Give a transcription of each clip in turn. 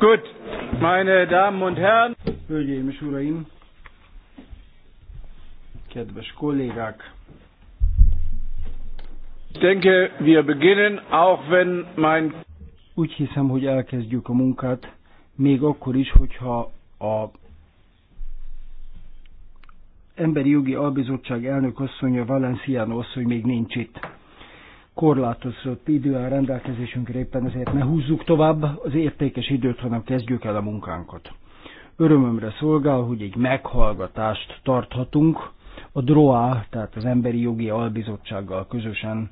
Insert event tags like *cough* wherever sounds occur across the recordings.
Gut, meine Damen und Herren. Hölgyeim és uraim, kedves kollégák. Ich denke, wir beginnen, auch wenn mein... Úgy hiszem, hogy elkezdjük a munkát, még akkor is, hogyha a Emberi Jogi Albizottság elnök asszonya Valenciano asszony még nincs itt korlátozott idő áll rendelkezésünkre, éppen ezért ne húzzuk tovább az értékes időt, hanem kezdjük el a munkánkat. Örömömre szolgál, hogy egy meghallgatást tarthatunk a DROA, tehát az Emberi Jogi Albizottsággal közösen.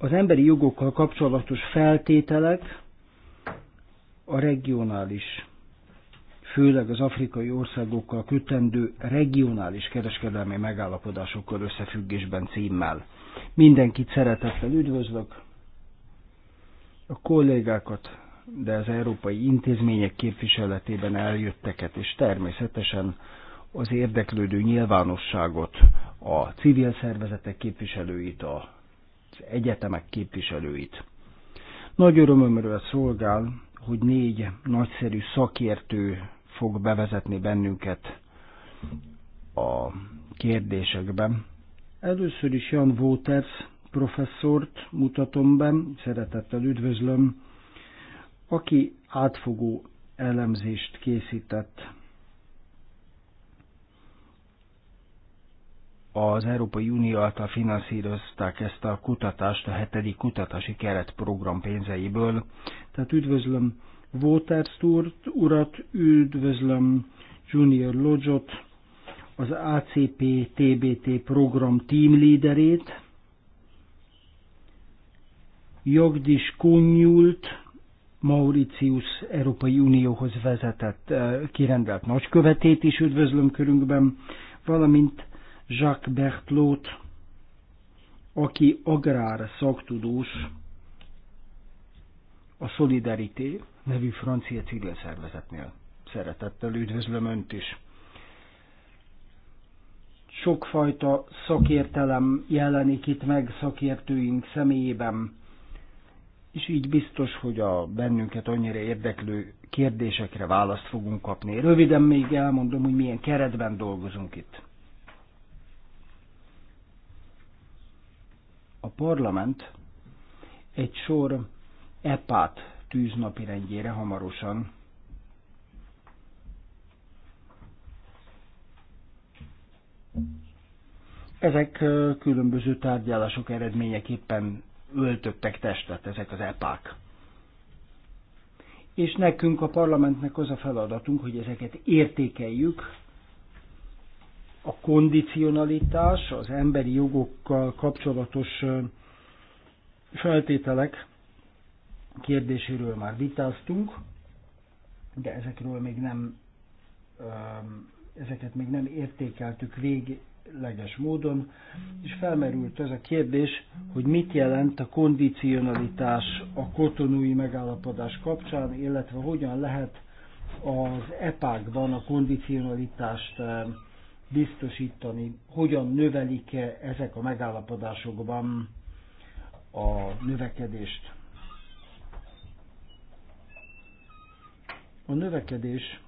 Az emberi jogokkal kapcsolatos feltételek a regionális főleg az afrikai országokkal kötendő regionális kereskedelmi megállapodásokkal összefüggésben címmel. Mindenkit szeretettel üdvözlök, a kollégákat, de az európai intézmények képviseletében eljötteket, és természetesen az érdeklődő nyilvánosságot, a civil szervezetek képviselőit, az egyetemek képviselőit. Nagy örömömről szolgál, hogy négy nagyszerű szakértő fog bevezetni bennünket a kérdésekben. Először is Jan Wóters professzort mutatom be, szeretettel üdvözlöm, aki átfogó elemzést készített az Európai Unió által finanszírozták ezt a kutatást a hetedik kutatási keretprogram pénzeiből. Tehát üdvözlöm Waters urat, üdvözlöm Junior Lodge-ot, az ACP-TBT program team leaderét, Jogdis Kunyult, Mauritius Európai Unióhoz vezetett kirendelt nagykövetét is üdvözlöm körünkben, valamint Jacques Bertlót, aki agrár szaktudós, a Solidarité nevű francia civil szervezetnél. Szeretettel üdvözlöm Önt is! Sokfajta szakértelem jelenik itt meg szakértőink személyében, és így biztos, hogy a bennünket annyira érdeklő kérdésekre választ fogunk kapni. Röviden még elmondom, hogy milyen keretben dolgozunk itt. A parlament egy sor EPÁT tűz napirendjére hamarosan. Ezek különböző tárgyalások eredményeképpen öltöttek testet, ezek az epák. És nekünk a parlamentnek az a feladatunk, hogy ezeket értékeljük, a kondicionalitás, az emberi jogokkal kapcsolatos feltételek kérdéséről már vitáztunk, de ezekről még nem, ezeket még nem értékeltük végleges módon, és felmerült ez a kérdés, hogy mit jelent a kondicionalitás a kotonúi megállapodás kapcsán, illetve hogyan lehet az epákban a kondicionalitást biztosítani, hogyan növelik -e ezek a megállapodásokban a növekedést. A növekedés,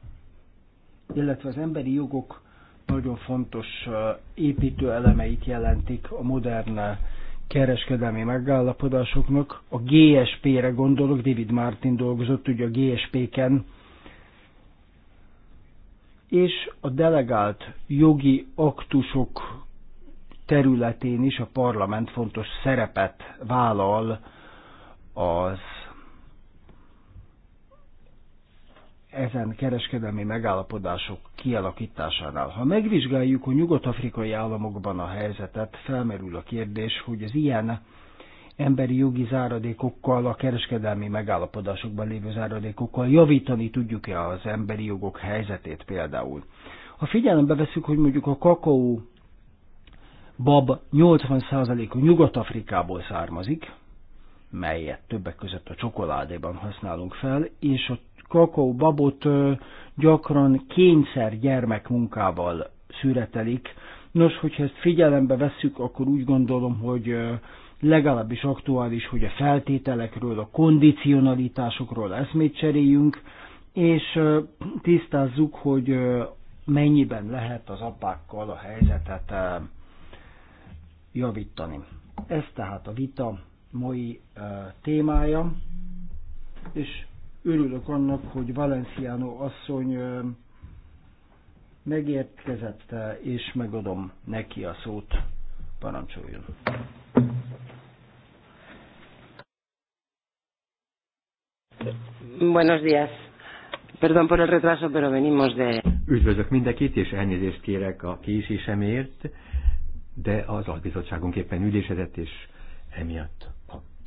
illetve az emberi jogok nagyon fontos uh, építő elemeit jelentik a modern uh, kereskedelmi megállapodásoknak. A GSP-re gondolok, David Martin dolgozott ugye a GSP-ken, és a delegált jogi aktusok területén is a parlament fontos szerepet vállal az ezen kereskedelmi megállapodások kialakításánál. Ha megvizsgáljuk a nyugat-afrikai államokban a helyzetet, felmerül a kérdés, hogy az ilyen emberi jogi záradékokkal, a kereskedelmi megállapodásokban lévő záradékokkal javítani tudjuk-e az emberi jogok helyzetét például. Ha figyelembe veszük, hogy mondjuk a kakaó bab 80%-a Nyugat-Afrikából származik, melyet többek között a csokoládéban használunk fel, és a kakaóbabot gyakran kényszer gyermekmunkával szüretelik. Nos, hogyha ezt figyelembe vesszük, akkor úgy gondolom, hogy legalábbis aktuális, hogy a feltételekről, a kondicionalitásokról eszmét cseréljünk, és tisztázzuk, hogy mennyiben lehet az apákkal a helyzetet javítani. Ez tehát a vita mai témája, és Örülök annak, hogy Valenciano asszony megérkezett, és megadom neki a szót. Parancsoljon! Buenos días. Perdón por el retraso, pero venimos de... Üdvözlök mindenkit, és elnézést kérek a késésemért, de az albizottságunk éppen ülésezett, és emiatt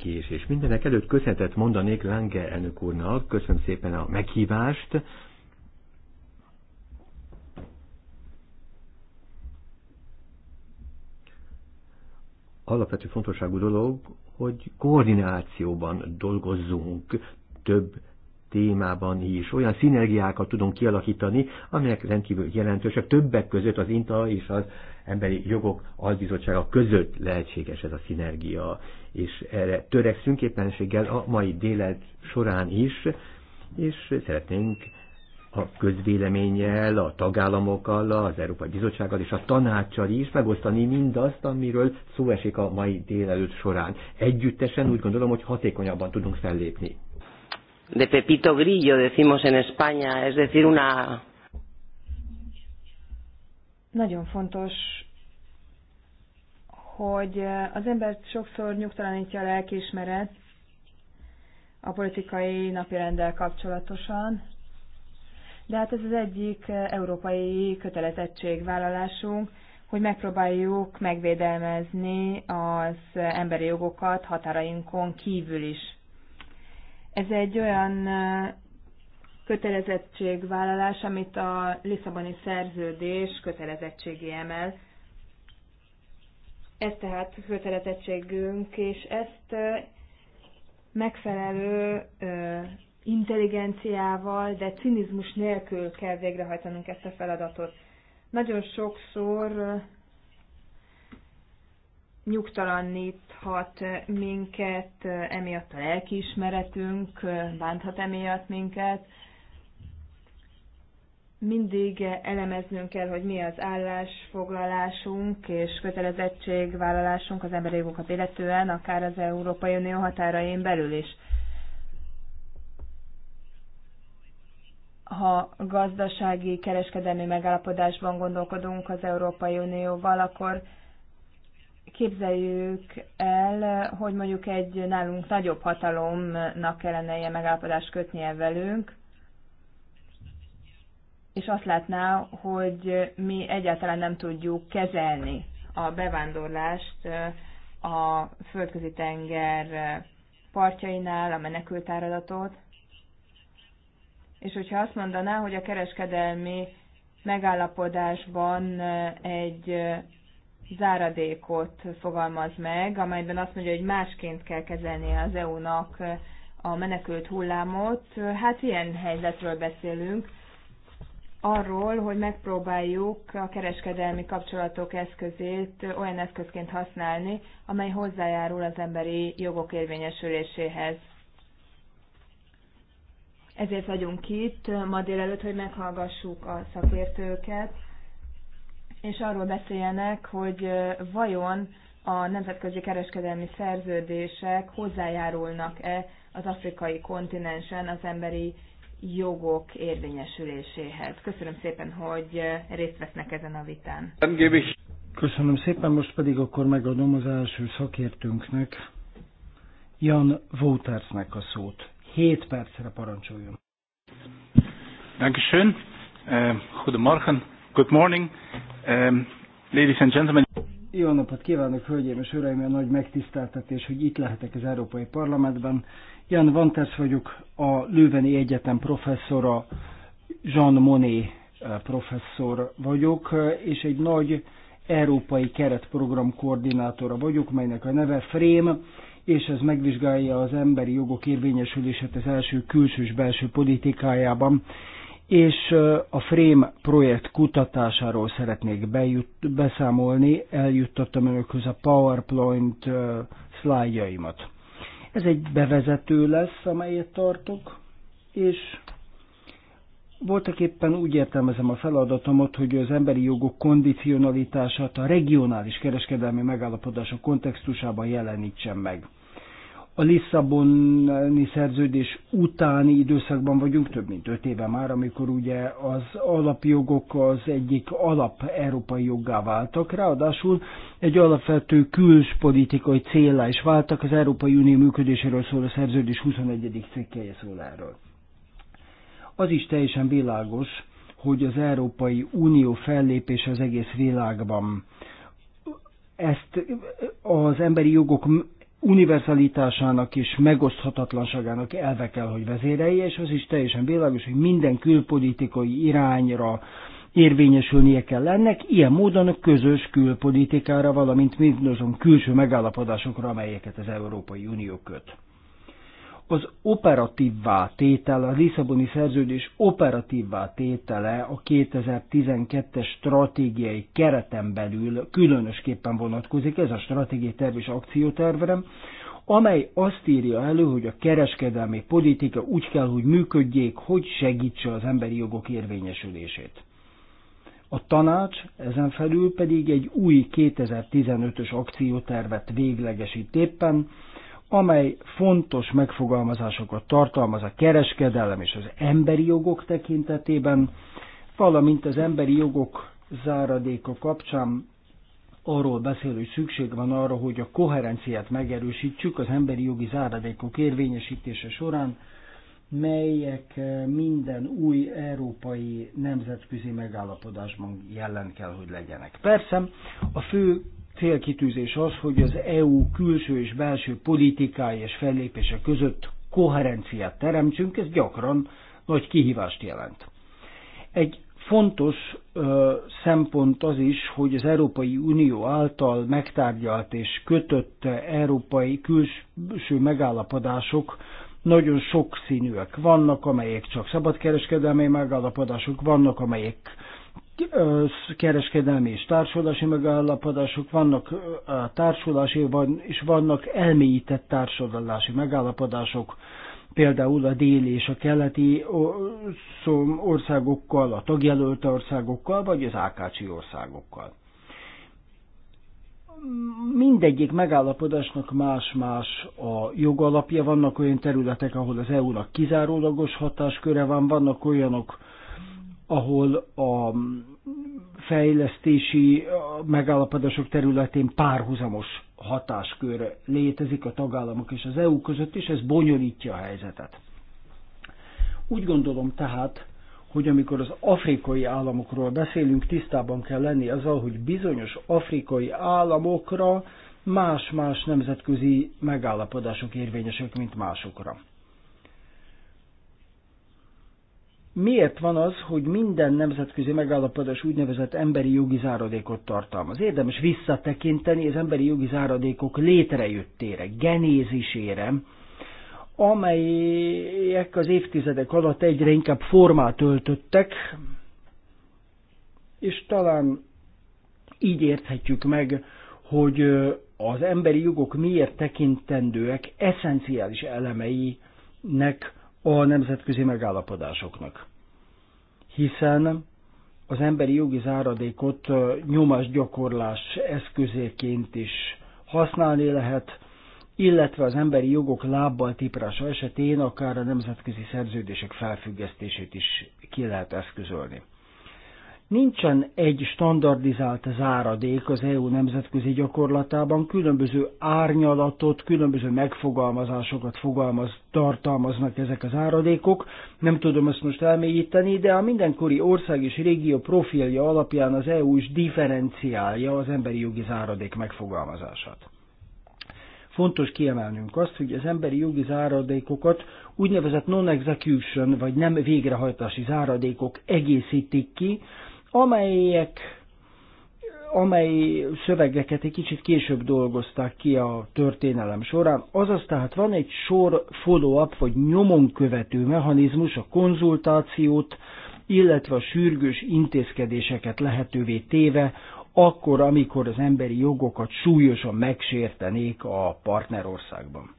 és Mindenek előtt köszönetet mondanék Lange elnök úrnak, köszönöm szépen a meghívást. Alapvető fontosságú dolog, hogy koordinációban dolgozzunk több témában is. Olyan szinergiákat tudunk kialakítani, amelyek rendkívül jelentősek többek között az INTA és az Emberi Jogok Albizottsága között lehetséges ez a szinergia, és erre törekszünk éppenséggel a mai délet során is, és szeretnénk a közvéleménnyel, a tagállamokkal, az Európai Bizottsággal és a tanácssal is megosztani mindazt, amiről szó esik a mai délelőtt során. Együttesen úgy gondolom, hogy hatékonyabban tudunk fellépni. De Pepito Grillo decimos en España, es decir, una nagyon fontos, hogy az embert sokszor nyugtalanítja a lelkiismeret a politikai napirenddel kapcsolatosan, de hát ez az egyik európai kötelezettségvállalásunk, hogy megpróbáljuk megvédelmezni az emberi jogokat határainkon kívül is. Ez egy olyan kötelezettségvállalás, amit a Lisszaboni szerződés kötelezettségi emel. Ez tehát kötelezettségünk, és ezt megfelelő intelligenciával, de cinizmus nélkül kell végrehajtanunk ezt a feladatot. Nagyon sokszor nyugtalaníthat minket, emiatt a lelkiismeretünk bánthat emiatt minket, mindig elemeznünk kell, hogy mi az állásfoglalásunk és kötelezettségvállalásunk az emberi jogokat illetően, akár az Európai Unió határain belül is. ha gazdasági, kereskedelmi megállapodásban gondolkodunk az Európai Unióval, akkor képzeljük el, hogy mondjuk egy nálunk nagyobb hatalomnak kellene ilyen megállapodást kötnie velünk, és azt látná, hogy mi egyáltalán nem tudjuk kezelni a bevándorlást a földközi tenger partjainál, a menekültáradatot. És hogyha azt mondaná, hogy a kereskedelmi megállapodásban egy záradékot fogalmaz meg, amelyben azt mondja, hogy másként kell kezelnie az EU-nak a menekült hullámot. Hát ilyen helyzetről beszélünk, arról, hogy megpróbáljuk a kereskedelmi kapcsolatok eszközét olyan eszközként használni, amely hozzájárul az emberi jogok érvényesüléséhez. Ezért vagyunk itt ma délelőtt, hogy meghallgassuk a szakértőket, és arról beszéljenek, hogy vajon a nemzetközi kereskedelmi szerződések hozzájárulnak-e az afrikai kontinensen az emberi jogok érvényesüléséhez. Köszönöm szépen, hogy részt vesznek ezen a vitán. Köszönöm szépen, most pedig akkor megadom az első szakértőnknek, Jan Wotersnek a szót. 7 percre parancsoljon. Dankeschön. Eh, Good morning. Good eh, morning. ladies and gentlemen. Jó napot kívánok, hölgyeim és uraim! Nagy megtiszteltetés, hogy itt lehetek az Európai Parlamentben Jan Vantes vagyok, a Lőveni Egyetem professzora, Jean Monnet eh, professzor vagyok, eh, és egy nagy európai keretprogram koordinátora vagyok, melynek a neve FRAME, és ez megvizsgálja az emberi jogok érvényesülését az első külsős belső politikájában, és eh, a FRAME projekt kutatásáról szeretnék bejut, beszámolni, eljuttattam önökhöz a PowerPoint szlájjaimat. Ez egy bevezető lesz, amelyet tartok, és voltak éppen úgy értelmezem a feladatomat, hogy az emberi jogok kondicionalitását a regionális kereskedelmi megállapodások kontextusában jelenítsen meg a Lisszaboni szerződés utáni időszakban vagyunk, több mint öt éve már, amikor ugye az alapjogok az egyik alap európai joggá váltak, ráadásul egy alapvető külspolitikai célá is váltak, az Európai Unió működéséről szól a szerződés 21. cikkeje szól erről. Az is teljesen világos, hogy az Európai Unió fellépése az egész világban ezt az emberi jogok univerzalitásának és megoszthatatlanságának elve kell, hogy vezérelje, és az is teljesen világos, hogy minden külpolitikai irányra érvényesülnie kell ennek, ilyen módon a közös külpolitikára, valamint mindazon külső megállapodásokra, amelyeket az Európai Unió köt az operatívvá tétel, a Lisszaboni szerződés operatívvá tétele a 2012-es stratégiai kereten belül különösképpen vonatkozik, ez a stratégiai terv és akciótervre, amely azt írja elő, hogy a kereskedelmi politika úgy kell, hogy működjék, hogy segítse az emberi jogok érvényesülését. A tanács ezen felül pedig egy új 2015-ös akciótervet véglegesít éppen, amely fontos megfogalmazásokat tartalmaz a kereskedelem és az emberi jogok tekintetében, valamint az emberi jogok záradéka kapcsán arról beszél, hogy szükség van arra, hogy a koherenciát megerősítsük az emberi jogi záradékok érvényesítése során, melyek eh, minden új európai nemzetközi megállapodásban jelen kell, hogy legyenek. Persze a fő célkitűzés az, hogy az EU külső és belső politikái és fellépése között koherenciát teremtsünk, ez gyakran nagy kihívást jelent. Egy fontos ö, szempont az is, hogy az Európai Unió által megtárgyalt és kötött európai külső megállapodások nagyon sokszínűek. Vannak, amelyek csak szabadkereskedelmi megállapodások, vannak, amelyek kereskedelmi és társulási megállapodások, vannak társulási és vannak elmélyített társulási megállapodások, például a déli és a keleti országokkal, a tagjelölt országokkal, vagy az ákácsi országokkal. Mindegyik megállapodásnak más-más a jogalapja, vannak olyan területek, ahol az EU-nak kizárólagos hatásköre van, vannak olyanok, ahol a fejlesztési megállapodások területén párhuzamos hatáskör létezik a tagállamok és az EU között, és ez bonyolítja a helyzetet. Úgy gondolom tehát, hogy amikor az afrikai államokról beszélünk, tisztában kell lenni azzal, hogy bizonyos afrikai államokra más-más nemzetközi megállapodások érvényesek, mint másokra. Miért van az, hogy minden nemzetközi megállapodás úgynevezett emberi jogi záradékot tartalmaz? Érdemes visszatekinteni az emberi jogi záradékok létrejöttére, genézisére, amelyek az évtizedek alatt egyre inkább formát öltöttek, és talán így érthetjük meg, hogy az emberi jogok miért tekintendőek eszenciális elemeinek a nemzetközi megállapodásoknak. Hiszen az emberi jogi záradékot nyomásgyakorlás eszközéként is használni lehet, illetve az emberi jogok lábbal tiprása esetén akár a nemzetközi szerződések felfüggesztését is ki lehet eszközölni. Nincsen egy standardizált záradék az EU nemzetközi gyakorlatában, különböző árnyalatot, különböző megfogalmazásokat fogalmaz, tartalmaznak ezek az áradékok. Nem tudom ezt most elmélyíteni, de a mindenkori ország és régió profilja alapján az EU is differenciálja az emberi jogi záradék megfogalmazását. Fontos kiemelnünk azt, hogy az emberi jogi záradékokat úgynevezett non-execution vagy nem végrehajtási záradékok egészítik ki, amelyek amely szövegeket egy kicsit később dolgozták ki a történelem során. Azaz tehát van egy sor follow-up vagy nyomon követő mechanizmus, a konzultációt, illetve a sürgős intézkedéseket lehetővé téve, akkor, amikor az emberi jogokat súlyosan megsértenék a partnerországban.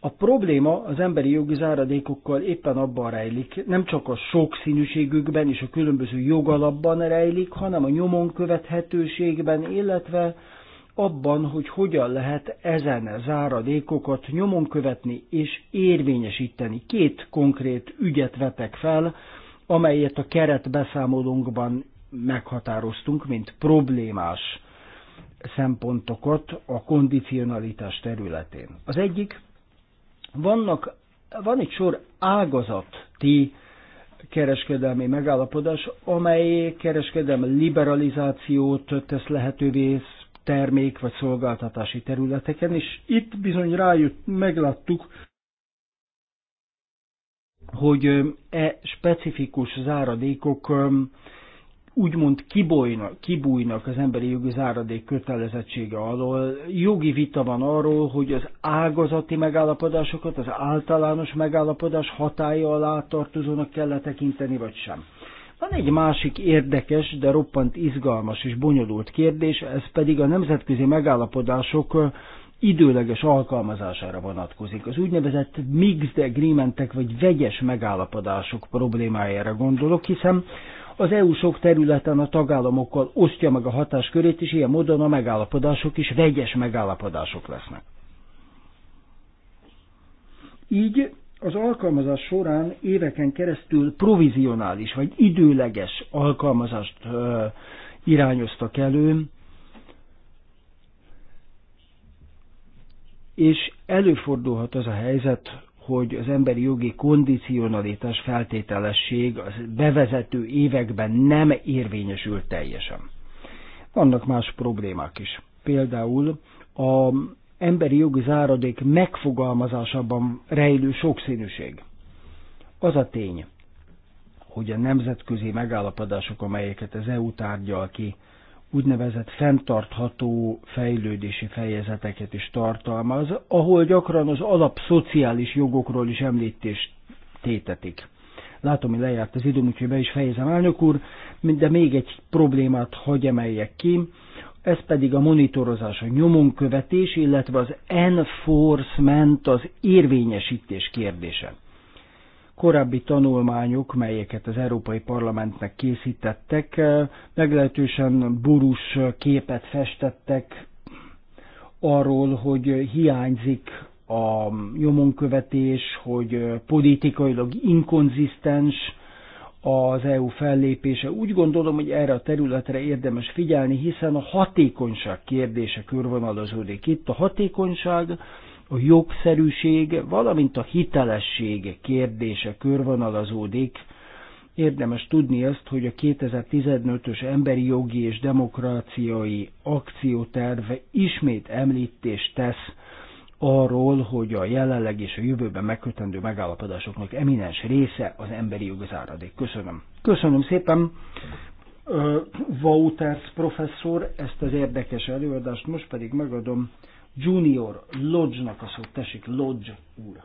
A probléma az emberi jogi záradékokkal éppen abban rejlik, nem csak a sokszínűségükben és a különböző jogalapban rejlik, hanem a nyomon követhetőségben, illetve abban, hogy hogyan lehet ezen záradékokat nyomon követni és érvényesíteni. Két konkrét ügyet vetek fel, amelyet a keretbeszámolónkban meghatároztunk, mint problémás szempontokat a kondicionalitás területén. Az egyik vannak, van egy sor ágazati kereskedelmi megállapodás, amely kereskedelmi liberalizációt tesz lehetővé termék vagy szolgáltatási területeken, és itt bizony rájött, megláttuk, hogy e specifikus záradékok úgymond kibújnak, kibújnak az emberi jogi záradék kötelezettsége alól. Jogi vita van arról, hogy az ágazati megállapodásokat, az általános megállapodás hatája alá tartozónak kell -e tekinteni, vagy sem. Van egy másik érdekes, de roppant izgalmas és bonyolult kérdés, ez pedig a nemzetközi megállapodások időleges alkalmazására vonatkozik. Az úgynevezett mixed agreementek vagy vegyes megállapodások problémájára gondolok, hiszen az EU sok területen a tagállamokkal osztja meg a hatáskörét, és ilyen módon a megállapodások is vegyes megállapodások lesznek. Így az alkalmazás során éveken keresztül provizionális vagy időleges alkalmazást ö, irányoztak elő, és előfordulhat az a helyzet, hogy az emberi jogi kondicionalitás feltételesség az bevezető években nem érvényesült teljesen. Vannak más problémák is. Például a emberi jogi záradék megfogalmazásában rejlő sokszínűség. Az a tény, hogy a nemzetközi megállapodások, amelyeket az EU tárgyal ki, úgynevezett fenntartható fejlődési fejezeteket is tartalmaz, ahol gyakran az alapszociális jogokról is említést tétetik. Látom, hogy lejárt az időm, úgyhogy be is fejezem, elnök úr, de még egy problémát hagy emeljek ki, ez pedig a monitorozás, a nyomonkövetés, illetve az enforcement, az érvényesítés kérdése. Korábbi tanulmányok, melyeket az Európai Parlamentnek készítettek, eh, meglehetősen burus képet festettek arról, hogy hiányzik a nyomonkövetés, hogy politikailag inkonzisztens, az EU fellépése. Úgy gondolom, hogy erre a területre érdemes figyelni, hiszen a hatékonyság kérdése körvonalazódik itt. A hatékonyság a jogszerűség, valamint a hitelesség kérdése körvonalazódik. Érdemes tudni azt, hogy a 2015-ös emberi jogi és demokráciai akcióterve ismét említést tesz arról, hogy a jelenleg és a jövőben megkötendő megállapodásoknak eminens része az emberi jog záradék. Köszönöm. Köszönöm szépen, Wouters professzor, ezt az érdekes előadást. Most pedig megadom Junior Lodge-nak a szót, tessék, Lodge úr.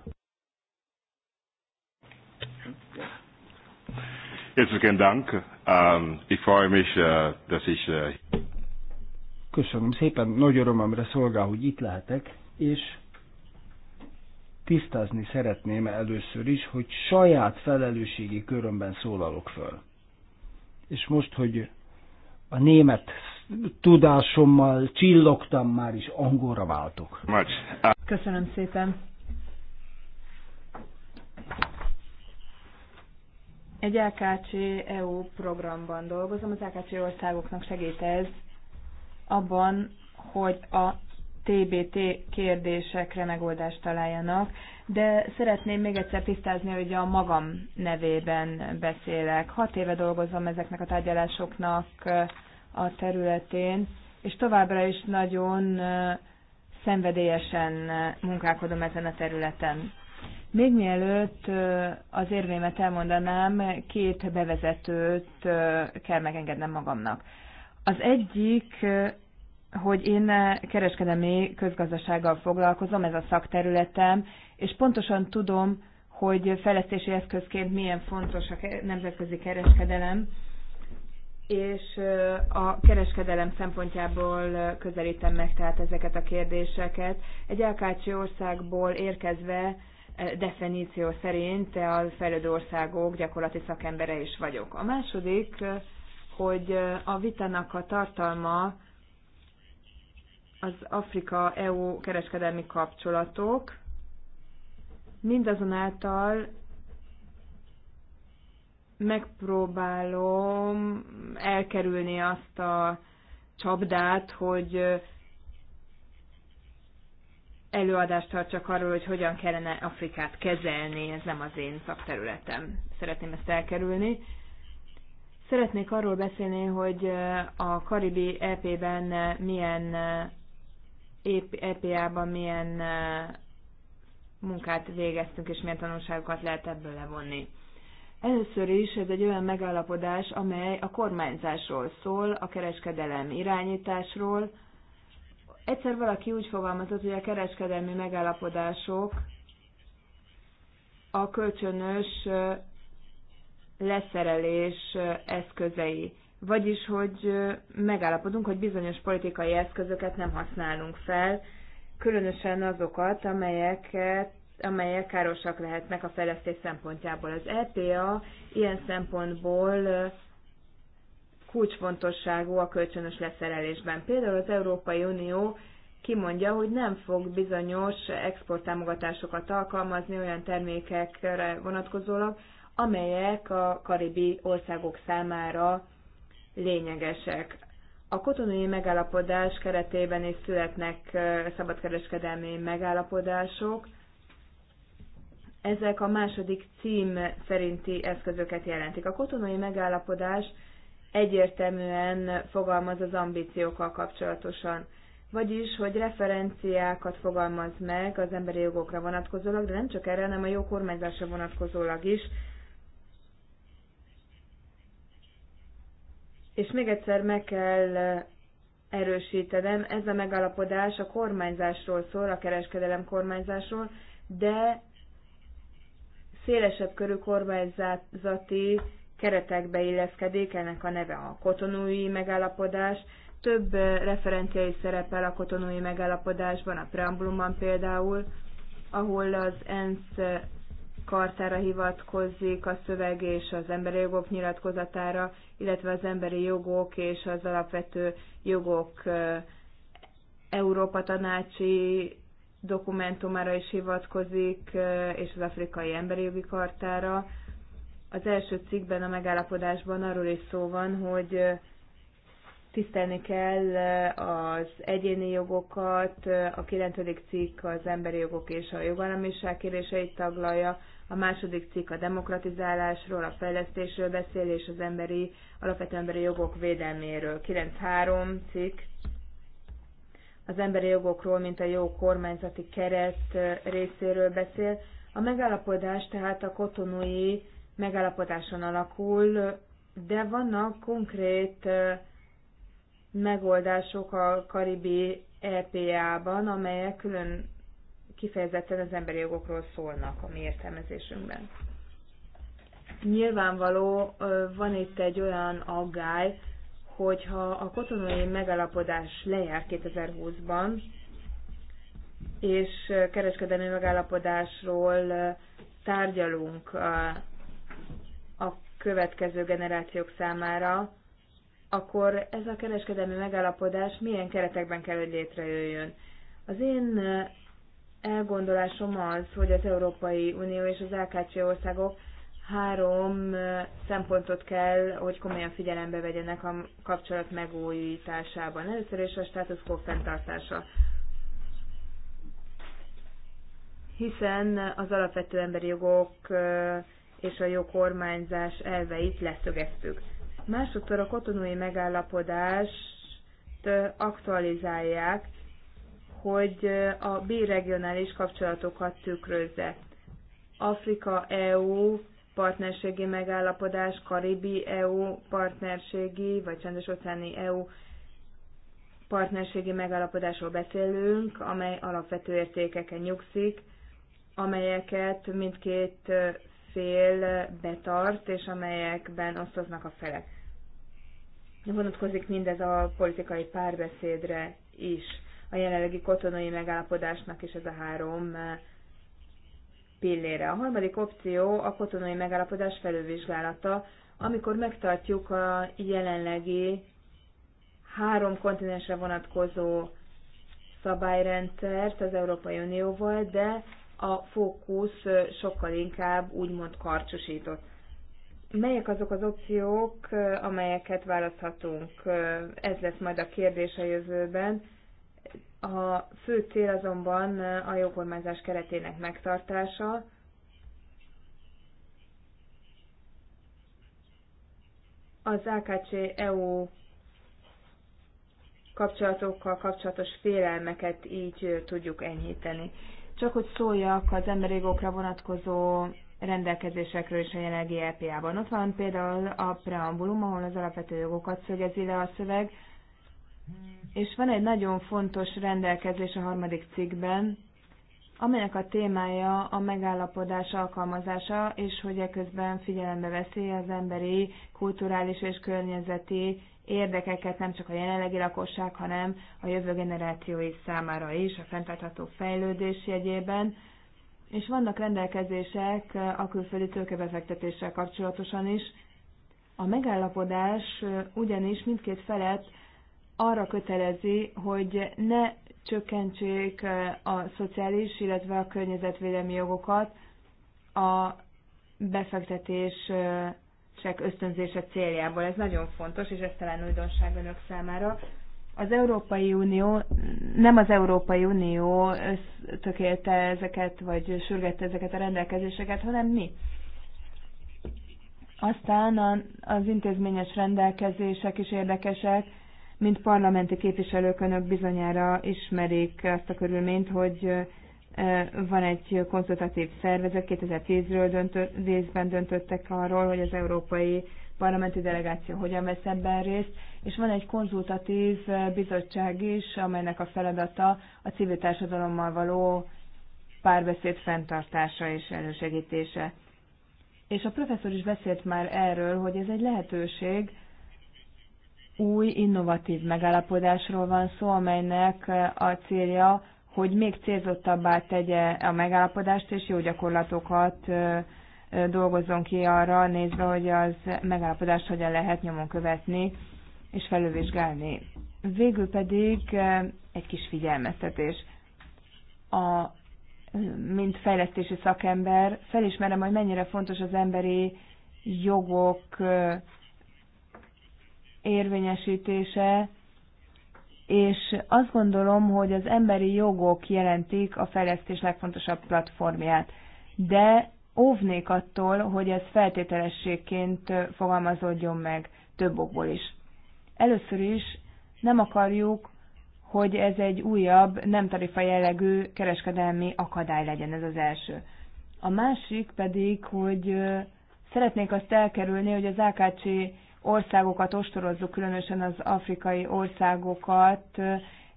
Herzlichen Dank. Ich freue mich, dass ich... Köszönöm szépen, nagy örömömre szolgál, hogy itt lehetek, és tisztázni szeretném először is, hogy saját felelősségi körömben szólalok föl. És most, hogy a német tudásommal csillogtam, már is angolra váltok. Köszönöm szépen. Egy LKC EU programban dolgozom, az LKC országoknak segít ez abban, hogy a TBT kérdésekre megoldást találjanak, de szeretném még egyszer tisztázni, hogy a magam nevében beszélek. Hat éve dolgozom ezeknek a tárgyalásoknak a területén, és továbbra is nagyon szenvedélyesen munkálkodom ezen a területen. Még mielőtt az érvémet elmondanám, két bevezetőt kell megengednem magamnak. Az egyik, hogy én kereskedelmi közgazdasággal foglalkozom, ez a szakterületem, és pontosan tudom, hogy fejlesztési eszközként milyen fontos a nemzetközi kereskedelem, és a kereskedelem szempontjából közelítem meg tehát ezeket a kérdéseket. Egy elkácsi országból érkezve definíció szerint a fejlődő országok gyakorlati szakembere is vagyok. A második, hogy a vitának a tartalma az Afrika-EU kereskedelmi kapcsolatok, mindazonáltal megpróbálom elkerülni azt a csapdát, hogy előadást tartsak arról, hogy hogyan kellene Afrikát kezelni, ez nem az én szakterületem. Szeretném ezt elkerülni. Szeretnék arról beszélni, hogy a Karibi EP-ben milyen EPA-ban milyen munkát végeztünk, és milyen tanulságokat lehet ebből levonni. Először is ez egy olyan megállapodás, amely a kormányzásról szól, a kereskedelem irányításról. Egyszer valaki úgy fogalmazott, hogy a kereskedelmi megállapodások a kölcsönös leszerelés eszközei. Vagyis, hogy megállapodunk, hogy bizonyos politikai eszközöket nem használunk fel, különösen azokat, amelyeket amelyek károsak lehetnek a fejlesztés szempontjából. Az EPA ilyen szempontból kulcsfontosságú a kölcsönös leszerelésben. Például az Európai Unió kimondja, hogy nem fog bizonyos exporttámogatásokat alkalmazni olyan termékekre vonatkozólag, amelyek a karibi országok számára lényegesek. A kotonai megállapodás keretében is születnek szabadkereskedelmi megállapodások, ezek a második cím szerinti eszközöket jelentik. A kotonai megállapodás egyértelműen fogalmaz az ambíciókkal kapcsolatosan. Vagyis, hogy referenciákat fogalmaz meg az emberi jogokra vonatkozólag, de nem csak erre, hanem a jó kormányzásra vonatkozólag is. És még egyszer meg kell erősítenem, ez a megállapodás a kormányzásról szól, a kereskedelem kormányzásról, de szélesebb körű kormányzati keretekbe illeszkedik, ennek a neve a kotonúi megállapodás. Több referencia is szerepel a kotonúi megállapodásban, a preambulumban például, ahol az ENSZ kartára hivatkozik a szöveg és az emberi jogok nyilatkozatára, illetve az emberi jogok és az alapvető jogok Európa tanácsi dokumentumára is hivatkozik, és az afrikai emberi jogi kartára. Az első cikkben a megállapodásban arról is szó van, hogy tisztelni kell az egyéni jogokat, a 9. cikk az emberi jogok és a jogállamiság kéréseit taglalja, a második cikk a demokratizálásról, a fejlesztésről beszél, és az emberi, alapvető emberi jogok védelméről. 9.3 cikk az emberi jogokról, mint a jó kormányzati keret részéről beszél. A megállapodás tehát a kotonói megállapodáson alakul, de vannak konkrét megoldások a karibi EPA-ban, amelyek külön kifejezetten az emberi jogokról szólnak a mi értelmezésünkben. Nyilvánvaló van itt egy olyan aggály, hogyha a kotonai megállapodás lejár 2020-ban, és kereskedelmi megállapodásról tárgyalunk a következő generációk számára, akkor ez a kereskedelmi megállapodás milyen keretekben kell, hogy létrejöjjön. Az én elgondolásom az, hogy az Európai Unió és az AKC országok három szempontot kell, hogy komolyan figyelembe vegyenek a kapcsolat megújításában. Először is a status quo fenntartása. Hiszen az alapvető emberi jogok és a jó kormányzás elveit leszögeztük. Másodszor a kotonói megállapodást aktualizálják, hogy a bi-regionális kapcsolatokat tükrözze. Afrika-EU partnerségi megállapodás, Karibi EU partnerségi, vagy csendes óceáni EU partnerségi megállapodásról beszélünk, amely alapvető értékeken nyugszik, amelyeket mindkét fél betart, és amelyekben osztoznak a felek. Vonatkozik mindez a politikai párbeszédre is. A jelenlegi kotonai megállapodásnak is ez a három pillére. A harmadik opció a kotonai megállapodás felülvizsgálata, amikor megtartjuk a jelenlegi három kontinensre vonatkozó szabályrendszert az Európai Unióval, de a fókusz sokkal inkább úgymond karcsosított. Melyek azok az opciók, amelyeket választhatunk? Ez lesz majd a kérdés a jövőben a fő cél azonban a jogkormányzás keretének megtartása, az AKC-EU kapcsolatokkal kapcsolatos félelmeket így tudjuk enyhíteni. Csak hogy szóljak az emberi jogokra vonatkozó rendelkezésekről is a jelenlegi EPA-ban. Ott van például a preambulum, ahol az alapvető jogokat szögezi le a szöveg, és van egy nagyon fontos rendelkezés a harmadik cikkben, amelynek a témája a megállapodás alkalmazása, és hogy eközben figyelembe veszi az emberi, kulturális és környezeti érdekeket nem csak a jelenlegi lakosság, hanem a jövő generációi számára is, a fenntartható fejlődés jegyében. És vannak rendelkezések a külföldi tőkebefektetéssel kapcsolatosan is. A megállapodás ugyanis mindkét felett arra kötelezi, hogy ne csökkentsék a szociális, illetve a környezetvédelmi jogokat a befektetések ösztönzése céljából. Ez nagyon fontos, és ez talán újdonság önök számára. Az Európai Unió, nem az Európai Unió tökélte ezeket, vagy sürgette ezeket a rendelkezéseket, hanem mi. Aztán az intézményes rendelkezések is érdekesek, mint parlamenti képviselők önök bizonyára ismerik azt a körülményt, hogy van egy konzultatív szervezet, 2010-ről döntő részben döntöttek arról, hogy az európai parlamenti delegáció hogyan vesz ebben részt, és van egy konzultatív bizottság is, amelynek a feladata a civil társadalommal való párbeszéd fenntartása és elősegítése. És a professzor is beszélt már erről, hogy ez egy lehetőség, új, innovatív megállapodásról van szó, amelynek eh, a célja, hogy még célzottabbá tegye a megállapodást, és jó gyakorlatokat eh, eh, dolgozzon ki arra nézve, hogy az megállapodást hogyan lehet nyomon követni és felülvizsgálni. Végül pedig egy kis figyelmeztetés. A, mint fejlesztési szakember felismerem, hogy mennyire fontos az emberi jogok érvényesítése, és azt gondolom, hogy az emberi jogok jelentik a fejlesztés legfontosabb platformját. De óvnék attól, hogy ez feltételességként fogalmazódjon meg több okból is. Először is nem akarjuk, hogy ez egy újabb, nem tarifa jellegű kereskedelmi akadály legyen, ez az első. A másik pedig, hogy szeretnék azt elkerülni, hogy az AKC országokat ostorozzuk, különösen az afrikai országokat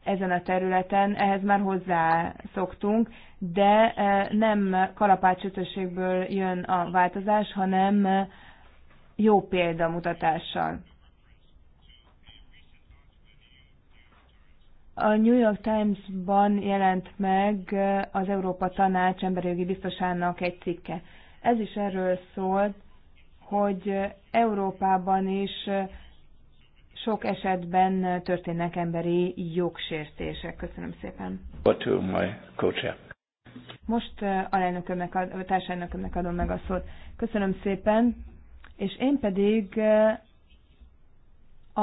ezen a területen, ehhez már hozzá szoktunk, de nem kalapácsütőségből jön a változás, hanem jó példamutatással. A New York Times-ban jelent meg az Európa Tanács emberi jogi biztosának egy cikke. Ez is erről szólt, hogy Európában is sok esetben történnek emberi jogsértések. Köszönöm szépen. Most uh, a társelnökömnek adom meg a szót. Köszönöm szépen, és én pedig uh,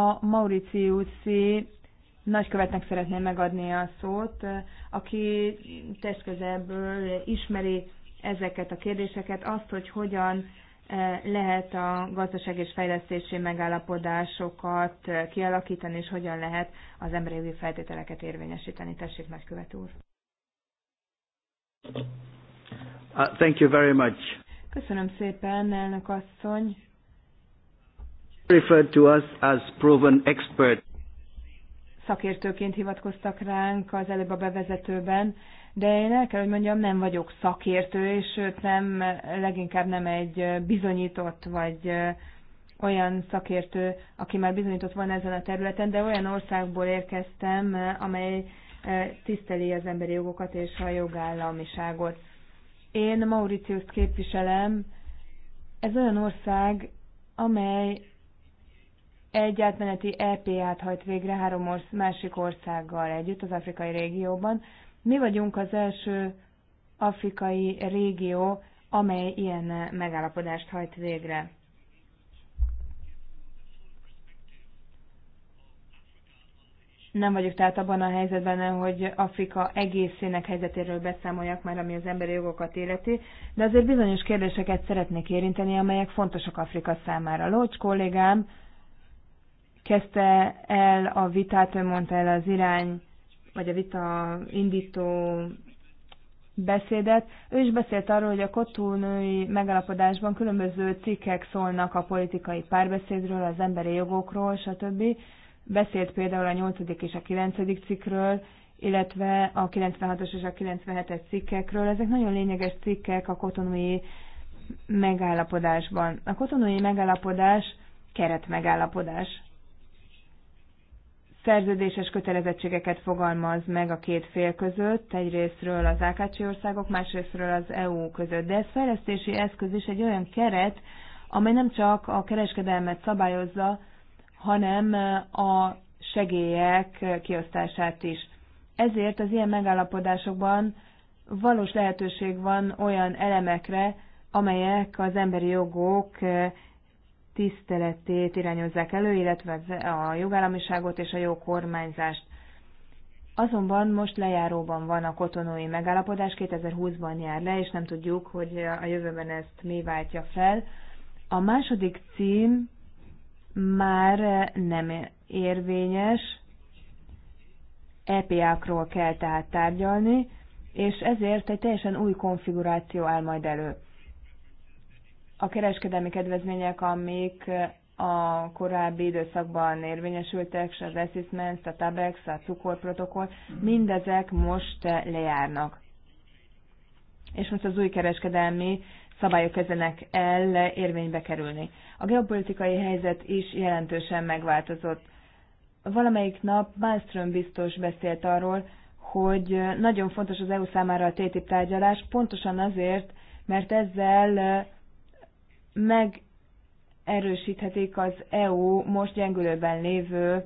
a Mauritiuszi nagykövetnek szeretném megadni a szót, uh, aki testközelből ismeri ezeket a kérdéseket, azt, hogy hogyan lehet a gazdaság és fejlesztési megállapodásokat kialakítani, és hogyan lehet az emberi feltételeket érvényesíteni. Tessék, nagykövet úr! Uh, thank you very much. Köszönöm szépen, elnök asszony. Referred to us as proven expert. Szakértőként hivatkoztak ránk az előbb a bevezetőben de én el kell, hogy mondjam, nem vagyok szakértő, és sőt nem, leginkább nem egy bizonyított vagy olyan szakértő, aki már bizonyított van ezen a területen, de olyan országból érkeztem, amely tiszteli az emberi jogokat és a jogállamiságot. Én Mauritiuszt képviselem, ez olyan ország, amely egy átmeneti ep át hajt végre három orsz- másik országgal együtt az afrikai régióban, mi vagyunk az első afrikai régió, amely ilyen megállapodást hajt végre. Nem vagyok tehát abban a helyzetben, hogy Afrika egészének helyzetéről beszámoljak már, ami az emberi jogokat életi, de azért bizonyos kérdéseket szeretnék érinteni, amelyek fontosak Afrika számára. Lócs kollégám kezdte el a vitát, ő mondta el az irány vagy a vita indító beszédet. Ő is beszélt arról, hogy a kotónői megalapodásban különböző cikkek szólnak a politikai párbeszédről, az emberi jogokról, stb. Beszélt például a 8. és a 9. cikkről, illetve a 96-os és a 97-es cikkekről. Ezek nagyon lényeges cikkek a kotonói megállapodásban. A kotonói megállapodás keretmegállapodás szerződéses kötelezettségeket fogalmaz meg a két fél között, egyrésztről az AKC országok, másrésztről az EU között. De ez fejlesztési eszköz is egy olyan keret, amely nem csak a kereskedelmet szabályozza, hanem a segélyek kiosztását is. Ezért az ilyen megállapodásokban valós lehetőség van olyan elemekre, amelyek az emberi jogok tiszteletét irányozzák elő, illetve a jogállamiságot és a jó kormányzást. Azonban most lejáróban van a kotonói megállapodás, 2020-ban jár le, és nem tudjuk, hogy a jövőben ezt mi váltja fel. A második cím már nem érvényes, EPA-król kell tehát tárgyalni, és ezért egy teljesen új konfiguráció áll majd elő a kereskedelmi kedvezmények, amik a korábbi időszakban érvényesültek, a Resistance, a Tabex, a cukorprotokoll, mindezek most lejárnak. És most az új kereskedelmi szabályok kezdenek el érvénybe kerülni. A geopolitikai helyzet is jelentősen megváltozott. Valamelyik nap Malmström biztos beszélt arról, hogy nagyon fontos az EU számára a TTIP tárgyalás, pontosan azért, mert ezzel megerősíthetik az EU most gyengülőben lévő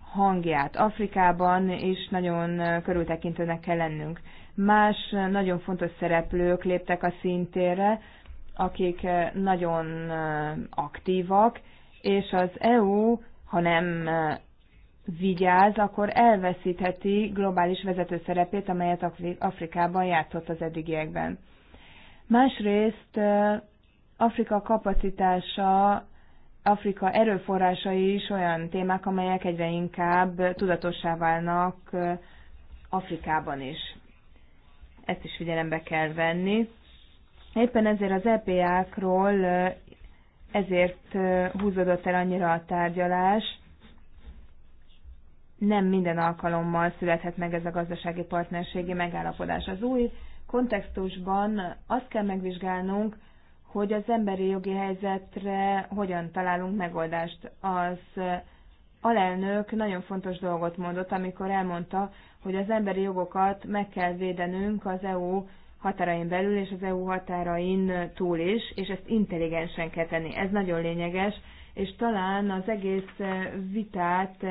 hangját. Afrikában is nagyon körültekintőnek kell lennünk. Más nagyon fontos szereplők léptek a szintére, akik nagyon aktívak, és az EU, ha nem vigyáz, akkor elveszítheti globális vezető szerepét, amelyet Afrikában játszott az eddigiekben. Másrészt Afrika kapacitása, Afrika erőforrásai is olyan témák, amelyek egyre inkább tudatossá válnak eh, Afrikában is. Ezt is figyelembe kell venni. Éppen ezért az EPA-król eh, ezért eh, húzódott el annyira a tárgyalás. Nem minden alkalommal születhet meg ez a gazdasági partnerségi megállapodás. Az új kontextusban azt kell megvizsgálnunk, hogy az emberi jogi helyzetre hogyan találunk megoldást. Az alelnök nagyon fontos dolgot mondott, amikor elmondta, hogy az emberi jogokat meg kell védenünk az EU határain belül és az EU határain túl is, és ezt intelligensen kell tenni. Ez nagyon lényeges, és talán az egész vitát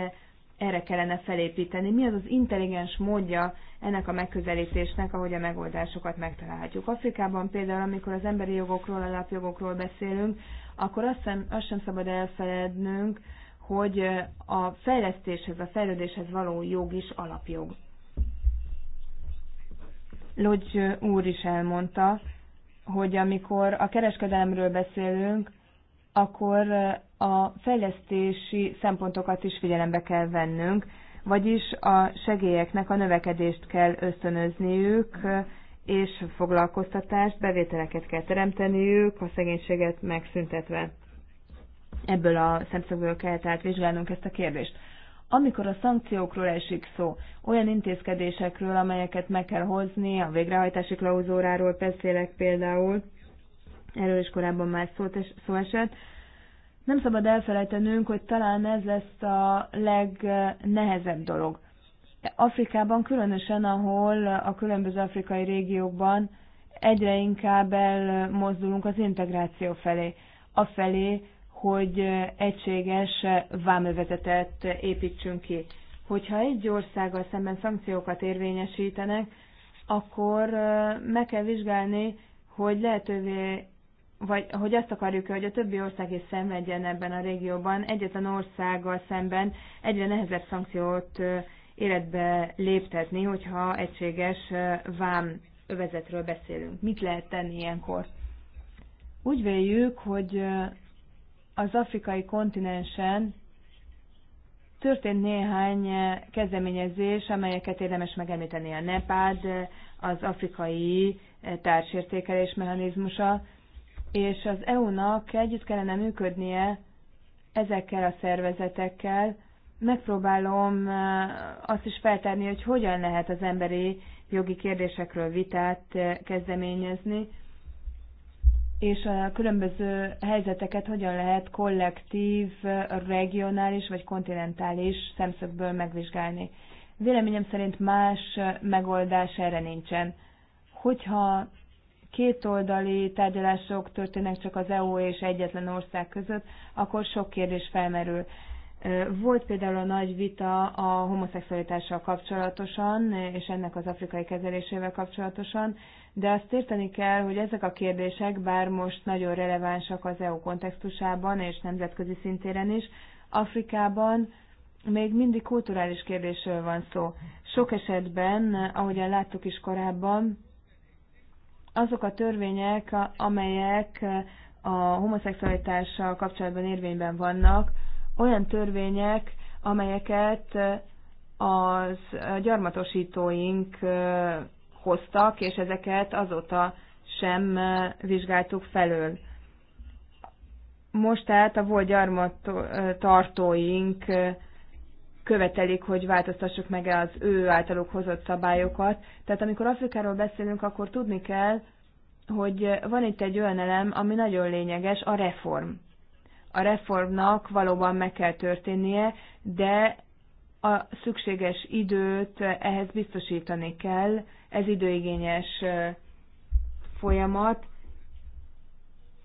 erre kellene felépíteni. Mi az az intelligens módja ennek a megközelítésnek, ahogy a megoldásokat megtalálhatjuk. Afrikában például, amikor az emberi jogokról, alapjogokról beszélünk, akkor azt sem, azt sem szabad elfelednünk, hogy a fejlesztéshez, a fejlődéshez való jog is alapjog. Lodzs úr is elmondta, hogy amikor a kereskedelemről beszélünk, akkor a fejlesztési szempontokat is figyelembe kell vennünk, vagyis a segélyeknek a növekedést kell ösztönözniük, és foglalkoztatást, bevételeket kell teremteniük, a szegénységet megszüntetve. Ebből a szemszögből kell tehát vizsgálnunk ezt a kérdést. Amikor a szankciókról esik szó, olyan intézkedésekről, amelyeket meg kell hozni, a végrehajtási klauzóráról beszélek például, erről is korábban már szólt, szó esett. Nem szabad elfelejtenünk, hogy talán ez lesz a legnehezebb dolog. De Afrikában, különösen, ahol a különböző afrikai régiókban egyre inkább elmozdulunk az integráció felé, a felé, hogy egységes vámövezetet építsünk ki. Hogyha egy országgal szemben szankciókat érvényesítenek, akkor meg kell vizsgálni, hogy lehetővé vagy hogy azt akarjuk hogy a többi ország is szenvedjen ebben a régióban, egyetlen országgal szemben egyre nehezebb szankciót életbe léptetni, hogyha egységes vám övezetről beszélünk. Mit lehet tenni ilyenkor? Úgy véljük, hogy az afrikai kontinensen történt néhány kezdeményezés, amelyeket érdemes megemlíteni a NEPÁD, az afrikai társértékelés mechanizmusa, és az EU-nak együtt kellene működnie ezekkel a szervezetekkel. Megpróbálom eh, azt is feltárni, hogy hogyan lehet az emberi jogi kérdésekről vitát eh, kezdeményezni, és a különböző helyzeteket hogyan lehet kollektív, regionális vagy kontinentális szemszögből megvizsgálni. Véleményem szerint más megoldás erre nincsen. Hogyha kétoldali tárgyalások történnek csak az EU és egyetlen ország között, akkor sok kérdés felmerül. Volt például a nagy vita a homoszexualitással kapcsolatosan, és ennek az afrikai kezelésével kapcsolatosan, de azt érteni kell, hogy ezek a kérdések, bár most nagyon relevánsak az EU kontextusában és nemzetközi szintéren is, Afrikában még mindig kulturális kérdésről van szó. Sok esetben, ahogyan láttuk is korábban, azok a törvények, amelyek a homoszexualitással kapcsolatban érvényben vannak, olyan törvények, amelyeket az gyarmatosítóink hoztak, és ezeket azóta sem vizsgáltuk felől. Most tehát a volt gyarmattartóink követelik, hogy változtassuk meg -e az ő általuk hozott szabályokat. Tehát amikor Afrikáról beszélünk, akkor tudni kell, hogy van itt egy olyan elem, ami nagyon lényeges, a reform. A reformnak valóban meg kell történnie, de a szükséges időt ehhez biztosítani kell. Ez időigényes folyamat,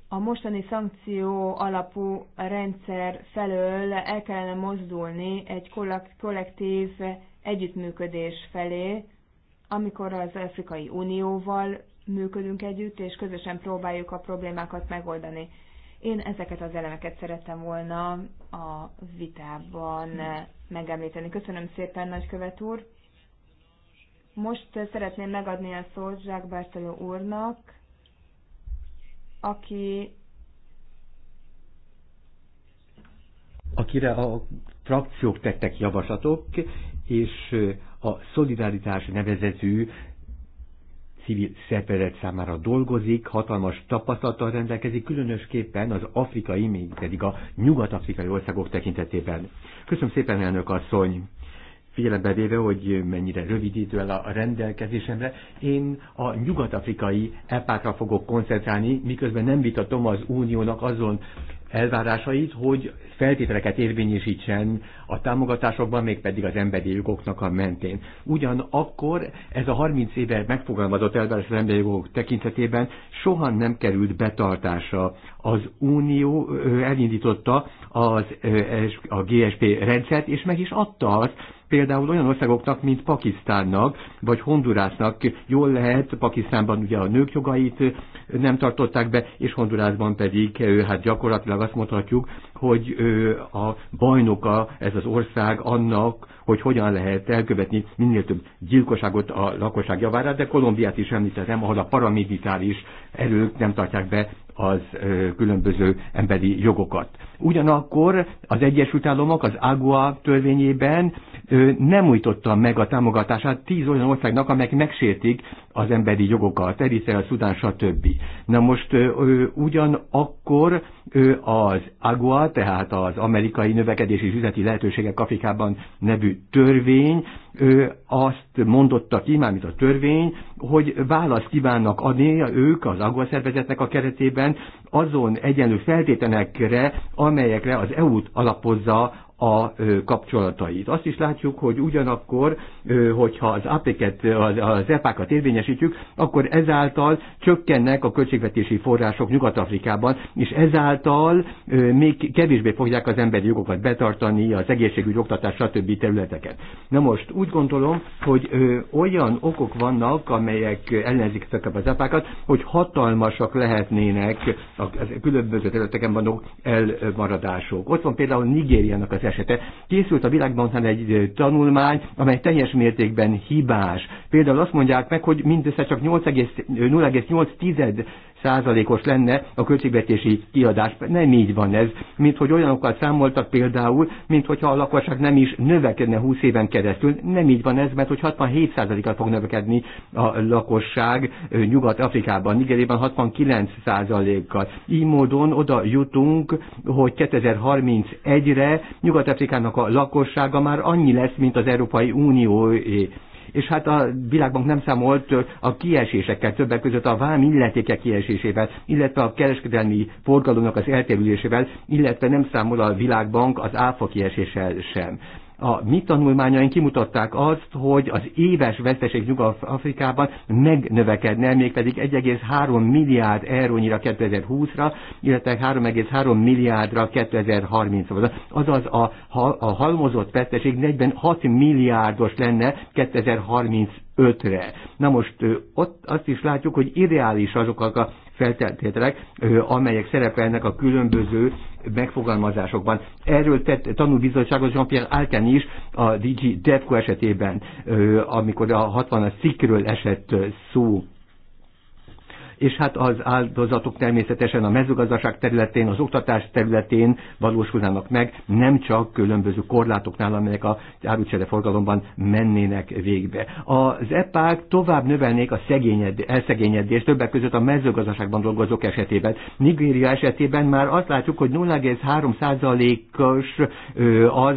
a mostani szankció alapú rendszer felől el kellene mozdulni egy kollektív együttműködés felé, amikor az Afrikai Unióval működünk együtt, és közösen próbáljuk a problémákat megoldani. Én ezeket az elemeket szerettem volna a vitában megemlíteni. Köszönöm szépen, nagykövet úr! Most szeretném megadni a szót Zsák Bártaló úrnak, aki akire a frakciók tettek javaslatok, és a szolidaritás nevezetű civil szervezet számára dolgozik, hatalmas tapasztalattal rendelkezik, különösképpen az afrikai, még pedig a nyugat-afrikai országok tekintetében. Köszönöm szépen, elnök asszony! figyelembe véve, hogy mennyire rövid idő el a rendelkezésemre, én a nyugat-afrikai epákra fogok koncentrálni, miközben nem vitatom az uniónak azon elvárásait, hogy feltételeket érvényesítsen a támogatásokban, mégpedig az emberi jogoknak a mentén. Ugyanakkor ez a 30 éve megfogalmazott elvárás az emberi jogok tekintetében soha nem került betartása Az Unió elindította az, a GSP rendszert, és meg is adta azt, például olyan országoknak, mint Pakisztánnak, vagy Hondurásnak jól lehet, Pakisztánban ugye a nők jogait nem tartották be, és Hondurásban pedig hát gyakorlatilag azt mondhatjuk, hogy a bajnoka ez az ország annak, hogy hogyan lehet elkövetni minél több gyilkosságot a lakosság javára, de Kolumbiát is említettem, ahol a paramilitáris erők nem tartják be az különböző emberi jogokat. Ugyanakkor az Egyesült Államok az AGUA törvényében nem újtotta meg a támogatását tíz olyan országnak, amelyek megsértik az emberi jogokat, Erisztel, Szudán, stb. Na most ugyanakkor az AGUA, tehát az Amerikai Növekedési és Üzleti Lehetőségek Afrikában nevű törvény azt mondotta ki, mármint a törvény, hogy választ kívánnak adni ők az AGUA szervezetnek a keretében, azon egyenlő feltételekre, amelyekre az EU-t alapozza a kapcsolatait. Azt is látjuk, hogy ugyanakkor, hogyha az apeket, az epákat érvényesítjük, akkor ezáltal csökkennek a költségvetési források Nyugat-Afrikában, és ezáltal még kevésbé fogják az emberi jogokat betartani, az egészségügy, oktatás, stb. területeket. Na most úgy gondolom, hogy olyan okok vannak, amelyek ellenzik ezeket az epákat, hogy hatalmasak lehetnének a különböző területeken vannak elmaradások. Ott van például Nigériának az esete. Készült a világbanknál egy tanulmány, amely teljes mértékben hibás. Például azt mondják meg, hogy mindössze csak 0,8 százalékos lenne a költségvetési kiadás. Nem így van ez, mint hogy olyanokkal számoltak például, mint hogyha a lakosság nem is növekedne 20 éven keresztül. Nem így van ez, mert hogy 67 százalékkal fog növekedni a lakosság Nyugat-Afrikában, Nigerében 69 százalékkal. Így módon oda jutunk, hogy 2031-re Nyugat-Afrikának a lakossága már annyi lesz, mint az Európai Unió és hát a világbank nem számolt a kiesésekkel, többek között a vám illetéke kiesésével, illetve a kereskedelmi forgalomnak az elterülésével, illetve nem számol a világbank az áfa kieséssel sem a mi tanulmányaink kimutatták azt, hogy az éves veszteség Nyugat-Afrikában megnövekedne, mégpedig 1,3 milliárd eurónyira 2020-ra, illetve 3,3 milliárdra 2030-ra. Azaz a, a halmozott veszteség 46 milliárdos lenne 2030 ötre. Na most ott azt is látjuk, hogy ideális azok a feltételek, amelyek szerepelnek a különböző megfogalmazásokban. Erről tett tanúbizottságot Jean-Pierre Alten is a DG Devco esetében, amikor a 60-as cikkről esett szó és hát az áldozatok természetesen a mezőgazdaság területén, az oktatás területén valósulnának meg, nem csak különböző korlátoknál, amelyek a árucsere forgalomban mennének végbe. Az EPÁK tovább növelnék a szegényed, elszegényedést, többek között a mezőgazdaságban dolgozók esetében. Nigéria esetében már azt látjuk, hogy 0,3%-os az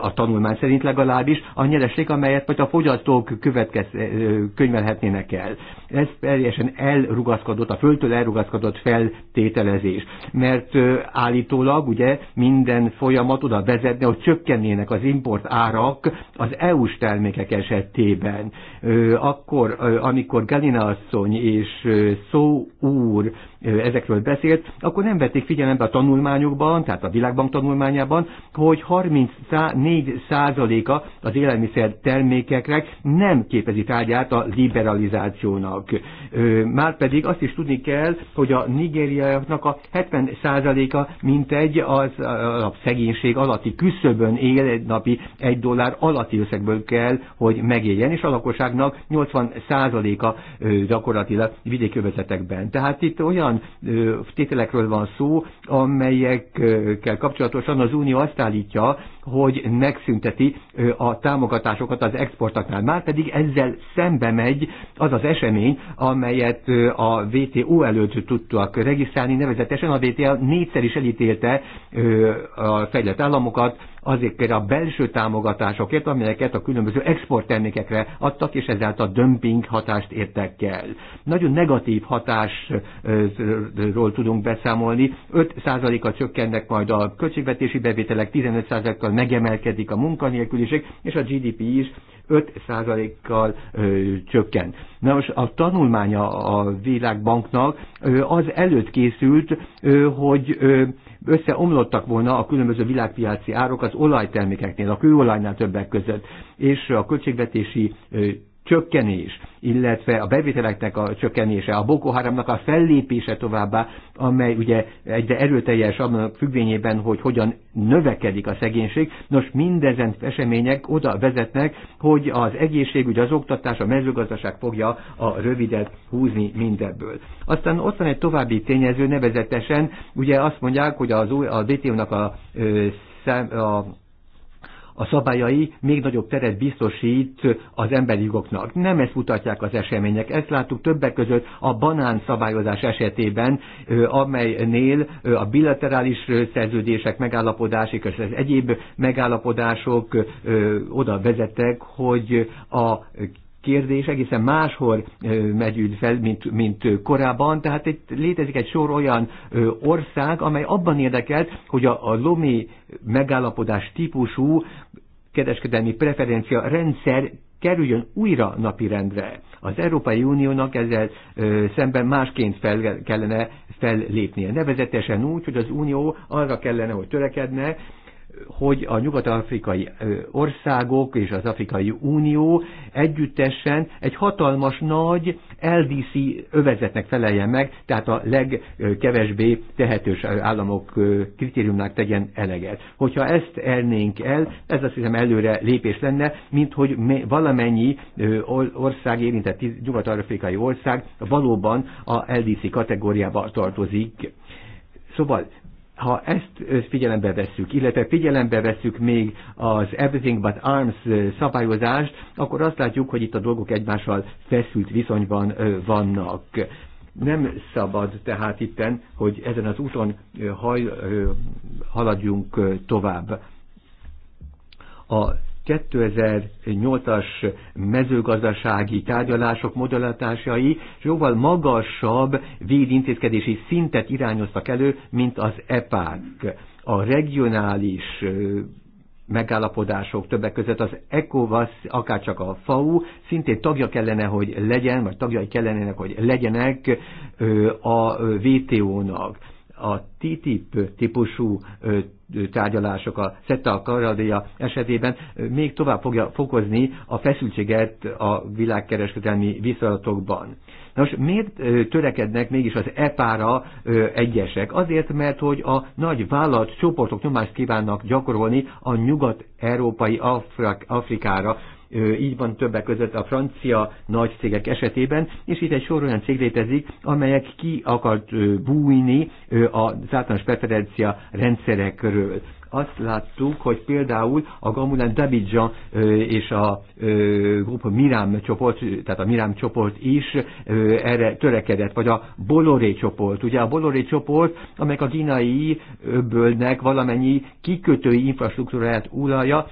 a tanulmány szerint legalábbis a nyereség, amelyet majd a fogyasztók következ, könyvelhetnének el. Ez teljesen el rugaszkodott, a földtől elrugaszkodott feltételezés. Mert állítólag ugye minden folyamat oda vezetne, hogy csökkennének az import árak az EU-s termékek esetében. Akkor, amikor Galina asszony és Szó úr ezekről beszélt, akkor nem vették figyelembe a tanulmányokban, tehát a Világbank tanulmányában, hogy 34 százaléka az élelmiszer termékeknek nem képezi tárgyát a liberalizációnak. Márpedig pedig azt is tudni kell, hogy a nigériaiaknak a 70%-a mintegy az a szegénység alatti küszöbön él, egy napi egy dollár alatti összegből kell, hogy megéljen, és a lakosságnak 80%-a gyakorlatilag övezetekben. Tehát itt olyan tételekről van szó, amelyekkel kapcsolatosan az Unió azt állítja, hogy megszünteti a támogatásokat az exportoknál. Már ezzel szembe megy az az esemény, amelyet a VTO előtt tudtak regisztrálni, nevezetesen a VTO négyszer is elítélte a fejlett államokat, azokért a belső támogatásokért, amelyeket a különböző exporttermékekre adtak, és ezáltal a dömping hatást értek el. Nagyon negatív hatásról tudunk beszámolni. 5%-kal csökkennek majd a költségvetési bevételek, 15%-kal megemelkedik a munkanélküliség, és a GDP is 5%-kal csökkent. Na most a tanulmánya a Világbanknak az előtt készült, hogy összeomlottak volna a különböző világpiaci árok az olajtermékeknél, a kőolajnál többek között, és a költségvetési csökkenés, illetve a bevételeknek a csökkenése, a Boko Haramnak a fellépése továbbá, amely ugye egyre erőteljes a függvényében, hogy hogyan növekedik a szegénység. Nos, mindezen események oda vezetnek, hogy az egészségügy, az oktatás, a mezőgazdaság fogja a rövidet húzni mindebből. Aztán ott van egy további tényező, nevezetesen ugye azt mondják, hogy az új, a dto nak a, a a szabályai még nagyobb teret biztosít az emberi jogoknak. Nem ezt mutatják az események. Ezt láttuk többek között a banán szabályozás esetében, amelynél a bilaterális szerződések, megállapodások és az egyéb megállapodások oda vezettek, hogy a kérdés egészen máshol merül fel, mint, mint korábban. Tehát itt létezik egy sor olyan ország, amely abban érdekelt, hogy a, a lomi megállapodás típusú kereskedelmi preferencia rendszer kerüljön újra napirendre. Az Európai Uniónak ezzel ö, szemben másként fel kellene fellépnie. Nevezetesen úgy, hogy az Unió arra kellene, hogy törekedne, hogy a nyugat-afrikai országok és az Afrikai Unió együttesen egy hatalmas nagy LDC övezetnek feleljen meg, tehát a legkevesbé tehetős államok kritériumnak tegyen eleget. Hogyha ezt elnénk el, ez azt hiszem előre lépés lenne, mint hogy valamennyi ország érintett nyugat-afrikai ország valóban a LDC kategóriába tartozik. Szóval ha ezt figyelembe vesszük, illetve figyelembe vesszük még az Everything But Arms szabályozást, akkor azt látjuk, hogy itt a dolgok egymással feszült viszonyban vannak. Nem szabad tehát itten, hogy ezen az úton haj, haladjunk tovább. A 2008-as mezőgazdasági tárgyalások modellatásai jóval magasabb védintézkedési szintet irányoztak elő, mint az EPÁK. A regionális megállapodások, többek között az ECOVAS, akárcsak a FAU, szintén tagja kellene, hogy legyen, vagy tagjai kellene, hogy legyenek a WTO-nak a TTIP típusú tárgyalások a SETA Karadéja esetében még tovább fogja fokozni a feszültséget a világkereskedelmi Na, most miért törekednek mégis az EPA-ra egyesek? Azért, mert hogy a nagy vállalat csoportok nyomást kívánnak gyakorolni a nyugat-európai Afrikára, így van többek között a francia nagy cégek esetében, és itt egy sor olyan cég létezik, amelyek ki akart bújni az általános preferencia rendszerek körül azt láttuk, hogy például a Gamulan Dabidja és a Grupa Miram csoport, tehát a Miram csoport is erre törekedett, vagy a Boloré csoport. Ugye a Boloré csoport, amelyek a kínai öbölnek valamennyi kikötői infrastruktúráját uralja,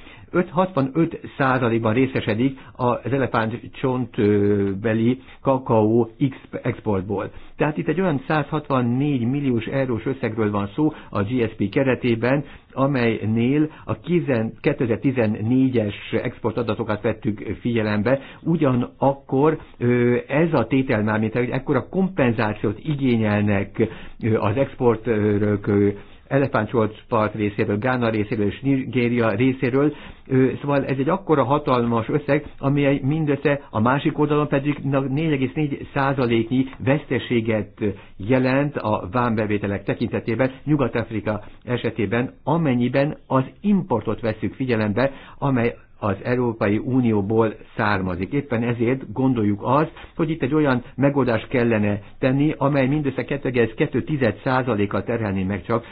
65 százaléban részesedik az elefánt csontbeli kakaó exportból. Tehát itt egy olyan 164 milliós eurós összegről van szó a GSP keretében, amelynél a 2014-es exportadatokat vettük figyelembe, ugyanakkor ez a tétel már, mint hogy ekkora kompenzációt igényelnek az exportőrök Elefántcsolt part részéről, Gána részéről és Nigéria részéről. Szóval ez egy akkora hatalmas összeg, ami mindössze a másik oldalon pedig 4,4 százaléknyi veszteséget jelent a vámbevételek tekintetében Nyugat-Afrika esetében, amennyiben az importot veszük figyelembe, amely az Európai Unióból származik. Éppen ezért gondoljuk azt, hogy itt egy olyan megoldást kellene tenni, amely mindössze 2,2%-kal terhelné meg csak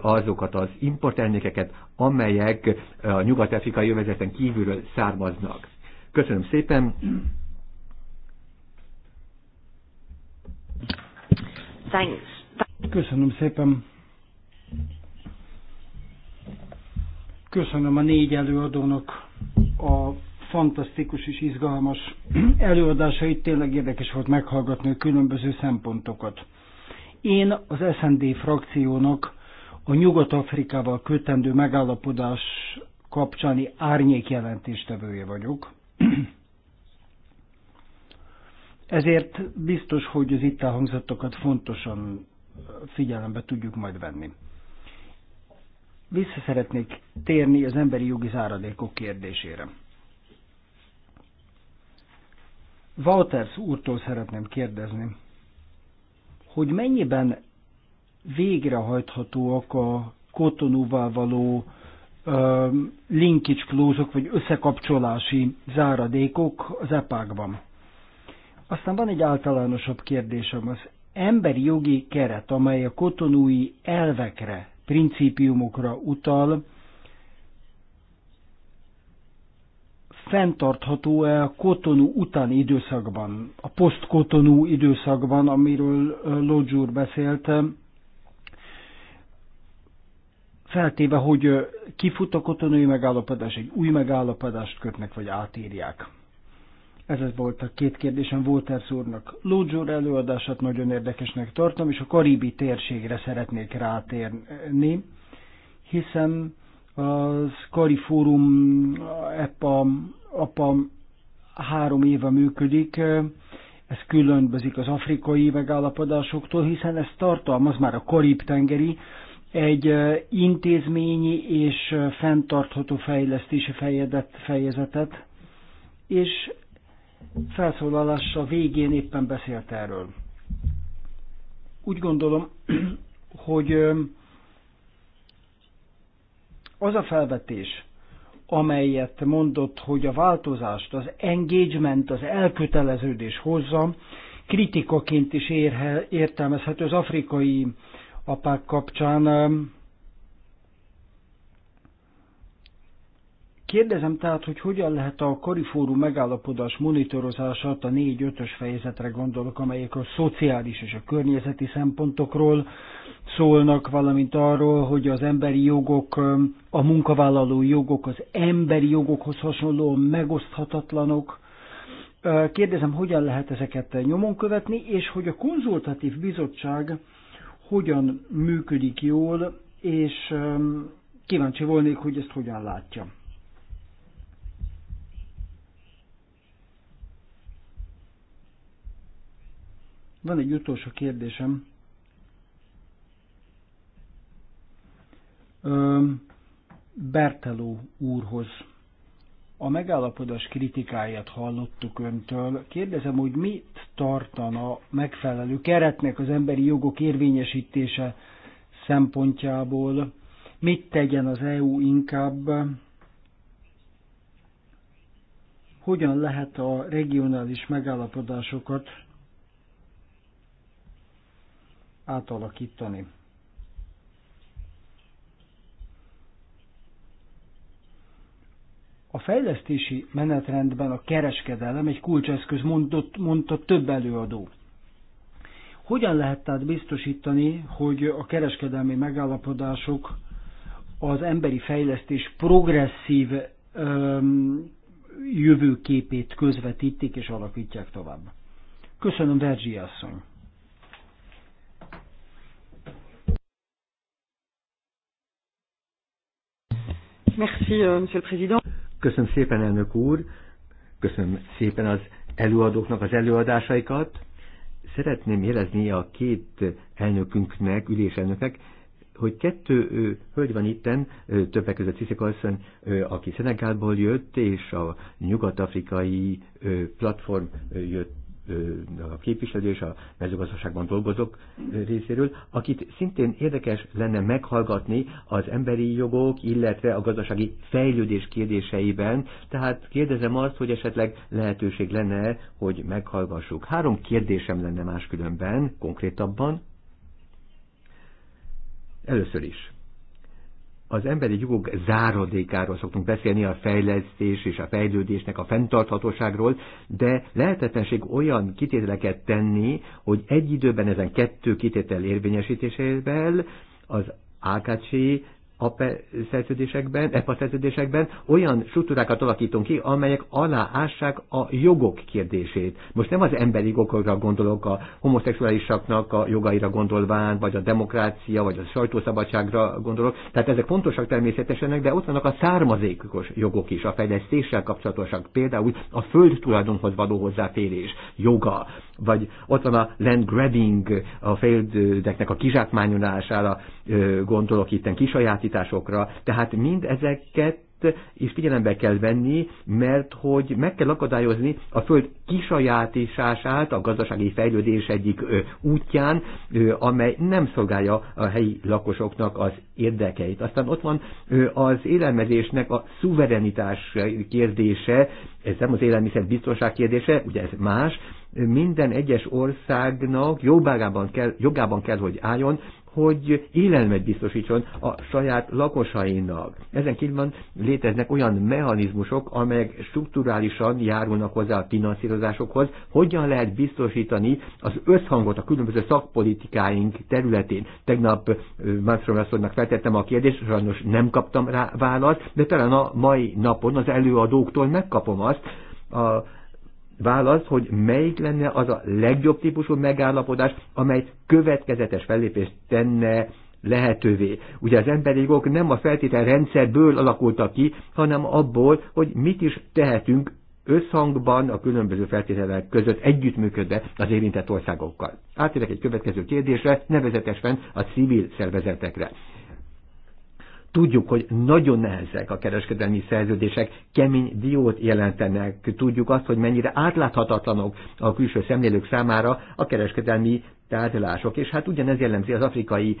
azokat az importtermékeket, amelyek a nyugat-afrikai övezeten kívülről származnak. Köszönöm szépen! Thanks. Köszönöm szépen! Köszönöm a négy előadónak a fantasztikus és izgalmas előadásait. Tényleg érdekes volt meghallgatni a különböző szempontokat. Én az SND frakciónak a Nyugat-Afrikával kötendő megállapodás kapcsáni árnyék jelentéstevője vagyok. Ezért biztos, hogy az itt elhangzottakat fontosan figyelembe tudjuk majd venni. Vissza szeretnék térni az emberi jogi záradékok kérdésére. Walters úrtól szeretném kérdezni, hogy mennyiben végrehajthatóak a kotonúval való ö, linkage close -ok, vagy összekapcsolási záradékok az epákban. Aztán van egy általánosabb kérdésem, az emberi jogi keret, amely a kotonúi elvekre principiumokra utal, fenntartható-e a kotonú utáni időszakban, a posztkotonú időszakban, amiről Lodzsúr beszélt, feltéve, hogy kifut a kotonói megállapodás, egy új megállapodást kötnek, vagy átírják. Ez az volt a két kérdésem Wolters úrnak. Lúdzsúr előadását nagyon érdekesnek tartom, és a karibi térségre szeretnék rátérni, hiszen az Kari Fórum EPA, APA három éve működik, ez különbözik az afrikai megállapodásoktól, hiszen ez tartalmaz már a Karib-tengeri egy intézményi és fenntartható fejlesztési fejezetet, és felszólalása végén éppen beszélt erről. Úgy gondolom, *clears throat* hogy az a felvetés, amelyet mondott, hogy a változást az engagement, az elköteleződés hozza, kritikaként is érhe, értelmezhető az afrikai apák kapcsán. Kérdezem tehát, hogy hogyan lehet a karifórum megállapodás monitorozását a 4-5-ös fejezetre gondolok, amelyek a szociális és a környezeti szempontokról szólnak, valamint arról, hogy az emberi jogok, a munkavállaló jogok az emberi jogokhoz hasonlóan megoszthatatlanok. Kérdezem, hogyan lehet ezeket nyomon követni, és hogy a konzultatív bizottság hogyan működik jól, és um, kíváncsi volnék, hogy ezt hogyan látja. Van egy utolsó kérdésem. Berteló úrhoz. A megállapodás kritikáját hallottuk öntől. Kérdezem, hogy mit tartana megfelelő keretnek az emberi jogok érvényesítése szempontjából? Mit tegyen az EU inkább? Hogyan lehet a regionális megállapodásokat átalakítani. A fejlesztési menetrendben a kereskedelem egy kulcseszköz, mondott, mondta több előadó. Hogyan lehet tehát biztosítani, hogy a kereskedelmi megállapodások az emberi fejlesztés progresszív öm, jövőképét közvetítik és alakítják tovább? Köszönöm, Vergyi asszony! Merci, euh, Monsieur le Président. Köszönöm szépen, elnök úr. Köszönöm szépen az előadóknak az előadásaikat. Szeretném jelezni a két elnökünknek, üléselnöknek, hogy kettő ő, hölgy van itten, többek között Sziszek Alszön, aki Szenegálból jött, és a nyugat-afrikai platform jött a képviselő és a mezőgazdaságban dolgozók részéről, akit szintén érdekes lenne meghallgatni az emberi jogok, illetve a gazdasági fejlődés kérdéseiben. Tehát kérdezem azt, hogy esetleg lehetőség lenne, hogy meghallgassuk. Három kérdésem lenne máskülönben, konkrétabban. Először is az emberi jogok záradékáról szoktunk beszélni, a fejlesztés és a fejlődésnek a fenntarthatóságról, de lehetetlenség olyan kitételeket tenni, hogy egy időben ezen kettő kitétel érvényesítésével az AKC APE szerződésekben, EPA szerződésekben olyan struktúrákat alakítunk ki, amelyek aláássák a jogok kérdését. Most nem az emberi jogokra gondolok, a homoszexuálisaknak a jogaira gondolván, vagy a demokrácia, vagy a sajtószabadságra gondolok. Tehát ezek fontosak természetesen, de ott vannak a származékos jogok is, a fejlesztéssel kapcsolatosak, például a föld tulajdonhoz való hozzáférés joga, vagy ott van a land grabbing, a földeknek a kizsákmányolására gondolok itten, kisajátításra, kapacitásokra. Tehát mind ezeket is figyelembe kell venni, mert hogy meg kell akadályozni a föld kisajátítását a gazdasági fejlődés egyik útján, amely nem szolgálja a helyi lakosoknak az érdekeit. Aztán ott van az élelmezésnek a szuverenitás kérdése, ez nem az élelmiszer biztonság kérdése, ugye ez más, minden egyes országnak jogában kell, jogában kell, hogy álljon hogy élelmet biztosítson a saját lakosainak. Ezen kívül léteznek olyan mechanizmusok, amelyek strukturálisan járulnak hozzá a finanszírozásokhoz, hogyan lehet biztosítani az összhangot a különböző szakpolitikáink területén. Tegnap Manstrom asszonynak feltettem a kérdést, sajnos nem kaptam rá választ, de talán a mai napon az előadóktól megkapom azt, a, válasz, hogy melyik lenne az a legjobb típusú megállapodás, amely következetes fellépést tenne lehetővé. Ugye az emberi jogok nem a feltétel rendszerből alakultak ki, hanem abból, hogy mit is tehetünk összhangban a különböző feltételek között együttműködve az érintett országokkal. Átérek egy következő kérdésre, nevezetesen a civil szervezetekre. Tudjuk, hogy nagyon nehezek a kereskedelmi szerződések, kemény diót jelentenek. Tudjuk azt, hogy mennyire átláthatatlanok a külső szemlélők számára a kereskedelmi tárgyalások, és hát ugyanez jellemzi az afrikai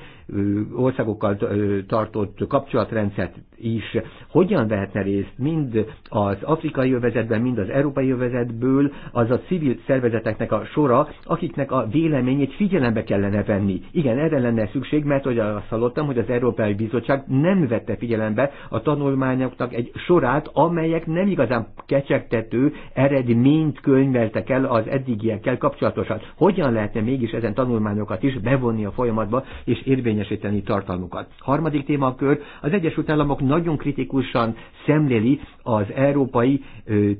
országokkal tartott kapcsolatrendszert is hogyan vehetne részt mind az afrikai övezetben, mind az európai övezetből, az a civil szervezeteknek a sora, akiknek a véleményét figyelembe kellene venni. Igen, erre lenne szükség, mert hogy azt hallottam, hogy az Európai Bizottság nem vette figyelembe a tanulmányoknak egy sorát, amelyek nem igazán kecsegtető eredményt könyveltek el az eddigiekkel kapcsolatosan. Hogyan lehetne mégis ezen tanulmányokat is bevonni a folyamatba és érvényesíteni tartalmukat? Harmadik témakör, az Egyesült Államok nagyon kritikusan szemléli az európai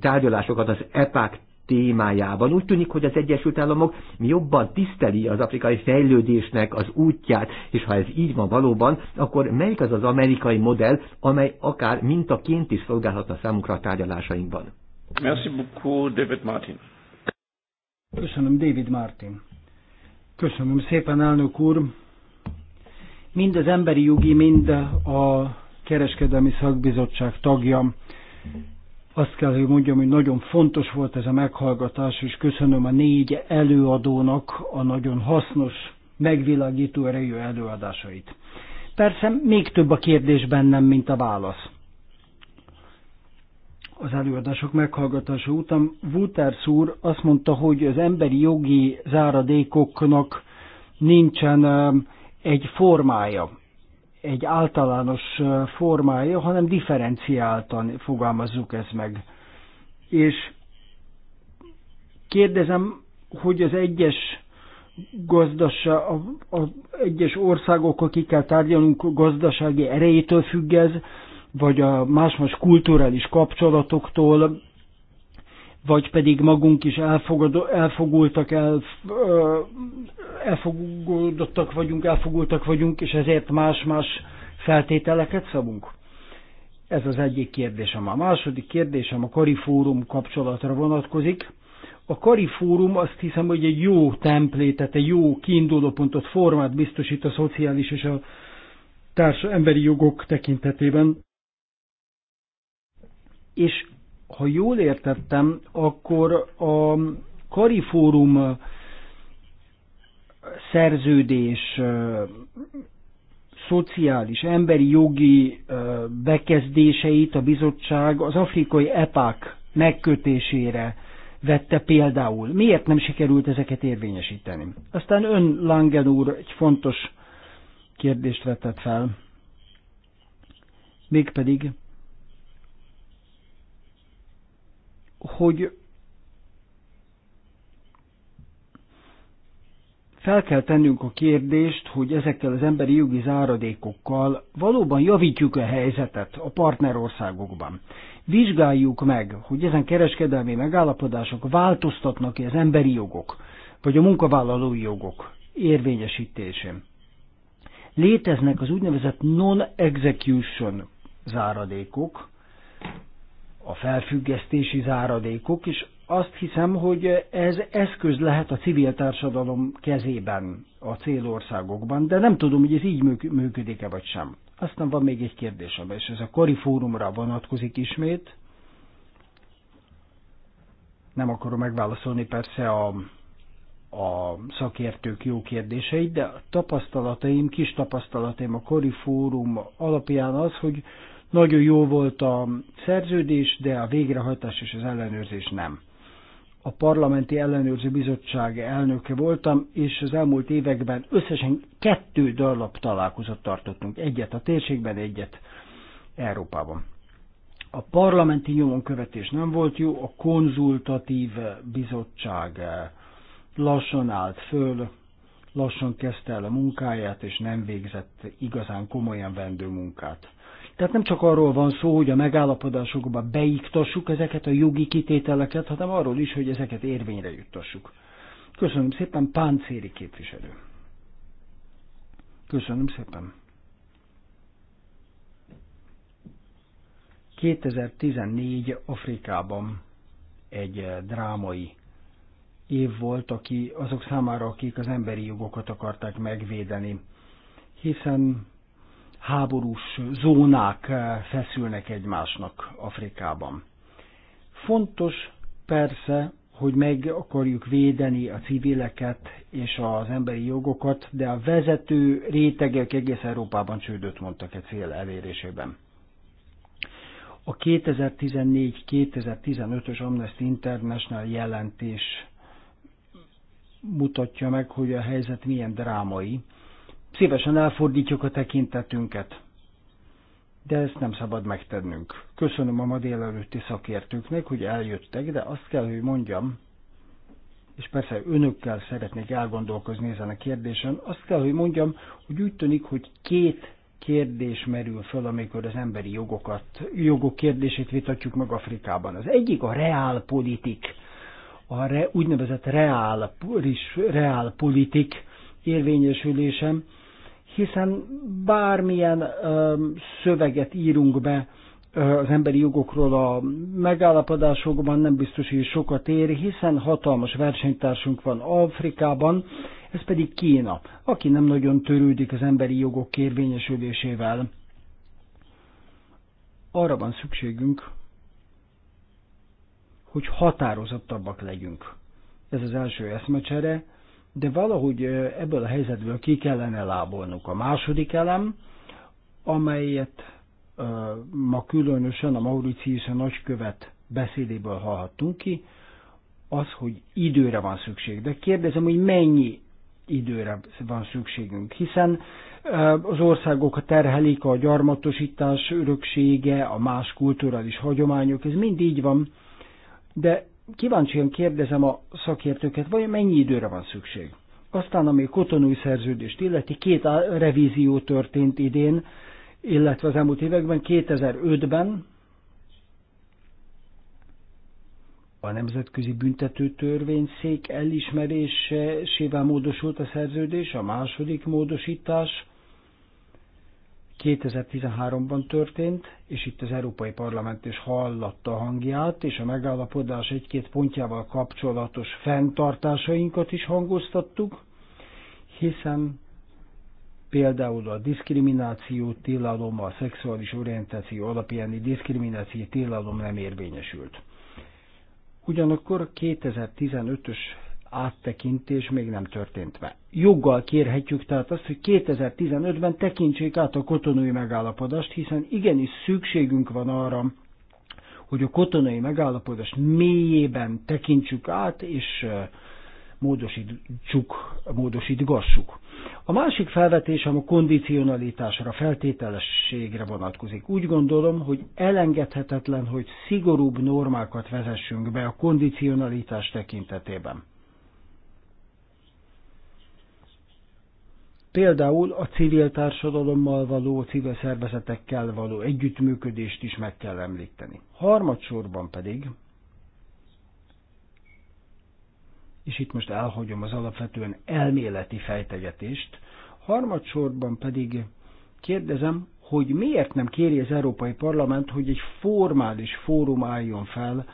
tárgyalásokat az EPAC témájában. Úgy tűnik, hogy az Egyesült Államok jobban tiszteli az afrikai fejlődésnek az útját, és ha ez így van valóban, akkor melyik az az amerikai modell, amely akár mintaként is szolgálhatna számunkra a tárgyalásainkban? Merci beaucoup, David Martin. Köszönöm, David Martin. Köszönöm szépen, elnök úr. Mind az emberi jogi, mind a kereskedelmi szakbizottság tagja. Azt kell, hogy mondjam, hogy nagyon fontos volt ez a meghallgatás, és köszönöm a négy előadónak a nagyon hasznos, megvilágító erejű előadásait. Persze még több a kérdés bennem, mint a válasz. Az előadások meghallgatása után Wuters úr azt mondta, hogy az emberi jogi záradékoknak nincsen egy formája egy általános formája, hanem differenciáltan fogalmazzuk ezt meg. És kérdezem, hogy az egyes gazdaság, a, a egyes országok, akikkel tárgyalunk, gazdasági erejétől függ ez, vagy a más-más kulturális kapcsolatoktól, vagy pedig magunk is elfogadó, elfogultak, el, vagyunk, elfogultak vagyunk, és ezért más-más feltételeket szabunk? Ez az egyik kérdésem. A második kérdésem a Kari Fórum kapcsolatra vonatkozik. A Kari Fórum azt hiszem, hogy egy jó templétet, egy jó kiindulópontot, formát biztosít a szociális és a társ emberi jogok tekintetében. És ha jól értettem, akkor a Karifórum szerződés szociális, emberi jogi bekezdéseit a bizottság az afrikai epák megkötésére vette például. Miért nem sikerült ezeket érvényesíteni? Aztán ön, Langen úr, egy fontos kérdést vetett fel, mégpedig hogy fel kell tennünk a kérdést, hogy ezekkel az emberi jogi záradékokkal valóban javítjuk a helyzetet a partnerországokban. Vizsgáljuk meg, hogy ezen kereskedelmi megállapodások változtatnak-e az emberi jogok, vagy a munkavállalói jogok érvényesítésén. Léteznek az úgynevezett non-execution záradékok, a felfüggesztési záradékok, és azt hiszem, hogy ez eszköz lehet a civil társadalom kezében a célországokban, de nem tudom, hogy ez így működik-e vagy sem. Aztán van még egy kérdésem, és ez a kori Fórumra vonatkozik ismét. Nem akarom megválaszolni persze a, a szakértők jó kérdéseit, de a tapasztalataim, kis tapasztalataim a Kori Fórum alapján az, hogy nagyon jó volt a szerződés, de a végrehajtás és az ellenőrzés nem. A Parlamenti Ellenőrző Bizottság elnöke voltam, és az elmúlt években összesen kettő darab találkozott tartottunk. Egyet a térségben, egyet Európában. A parlamenti nyomonkövetés nem volt jó, a konzultatív bizottság eh, lassan állt föl, lassan kezdte el a munkáját, és nem végzett igazán komolyan vendő munkát. Tehát nem csak arról van szó, hogy a megállapodásokba beiktassuk ezeket a jogi kitételeket, hanem arról is, hogy ezeket érvényre juttassuk. Köszönöm szépen, páncéri képviselő. Köszönöm szépen. 2014 Afrikában egy eh, drámai év volt aki, azok számára, akik az emberi jogokat akarták megvédeni, hiszen háborús zónák eh, feszülnek egymásnak Afrikában. Fontos persze, hogy meg akarjuk védeni a civileket és az emberi jogokat, de a vezető rétegek egész Európában csődöt mondtak egy cél elérésében. A 2014-2015-ös Amnesty International jelentés mutatja meg, hogy a helyzet milyen drámai szívesen elfordítjuk a tekintetünket. De ezt nem szabad megtennünk. Köszönöm a ma délelőtti szakértőknek, hogy eljöttek, de azt kell, hogy mondjam, és persze önökkel szeretnék elgondolkozni ezen a kérdésen, azt kell, hogy mondjam, hogy úgy tűnik, hogy két kérdés merül föl, amikor az emberi jogokat, jogok kérdését vitatjuk meg Afrikában. Az egyik a reálpolitik, a re, úgynevezett reál, reálpolitik érvényesülésem, hiszen bármilyen szöveget írunk be az emberi jogokról a megállapodásokban, nem biztos, hogy sokat ér, hiszen hatalmas versenytársunk van Afrikában, ez pedig Kína, aki nem nagyon törődik az emberi jogok kérvényesülésével. Arra van szükségünk, hogy határozottabbak legyünk. Ez az első eszmecsere, de valahogy ebből a helyzetből ki kellene lábolnunk. A második elem, amelyet ma különösen a Mauritius nagykövet beszédéből hallhattunk ki, az, hogy időre van szükség. De kérdezem, hogy mennyi időre van szükségünk, hiszen az országok a terhelik a gyarmatosítás öröksége, a más kulturális hagyományok, ez mind így van, de kíváncsian kérdezem a szakértőket, vajon mennyi időre van szükség? Aztán, ami kotonúi szerződést illeti, két revízió történt idén, illetve az elmúlt években, 2005-ben a Nemzetközi Büntető Törvényszék elismerésével módosult a szerződés, a második módosítás 2013-ban történt, és itt az Európai Parlament is hallatta a hangját, és a megállapodás egy-két pontjával kapcsolatos fenntartásainkat is hangoztattuk, hiszen például a diszkrimináció tilalom, a szexuális orientáció alapjáni diszkrimináció tilalom nem érvényesült. Ugyanakkor 2015-ös áttekintés még nem történt meg. Joggal kérhetjük tehát azt, hogy 2015-ben tekintsék át a kotonói megállapodást, hiszen igenis szükségünk van arra, hogy a kotonai megállapodást mélyében tekintsük át, és módosítsuk, módosítgassuk. A másik felvetésem a kondicionalitásra, feltételességre vonatkozik. Úgy gondolom, hogy elengedhetetlen, hogy szigorúbb normákat vezessünk be a kondicionalitás tekintetében. Például a civil társadalommal való, civil szervezetekkel való együttműködést is meg kell említeni. Harmadsorban pedig, és itt most elhagyom az alapvetően elméleti fejtegetést, harmadsorban pedig kérdezem, hogy miért nem kéri az Európai Parlament, hogy egy formális fórum álljon fel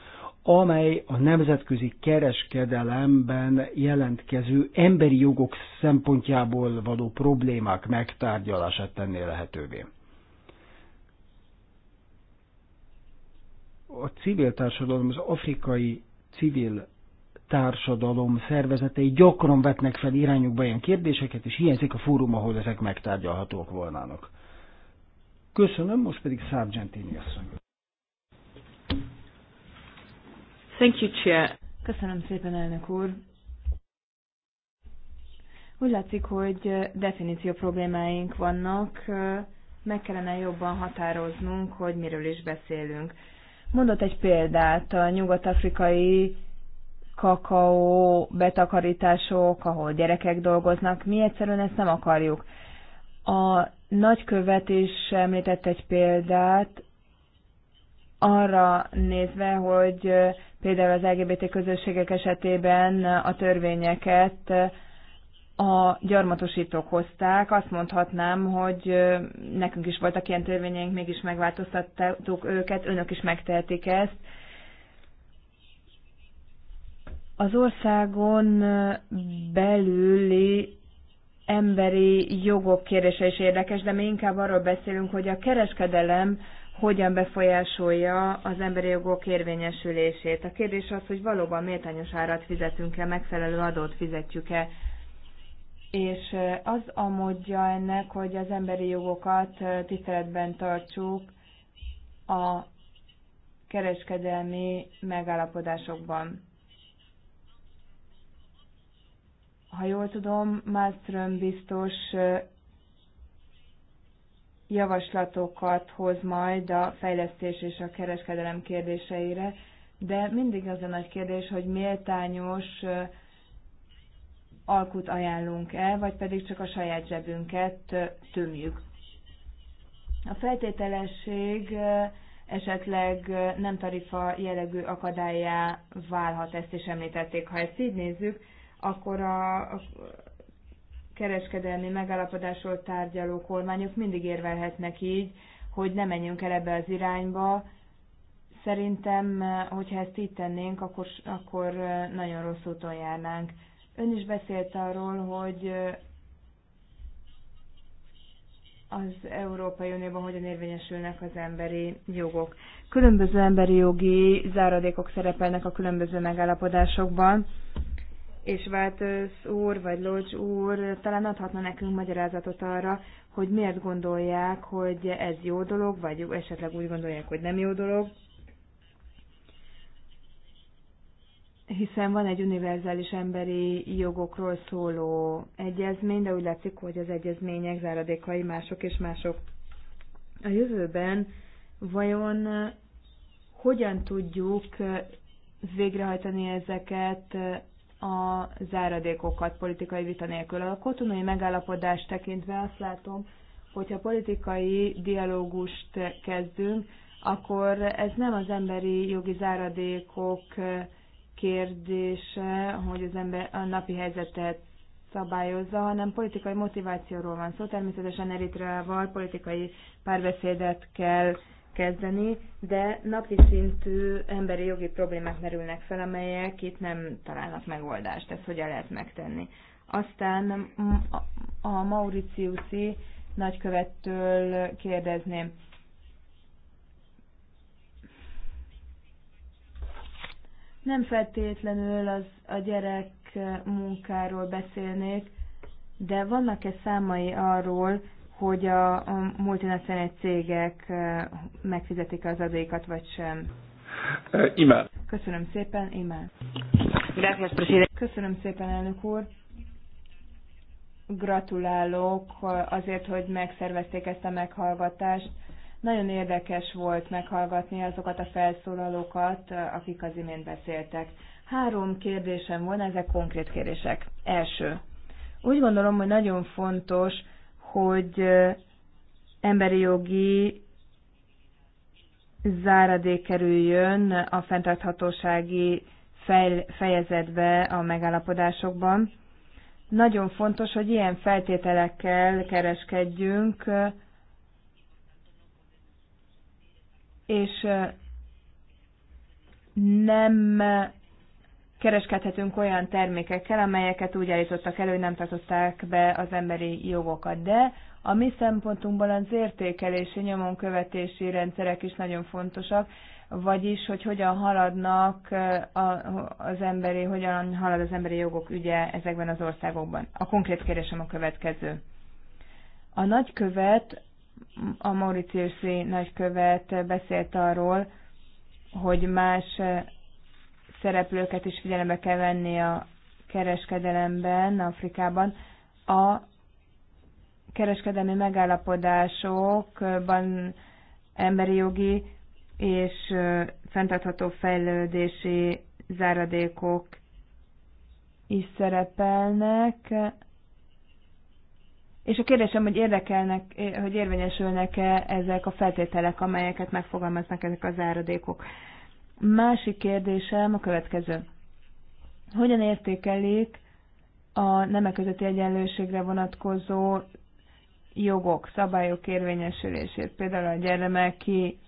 amely a nemzetközi kereskedelemben jelentkező emberi jogok szempontjából való problémák megtárgyalását tenné lehetővé. A civil társadalom, az afrikai civil társadalom szervezetei gyakran vetnek fel irányukba ilyen kérdéseket, és hiányzik a fórum, ahol ezek megtárgyalhatók volnának. Köszönöm, most pedig Sargentini asszony. Thank you, Chair. Köszönöm szépen, elnök úr. Úgy látszik, hogy definíció problémáink vannak, meg kellene jobban határoznunk, hogy miről is beszélünk. Mondott egy példát, a nyugat-afrikai kakaó betakarítások, ahol gyerekek dolgoznak, mi egyszerűen ezt nem akarjuk. A nagykövet is említett egy példát, arra nézve, hogy például az LGBT közösségek esetében a törvényeket a gyarmatosítók hozták. Azt mondhatnám, hogy nekünk is voltak ilyen törvényeink, mégis megváltoztattuk őket, önök is megtehetik ezt. Az országon belüli emberi jogok kérdése is érdekes, de mi inkább arról beszélünk, hogy a kereskedelem hogyan befolyásolja az emberi jogok érvényesülését. A kérdés az, hogy valóban méltányos árat fizetünk-e, megfelelő adót fizetjük-e. És az a módja ennek, hogy az emberi jogokat tiszteletben tartsuk a kereskedelmi megállapodásokban. Ha jól tudom, Malmström biztos javaslatokat hoz majd a fejlesztés és a kereskedelem kérdéseire, de mindig az a nagy kérdés, hogy méltányos alkut ajánlunk el, vagy pedig csak a saját zsebünket tömjük. A feltételesség esetleg nem tarifa jellegű akadályá válhat, ezt is említették. Ha ezt így nézzük, akkor a, kereskedelmi megállapodásról tárgyaló kormányok mindig érvelhetnek így, hogy ne menjünk el ebbe az irányba. Szerintem, hogyha ezt így tennénk, akkor, akkor nagyon rossz úton járnánk. Ön is beszélt arról, hogy az Európai Unióban hogyan érvényesülnek az emberi jogok. Különböző emberi jogi záradékok szerepelnek a különböző megállapodásokban, és Váltősz úr, vagy Lodge úr talán adhatna nekünk magyarázatot arra, hogy miért gondolják, hogy ez jó dolog, vagy esetleg úgy gondolják, hogy nem jó dolog. Hiszen van egy univerzális emberi jogokról szóló egyezmény, de úgy látszik, hogy az egyezmények záradékai mások és mások. A jövőben vajon hogyan tudjuk végrehajtani ezeket a záradékokat politikai vita nélkül. A kotonai megállapodást tekintve azt látom, hogyha politikai dialógust kezdünk, akkor ez nem az emberi jogi záradékok kérdése, hogy az ember a napi helyzetet szabályozza, hanem politikai motivációról van szó. Természetesen Eritreával politikai párbeszédet kell kezdeni, de napi szintű emberi jogi problémák merülnek fel, amelyek itt nem találnak megoldást. Ezt hogyan lehet megtenni? Aztán a Mauriciusi nagykövettől kérdezném, nem feltétlenül az a gyerek munkáról beszélnék, de vannak-e számai arról, hogy a, a multinacionális cégek megfizetik az adékat, vagy sem. Imád. Köszönöm szépen, imád. Gracias, president. Köszönöm szépen, elnök úr. Gratulálok azért, hogy megszervezték ezt a meghallgatást. Nagyon érdekes volt meghallgatni azokat a felszólalókat, akik az imént beszéltek. Három kérdésem van, ezek konkrét kérdések. Első. Úgy gondolom, hogy nagyon fontos, hogy emberi jogi záradék kerüljön a fenntarthatósági fejezetbe a megállapodásokban. Nagyon fontos, hogy ilyen feltételekkel kereskedjünk, és nem kereskedhetünk olyan termékekkel, amelyeket úgy állítottak elő, hogy nem tartották be az emberi jogokat. De a mi szempontunkból az értékelési nyomon követési rendszerek is nagyon fontosak, vagyis, hogy hogyan haladnak az emberi, hogyan halad az emberi jogok ügye ezekben az országokban. A konkrét kérdésem a következő. A nagykövet, a Mauritiusi nagykövet beszélt arról, hogy más szereplőket is figyelembe kell venni a kereskedelemben, Afrikában. A kereskedelmi megállapodásokban emberi jogi és fenntartható fejlődési záradékok is szerepelnek. És a kérdésem, hogy érdekelnek, hogy érvényesülnek-e ezek a feltételek, amelyeket megfogalmaznak ezek a záradékok. Másik kérdésem a következő. Hogyan értékelik a nemek közötti egyenlőségre vonatkozó jogok, szabályok érvényesülését? Például a gyermeki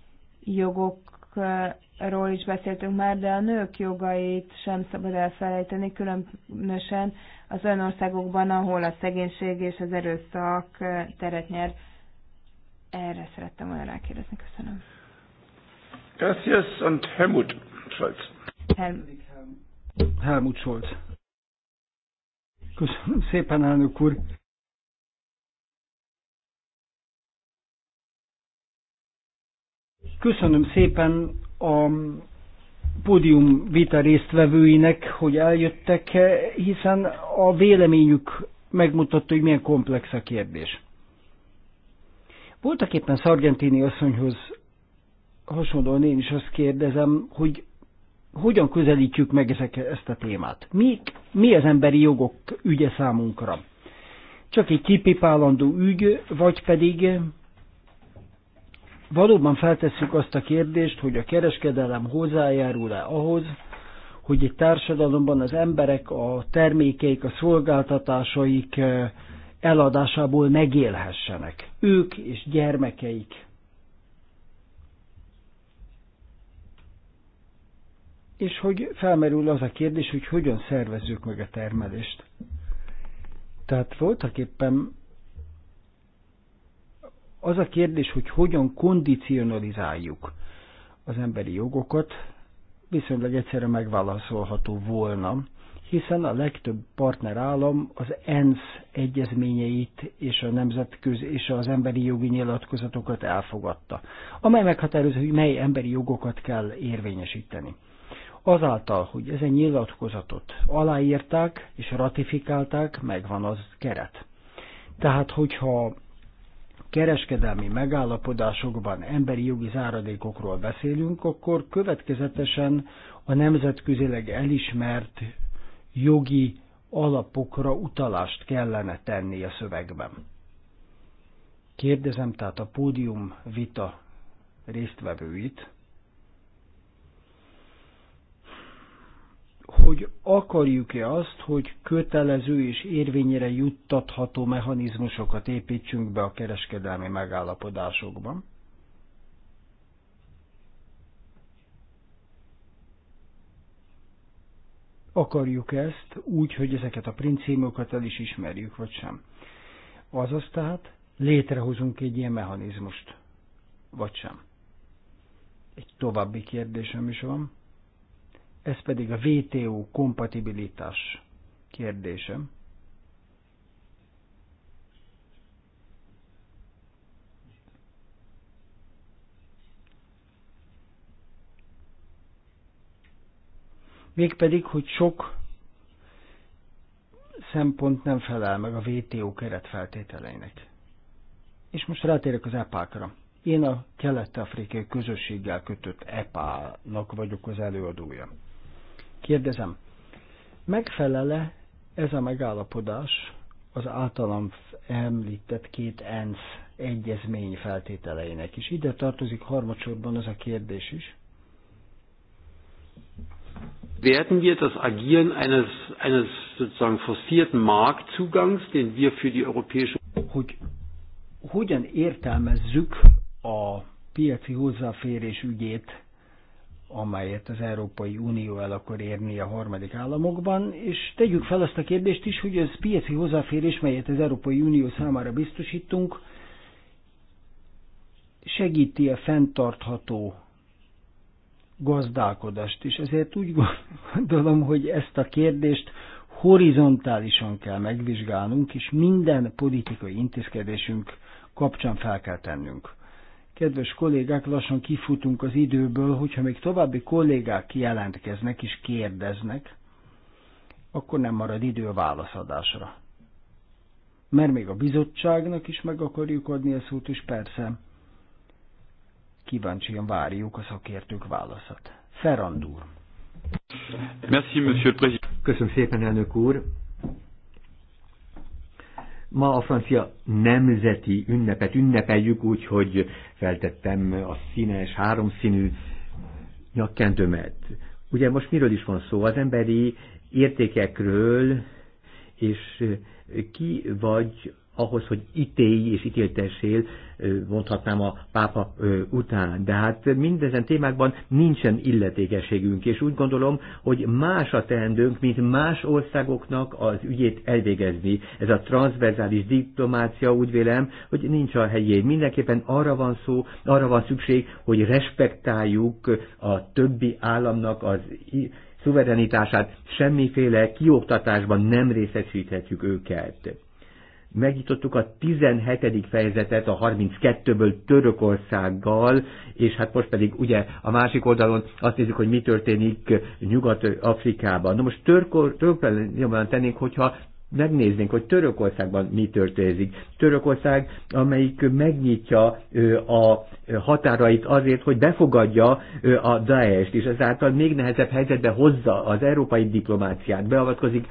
jogokról is beszéltünk már, de a nők jogait sem szabad elfelejteni, különösen az olyan országokban, ahol a szegénység és az erőszak teret nyer. Erre szerettem volna rákérdezni. Köszönöm. Gracias und Helmut Scholz. Hel Helmut Scholz. Köszönöm szépen, elnök úr. Köszönöm szépen a pódium vita résztvevőinek, hogy eljöttek, hiszen a véleményük megmutatta, hogy milyen komplex a kérdés. Voltak éppen Szargentini asszonyhoz hasonlóan én is azt kérdezem, hogy hogyan közelítjük meg ezek, ezt a témát? Mi, mi az emberi jogok ügye számunkra? Csak egy kipipálandó ügy, vagy pedig valóban feltesszük azt a kérdést, hogy a kereskedelem hozzájárul-e ahhoz, hogy egy társadalomban az emberek a termékeik, a szolgáltatásaik eladásából megélhessenek. Ők és gyermekeik és hogy felmerül az a kérdés, hogy hogyan szervezzük meg a termelést. Tehát voltak éppen az a kérdés, hogy hogyan kondicionalizáljuk az emberi jogokat, viszonylag egyszerre megválaszolható volna, hiszen a legtöbb partnerállam az ENSZ egyezményeit és a nemzetközi és az emberi jogi nyilatkozatokat elfogadta, amely meghatározza, hogy mely emberi jogokat kell érvényesíteni. Azáltal, hogy ezen nyilatkozatot aláírták és ratifikálták, megvan az keret. Tehát, hogyha kereskedelmi megállapodásokban emberi jogi záradékokról beszélünk, akkor következetesen a nemzetközileg elismert jogi alapokra utalást kellene tenni a szövegben. Kérdezem tehát a pódium vita résztvevőit, hogy akarjuk-e azt, hogy kötelező és érvényre juttatható mechanizmusokat építsünk be a kereskedelmi megállapodásokban. Akarjuk ezt úgy, hogy ezeket a principiumokat el is ismerjük, vagy sem. Azaz tehát létrehozunk egy ilyen mechanizmust, vagy sem. Egy további kérdésem is van ez pedig a VTO kompatibilitás kérdése. Mégpedig, hogy sok szempont nem felel meg a WTO keretfeltételeinek. És most rátérek az EPA-kra. Én a kelet-afrikai közösséggel kötött EPA-nak vagyok az előadója. Kérdezem, megfelele ez a megállapodás az általam említett két ENSZ egyezmény feltételeinek is. Ide tartozik harmadsorban az a kérdés is. Werden wir das Agieren eines, eines sozusagen forcierten Marktzugangs, den wir für die europäische... Hogy hogyan értelmezzük a piaci hozzáférés ügyét amelyet az Európai Unió el akar érni a harmadik államokban, és tegyük fel azt a kérdést is, hogy az piaci hozzáférés, melyet az Európai Unió számára biztosítunk, segíti a fenntartható gazdálkodást, és ezért úgy gondolom, hogy ezt a kérdést horizontálisan kell megvizsgálnunk, és minden politikai intézkedésünk kapcsán fel kell tennünk. Kedves kollégák, lassan kifutunk az időből, hogyha még további kollégák jelentkeznek és kérdeznek, akkor nem marad idő a válaszadásra. Mert még a bizottságnak is meg akarjuk adni a szót, és persze kíváncsian várjuk a szakértők válaszat. Ferrand úr. Köszönöm szépen, elnök úr. Ma a francia nemzeti ünnepet ünnepeljük úgy, hogy feltettem a színes, háromszínű nyakkendőmet. Ugye most miről is van szó? Az emberi értékekről, és ki vagy ahhoz, hogy ítélj és ítéltessél, mondhatnám a pápa után. De hát mindezen témákban nincsen illetékességünk, és úgy gondolom, hogy más a teendőnk, mint más országoknak az ügyét elvégezni. Ez a transverzális diplomácia úgy vélem, hogy nincs a helyén. Mindenképpen arra van szó, arra van szükség, hogy respektáljuk a többi államnak az szuverenitását, semmiféle kioktatásban nem részesíthetjük őket megnyitottuk a 17. fejezetet a 32-ből Törökországgal, és hát most pedig ugye a másik oldalon azt nézzük, hogy mi történik Nyugat-Afrikában. Na most Törökországban tennénk, hogyha megnéznénk, hogy Törökországban mi történik. Törökország, amelyik megnyitja a határait azért, hogy befogadja a Daesh-t, és ezáltal még nehezebb helyzetbe hozza az európai diplomáciát, beavatkozik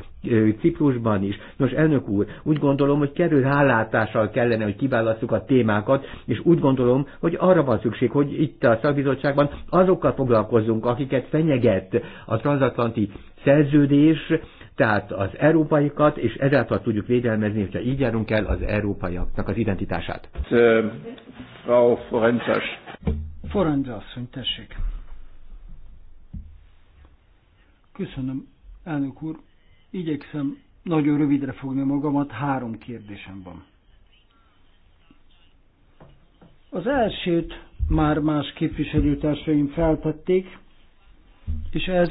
Ciprusban is. Nos, elnök úr, úgy gondolom, hogy kerül hálátással kellene, hogy kiválasszuk a témákat, és úgy gondolom, hogy arra van szükség, hogy itt a szakbizottságban azokkal foglalkozzunk, akiket fenyeget a transatlanti szerződés, tehát az európaikat, és ezáltal tudjuk védelmezni, hogyha így járunk el, az európaiaknak az identitását. Frau Forenzas. Forenzas, hogy tessék. Köszönöm, elnök úr. Igyekszem nagyon rövidre fogni magamat, három kérdésem van. Az elsőt már más képviselőtársaim feltették, és ez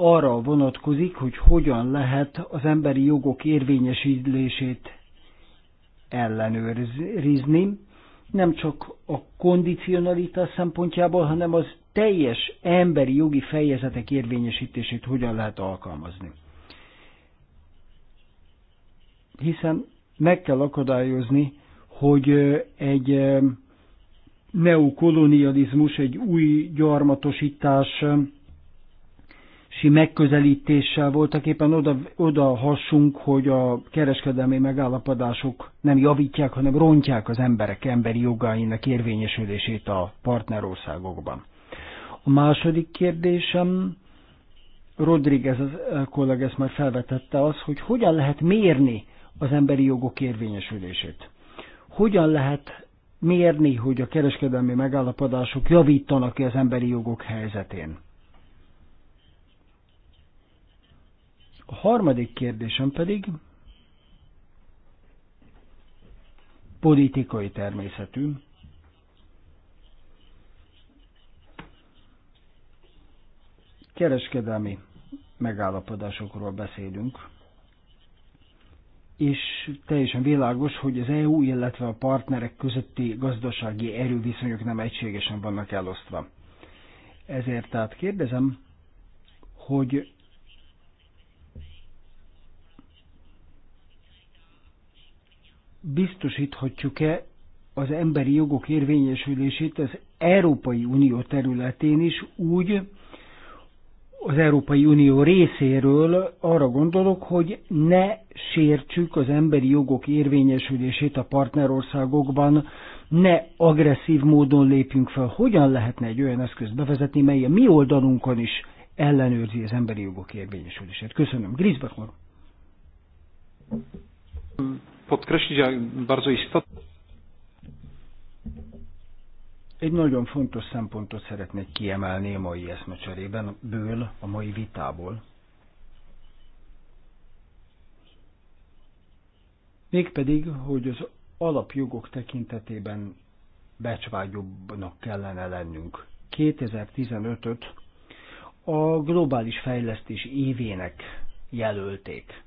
arra vonatkozik, hogy hogyan lehet az emberi jogok érvényesítését ellenőrizni, nem csak a kondicionalitás szempontjából, hanem az teljes emberi jogi fejezetek érvényesítését hogyan lehet alkalmazni. Hiszen meg kell akadályozni, hogy egy neokolonializmus, egy új gyarmatosítás si megközelítéssel voltak éppen oda, oda hassunk, hogy a kereskedelmi megállapodások nem javítják, hanem rontják az emberek emberi jogainak érvényesülését a partnerországokban. A második kérdésem, Rodriguez eh, kollega ezt már felvetette, az, hogy hogyan lehet mérni az emberi jogok érvényesülését. Hogyan lehet mérni, hogy a kereskedelmi megállapodások javítanak-e az emberi jogok helyzetén? A harmadik kérdésem pedig politikai természetű. Kereskedelmi megállapodásokról beszélünk, és teljesen világos, hogy az EU, illetve a partnerek közötti gazdasági erőviszonyok nem egységesen vannak elosztva. Ezért tehát kérdezem, hogy biztosíthatjuk-e az emberi jogok érvényesülését az Európai Unió területén is úgy, az Európai Unió részéről arra gondolok, hogy ne sértsük az emberi jogok érvényesülését a partnerországokban, ne agresszív módon lépjünk fel. Hogyan lehetne egy olyan eszközt bevezetni, mely a mi oldalunkon is ellenőrzi az emberi jogok érvényesülését? Köszönöm. Grisbeck podkreślić, jak bardzo istotne. Egy nagyon fontos szempontot szeretnék kiemelni a mai eszmecserében, ből, a mai vitából. Mégpedig, hogy az alapjogok tekintetében becsvágyobbnak kellene lennünk. 2015-öt a globális fejlesztés évének jelölték.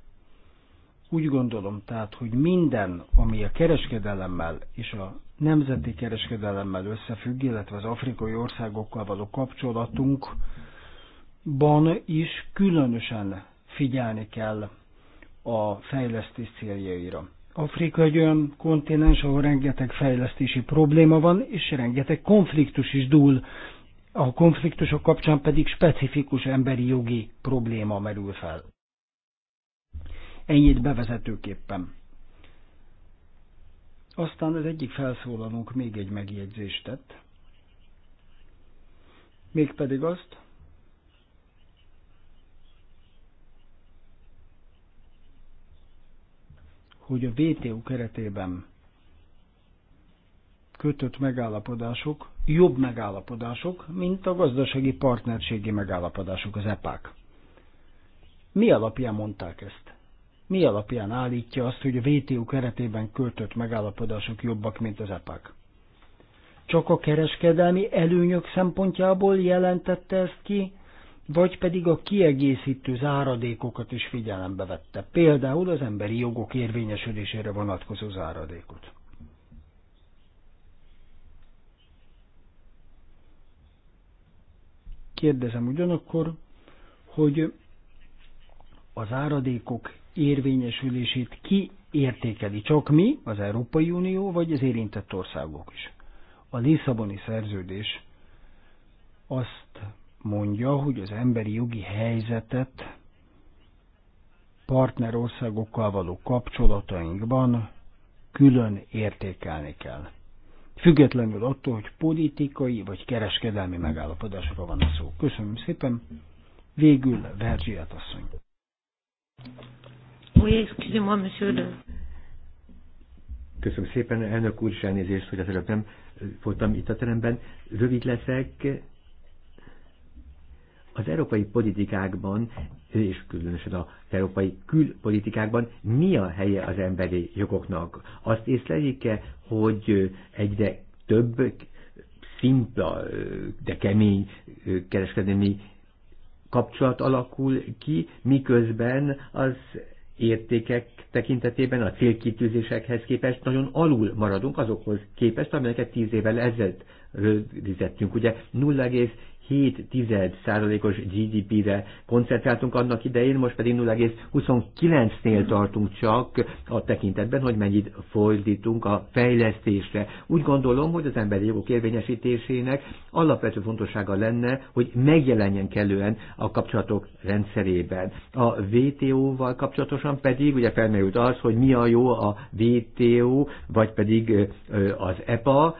Úgy gondolom tehát, hogy minden, ami a kereskedelemmel és a nemzeti kereskedelemmel összefügg, illetve az afrikai országokkal való kapcsolatunkban is különösen figyelni kell a fejlesztés céljaira. Afrika egy olyan kontinens, ahol rengeteg fejlesztési probléma van, és rengeteg konfliktus is dúl. A konfliktusok kapcsán pedig specifikus emberi jogi probléma merül fel. Ennyit bevezetőképpen. Aztán az egyik felszólalónk még egy megjegyzést tett, mégpedig azt, hogy a VTU keretében kötött megállapodások jobb megállapodások, mint a gazdasági partnerségi megállapodások, az EPÁK. Mi alapján mondták ezt? mi alapján állítja azt, hogy a VTU keretében költött megállapodások jobbak, mint az EPAK? Csak a kereskedelmi előnyök szempontjából jelentette ezt ki, vagy pedig a kiegészítő záradékokat is figyelembe vette, például az emberi jogok érvényesülésére vonatkozó záradékot. Kérdezem ugyanakkor, hogy az áradékok érvényesülését ki értékeli? Csak mi, az Európai Unió, vagy az érintett országok is? A Lisszaboni szerződés azt mondja, hogy az emberi jogi helyzetet partnerországokkal való kapcsolatainkban külön értékelni kell. Függetlenül attól, hogy politikai vagy kereskedelmi megállapodásra van szó. Köszönöm szépen. Végül Vergiát asszony. Oui, excusez-moi, monsieur le... Köszönöm szépen, elnök úr, és elnézést, hogy az előbb nem voltam itt a teremben. Rövid leszek. Az európai politikákban, és különösen az európai külpolitikákban mi a helye az emberi jogoknak? Azt észleljük-e, hogy egyre több szimpla, de kemény kereskedelmi kapcsolat alakul ki, miközben az értékek tekintetében a célkitűzésekhez képest nagyon alul maradunk azokhoz képest, amelyeket tíz évvel ezelőtt rögzítettünk. Ugye 0,7%-os GDP-re koncentráltunk annak idején, most pedig 0,29-nél tartunk csak a tekintetben, hogy mennyit fordítunk a fejlesztésre. Úgy gondolom, hogy az emberi jogok érvényesítésének alapvető fontossága lenne, hogy megjelenjen kellően a kapcsolatok rendszerében. A WTO-val kapcsolatosan pedig ugye felmerült az, hogy mi a jó a WTO, vagy pedig az EPA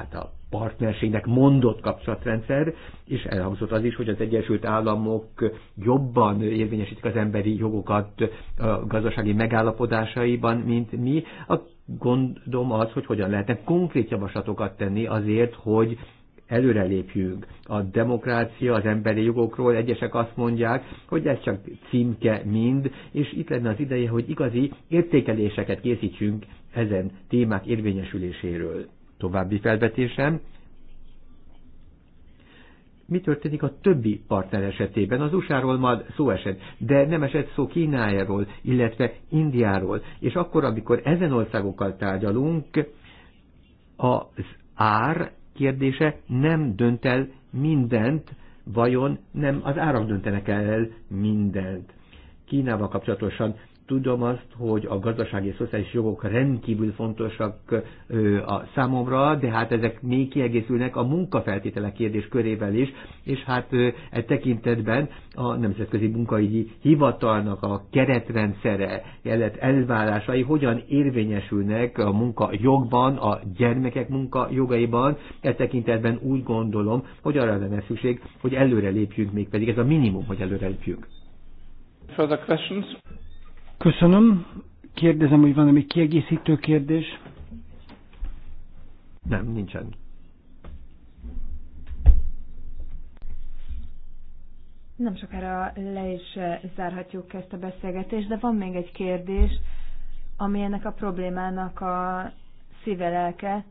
hát a partnerségnek mondott kapcsolatrendszer, és elhangzott az is, hogy az Egyesült Államok jobban érvényesítik az emberi jogokat a gazdasági megállapodásaiban, mint mi. A gondom az, hogy hogyan lehetne konkrét javaslatokat tenni azért, hogy előrelépjünk. A demokrácia, az emberi jogokról egyesek azt mondják, hogy ez csak címke mind, és itt lenne az ideje, hogy igazi értékeléseket készítsünk ezen témák érvényesüléséről. További felvetésem, mi történik a többi partner esetében? Az USA-ról már szó esett, de nem esett szó Kínájáról, illetve Indiáról. És akkor, amikor ezen országokkal tárgyalunk, az ár kérdése nem dönt el mindent, vajon nem az árak döntenek el mindent. Kínával kapcsolatosan tudom azt, hogy a gazdasági és szociális jogok rendkívül fontosak a számomra, de hát ezek még kiegészülnek a munkafeltételek kérdés körével is, és hát e tekintetben a Nemzetközi Munkaügyi Hivatalnak a keretrendszere, illetve elvárásai hogyan érvényesülnek a munka jogban, a gyermekek munka jogaiban, e tekintetben úgy gondolom, hogy arra lenne szükség, hogy előre lépjünk, mégpedig ez a minimum, hogy előre lépjünk. Further questions? Köszönöm. Kérdezem, hogy van-e még kiegészítő kérdés? Nem, nincsen. Nem sokára le is eh, zárhatjuk ezt a beszélgetést, de van még egy kérdés, ami ennek a problémának a szívelelke,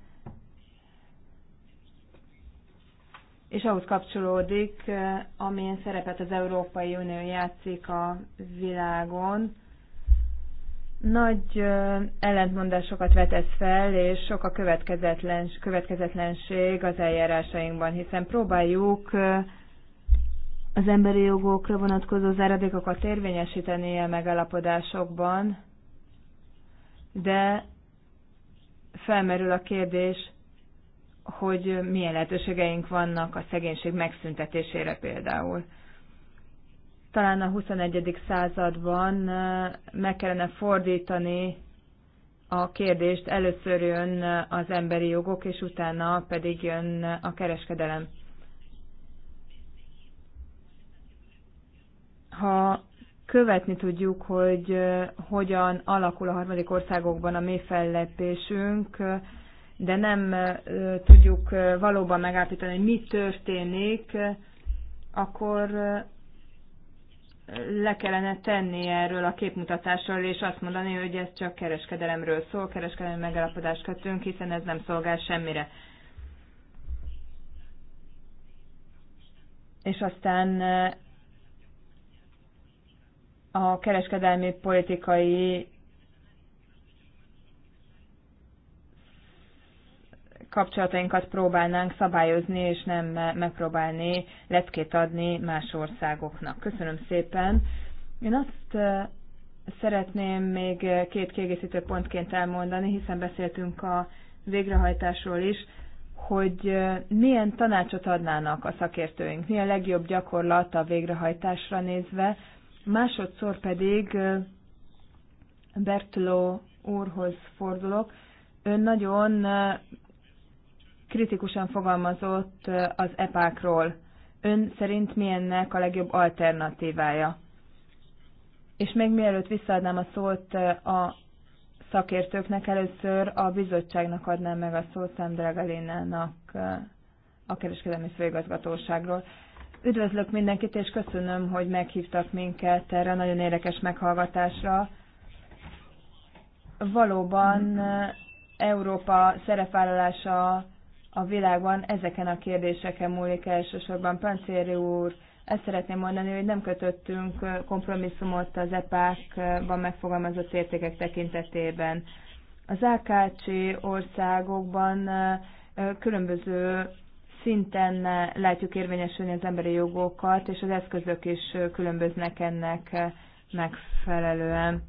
és ahhoz kapcsolódik, eh, amilyen szerepet az Európai Unió játszik a világon nagy ellentmondásokat vetesz fel, és sok a következetlens, következetlenség az eljárásainkban, hiszen próbáljuk az emberi jogokra vonatkozó záradékokat érvényesíteni a megállapodásokban, de felmerül a kérdés, hogy milyen lehetőségeink vannak a szegénység megszüntetésére például talán a 21. században meg kellene fordítani a kérdést, először jön az emberi jogok, és utána pedig jön a kereskedelem. Ha követni tudjuk, hogy hogyan alakul a harmadik országokban a mi fellepésünk, de nem tudjuk valóban megállapítani, hogy mi történik, akkor le kellene tenni erről a képmutatásról, és azt mondani, hogy ez csak kereskedelemről szól, kereskedelmi megállapodást kötünk, hiszen ez nem szolgál semmire. És aztán eh, a kereskedelmi politikai kapcsolatainkat próbálnánk szabályozni, és nem megpróbálni leckét adni más országoknak. Köszönöm szépen. Én azt szeretném még két kiegészítő pontként elmondani, hiszen beszéltünk a végrehajtásról is, hogy milyen tanácsot adnának a szakértőink, mi a legjobb gyakorlat a végrehajtásra nézve, másodszor pedig Bertló úrhoz fordulok, ön nagyon kritikusan fogalmazott az epákról. Ön szerint mi ennek a legjobb alternatívája? És még mielőtt visszaadnám a szót a szakértőknek, először a bizottságnak adnám meg a szót Szandra Galénának a Kereskedelmi Főigazgatóságról. Üdvözlök mindenkit, és köszönöm, hogy meghívtak minket erre a nagyon érdekes meghallgatásra. Valóban Európa szerepvállalása a világban ezeken a kérdéseken múlik elsősorban. Pancéri úr, ezt szeretném mondani, hogy nem kötöttünk kompromisszumot az EPÁK-ban megfogalmazott értékek tekintetében. Az AKC országokban különböző szinten látjuk érvényesülni az emberi jogokat, és az eszközök is különböznek ennek megfelelően.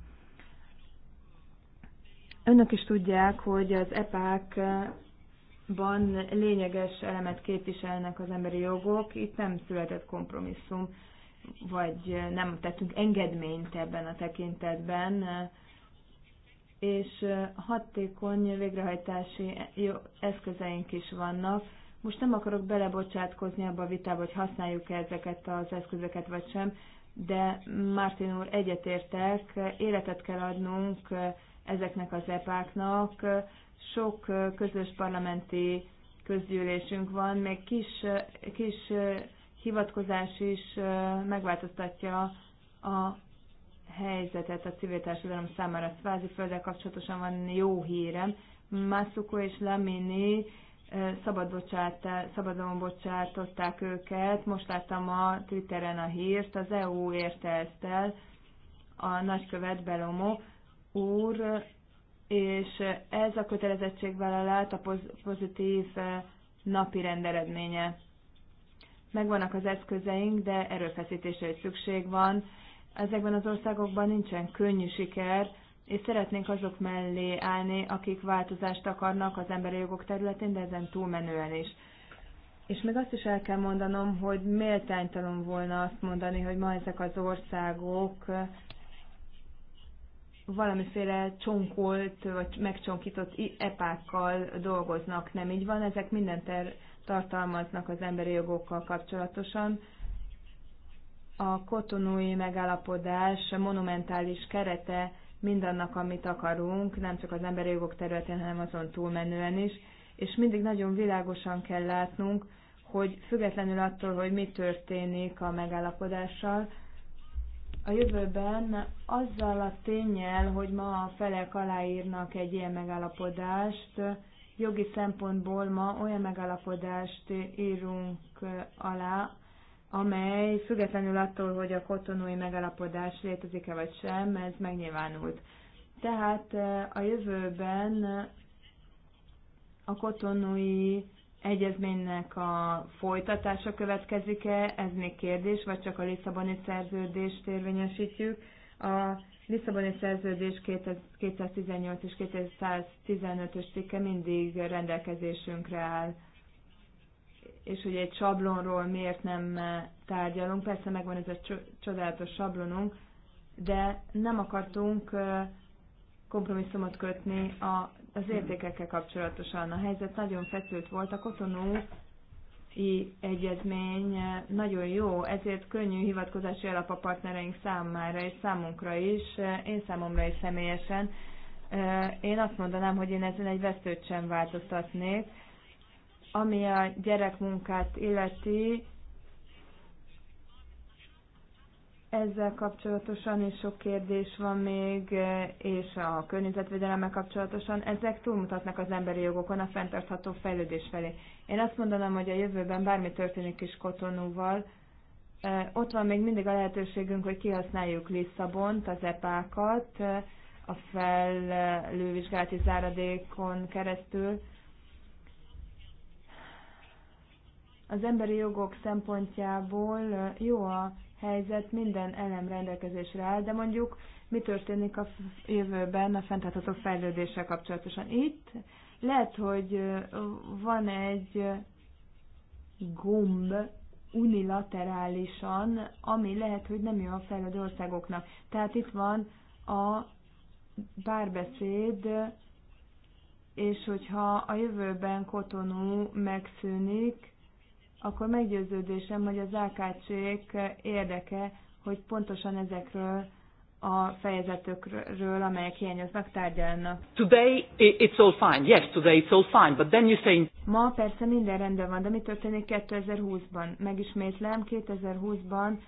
Önök is tudják, hogy az EPÁK ban lényeges elemet képviselnek az emberi jogok, itt nem született kompromisszum, vagy nem tettünk engedményt ebben a tekintetben, és hatékony végrehajtási eszközeink is vannak. Most nem akarok belebocsátkozni abba a vitába, hogy használjuk-e ezeket az eszközöket vagy sem, de Mártin úr egyetértek, életet kell adnunk ezeknek az epáknak, sok közös parlamenti közgyűlésünk van, még kis, kis hivatkozás is megváltoztatja a helyzetet a civil társadalom számára. Szvázi földdel kapcsolatosan van jó hírem. Masuko és Lamini szabadon bocsátották őket. Most láttam a Twitteren a hírt, az EU érte ezt el, a nagykövet Belomo úr és ez a kötelezettségvállalás a pozitív eh, napi renderedménye. Megvannak az eszközeink, de erőfeszítésre is szükség van. Ezekben az országokban nincsen könnyű siker, és szeretnénk azok mellé állni, akik változást akarnak az emberi jogok területén, de ezen túlmenően is. És még azt is el kell mondanom, hogy méltánytalan volna azt mondani, hogy ma ezek az országok valamiféle csonkolt vagy megcsonkított epákkal dolgoznak, nem így van, ezek mindent el tartalmaznak az emberi jogokkal kapcsolatosan. A kotonói megállapodás monumentális kerete mindannak, amit akarunk, nem csak az emberi jogok területén, hanem azon túlmenően is, és mindig nagyon világosan kell látnunk, hogy függetlenül attól, hogy mi történik a megállapodással, a jövőben azzal a tényel, hogy ma a felek aláírnak egy ilyen megállapodást, jogi szempontból ma olyan megállapodást írunk alá, amely függetlenül attól, hogy a kotonói megállapodás létezik-e vagy sem, ez megnyilvánult. Tehát eh, a jövőben a kotonói egyezménynek a folytatása következik-e, ez még kérdés, vagy csak a Lisszaboni szerződést érvényesítjük. A Lisszaboni szerződés 218 és 215-ös cikke mindig rendelkezésünkre áll. És hogy egy sablonról miért nem tárgyalunk, persze megvan ez a csodálatos sablonunk, de nem akartunk kompromisszumot kötni a az értékekkel kapcsolatosan a helyzet nagyon feszült volt. A kotonói egyezmény nagyon jó, ezért könnyű hivatkozási alap a partnereink számára és számunkra is, én számomra is személyesen. Én azt mondanám, hogy én ezen egy vesztőt sem változtatnék. Ami a gyerekmunkát illeti, Ezzel kapcsolatosan is sok kérdés van még, eh, és a környezetvédelemmel kapcsolatosan. Ezek túlmutatnak az emberi jogokon a fenntartható fejlődés felé. Én azt mondanám, hogy a jövőben bármi történik is kotonúval, eh, ott van még mindig a lehetőségünk, hogy kihasználjuk Lisszabont, az epákat, eh, a fellővizsgálati záradékon keresztül. Az emberi jogok szempontjából jó a helyzet, minden elem rendelkezésre áll, de mondjuk mi történik a jövőben a fenntartható fejlődéssel kapcsolatosan. Itt lehet, hogy van egy gomb unilaterálisan, ami lehet, hogy nem jó a fejlődő országoknak. Tehát itt van a párbeszéd, és hogyha a jövőben kotonú megszűnik, akkor meggyőződésem, hogy az akc érdeke, hogy pontosan ezekről a fejezetekről, amelyek hiányoznak, tárgyalnak. Today it's all fine. Yes, today it's all fine, but then you say... Ma persze minden rendben van, de mi történik 2020-ban? Megismétlem, 2020-ban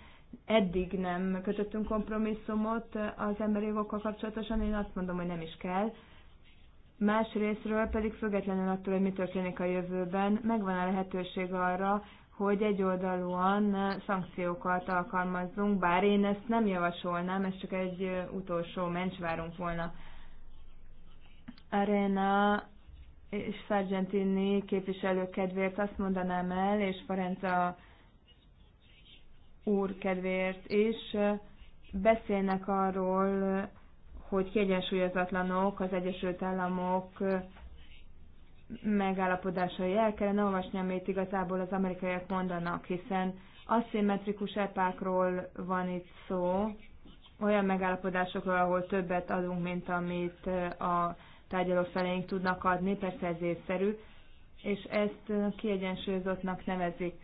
eddig nem kötöttünk kompromisszumot az emberi jogokkal kapcsolatosan, én azt mondom, hogy nem is kell, más részről pedig függetlenül attól, hogy mi történik a jövőben, megvan a lehetőség arra, hogy egyoldalúan szankciókat alkalmazzunk, bár én ezt nem javasolnám, ez csak egy utolsó mencsvárunk volna. Arena és Sargentini képviselők kedvéért azt mondanám el, és Ferenca úr kedvéért is, beszélnek arról, hogy kiegyensúlyozatlanok az Egyesült Államok megállapodásai. El kellene olvasni, amit igazából az amerikaiak mondanak, hiszen aszimmetrikus epákról van itt szó, olyan megállapodásokról, ahol többet adunk, mint amit a tárgyaló feleink tudnak adni, persze ez észszerű, és ezt kiegyensúlyozottnak nevezik.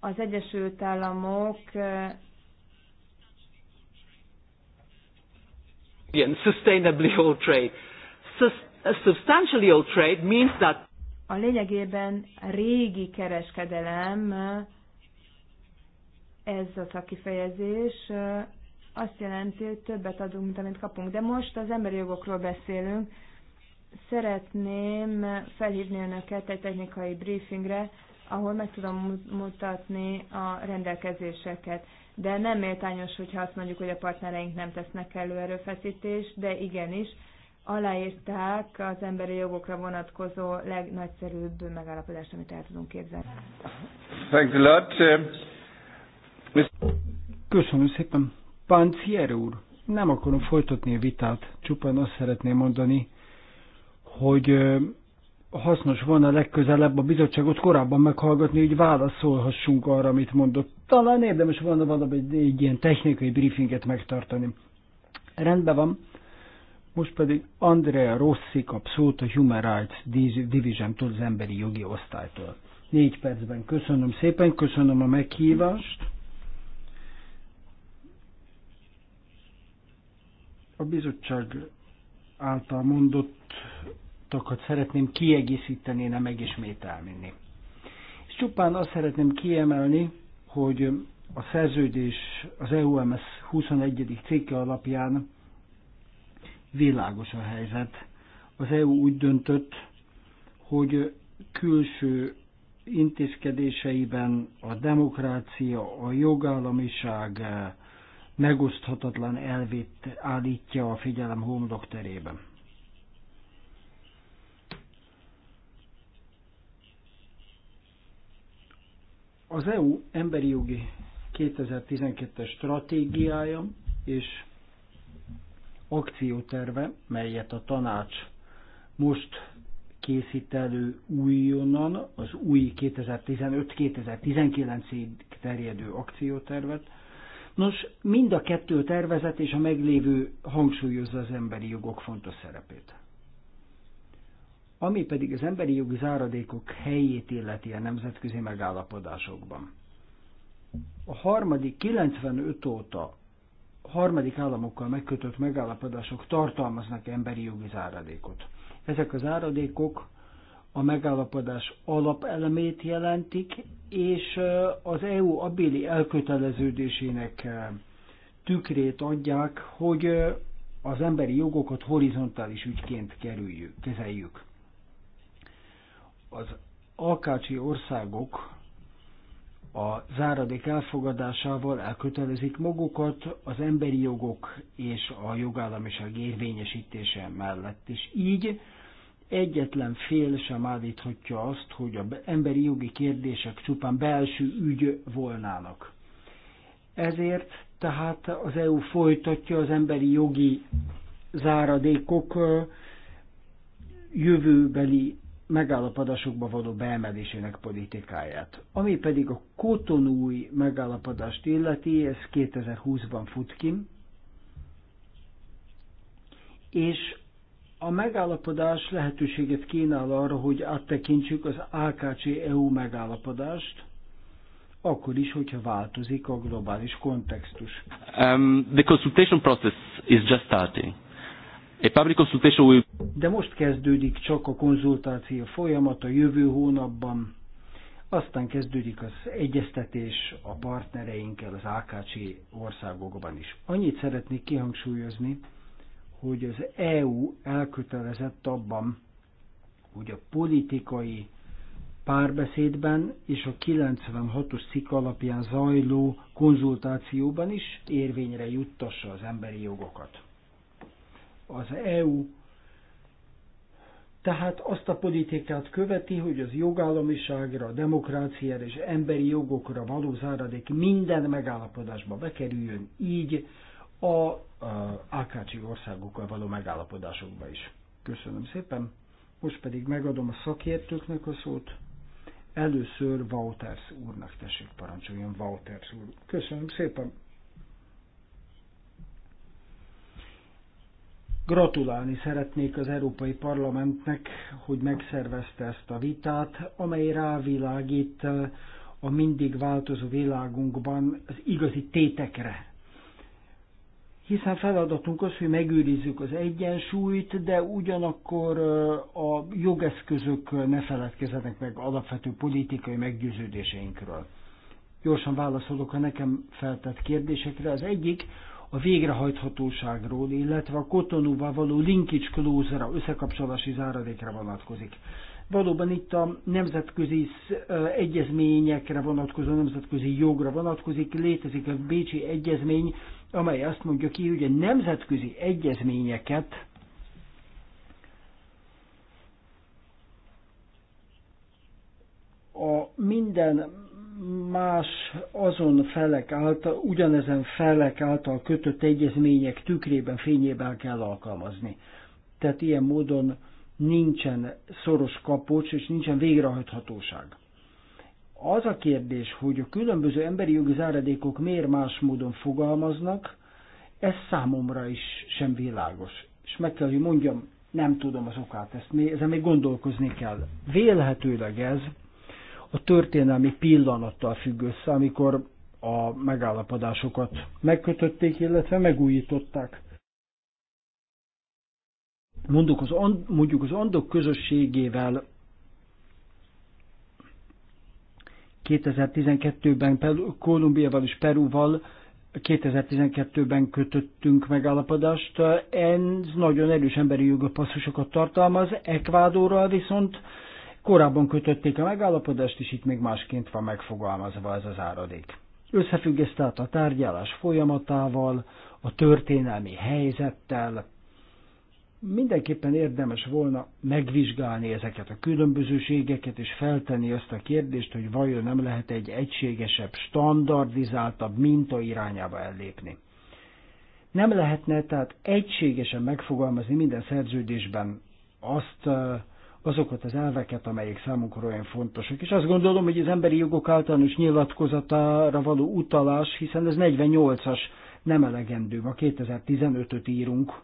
Az Egyesült Államok Sustainably *laughs* old trade. Substantially old trade means that a lényegében régi kereskedelem, ez a szakifejezés, azt jelenti, hogy többet adunk, mint amit kapunk. De most az emberi jogokról beszélünk. Szeretném felhívni önöket egy technikai briefingre, ahol meg tudom mutatni a rendelkezéseket de nem méltányos, hogyha azt mondjuk, hogy a partnereink nem tesznek elő erőfeszítést, de igenis, aláírták az emberi jogokra vonatkozó legnagyszerűbb megállapodást, amit el tudunk képzelni. Thanks a lot. Uh, Köszönöm szépen. Páncier úr, nem akarom folytatni a vitát, csupán azt szeretném mondani, hogy hasznos volna legközelebb a bizottságot korábban meghallgatni, hogy válaszolhassunk arra, amit mondott. Talán érdemes volna valami egy, egy ilyen technikai briefinget megtartani. Rendben van. Most pedig Andrea Rossi kap szót a Human Rights Division-től, az emberi jogi osztálytól. Négy percben köszönöm szépen, köszönöm a meghívást. A bizottság által mondott elhangzottakat szeretném kiegészíteni, nem megismételni. És csupán azt szeretném kiemelni, hogy a szerződés az EUMS 21. cikke alapján világos a helyzet. Az EU úgy döntött, hogy külső intézkedéseiben a demokrácia, a jogállamiság megoszthatatlan elvét állítja a figyelem homlok terében. Az EU emberi jogi 2012-es stratégiája és akcióterve, melyet a tanács most készít elő újonnan, az új 2015-2019-ig terjedő akciótervet. Nos, mind a kettő tervezet és a meglévő hangsúlyozza az emberi jogok fontos szerepét ami pedig az emberi jogi záradékok helyét illeti a nemzetközi megállapodásokban. A harmadik 95 óta harmadik államokkal megkötött megállapodások tartalmaznak emberi jogi záradékot. Ezek az áradékok a megállapodás alapelemét jelentik, és az EU abili elköteleződésének tükrét adják, hogy az emberi jogokat horizontális ügyként kerüljük, kezeljük az alkácsi országok a záradék elfogadásával elkötelezik magukat az emberi jogok és a jogállamiság érvényesítése mellett. És így egyetlen fél sem állíthatja azt, hogy az emberi jogi kérdések csupán belső ügy volnának. Ezért tehát az EU folytatja az emberi jogi záradékok jövőbeli megállapodásokba való beemelésének politikáját. Ami pedig a kotonúi megállapodást illeti, ez 2020-ban fut ki, és a megállapodás lehetőséget kínál arra, hogy áttekintsük az AKC-EU megállapodást, akkor is, hogyha változik a globális kontextus. Um, the consultation process is just starting. De most kezdődik csak a konzultáció folyamata jövő hónapban, aztán kezdődik az egyeztetés a partnereinkkel az AKC országokban is. Annyit szeretnék kihangsúlyozni, hogy az EU elkötelezett abban, hogy a politikai párbeszédben és a 96-os cikk alapján zajló konzultációban is érvényre juttassa az emberi jogokat az EU tehát azt a politikát követi, hogy az jogállamiságra, demokráciára és emberi jogokra való záradék minden megállapodásba bekerüljön, így a, a AKC országokkal való megállapodásokba is. Köszönöm szépen. Most pedig megadom a szakértőknek a szót. Először Wouters úrnak tessék parancsoljon, Wouters úr. Köszönöm szépen. Gratulálni szeretnék az Európai Parlamentnek, hogy megszervezte ezt a vitát, amely rávilágít eh, a mindig változó világunkban az igazi tétekre. Hiszen feladatunk az, hogy megőrizzük az egyensúlyt, de ugyanakkor eh, a jogeszközök ne feledkezzenek meg alapvető politikai meggyőződéseinkről. Gyorsan válaszolok a nekem feltett kérdésekre. Az egyik, a végrehajthatóságról, illetve a kotonúval való linkage closure összekapcsolási záradékra vonatkozik. Valóban itt a nemzetközi egyezményekre vonatkozó nemzetközi jogra vonatkozik, létezik a Bécsi Egyezmény, amely azt mondja ki, hogy a nemzetközi egyezményeket a minden más azon felek által, ugyanezen felek által kötött egyezmények tükrében, fényében kell alkalmazni. Tehát ilyen módon nincsen szoros kapocs és nincsen végrehajthatóság. Az a kérdés, hogy a különböző emberi jogi záradékok miért más módon fogalmaznak, ez számomra is sem világos. És meg kell, hogy mondjam, nem tudom az okát, ezt még, ezen még gondolkozni kell. Vélhetőleg ez a történelmi pillanattal függ össze, amikor a megállapodásokat megkötötték, illetve megújították. Mondjuk az, mondjuk az Andok közösségével 2012-ben Kolumbiával és Perúval 2012-ben kötöttünk megállapodást. Ez nagyon erős emberi jogi passzusokat tartalmaz, Ekvádorral viszont Korábban kötötték a megállapodást, és itt még másként van megfogalmazva ez az áradék. Összefüggesz tehát a tárgyalás folyamatával, a történelmi helyzettel. Mindenképpen érdemes volna megvizsgálni ezeket a különbözőségeket, és feltenni azt a kérdést, hogy vajon nem lehet egy egységesebb, standardizáltabb minta irányába ellépni. Nem lehetne tehát egységesen megfogalmazni minden szerződésben azt, eh, azokat az elveket, amelyek számunkra olyan fontosak. És azt gondolom, hogy az emberi jogok általános nyilatkozatára való utalás, hiszen ez 48-as, nem elegendő, ma 2015-öt írunk.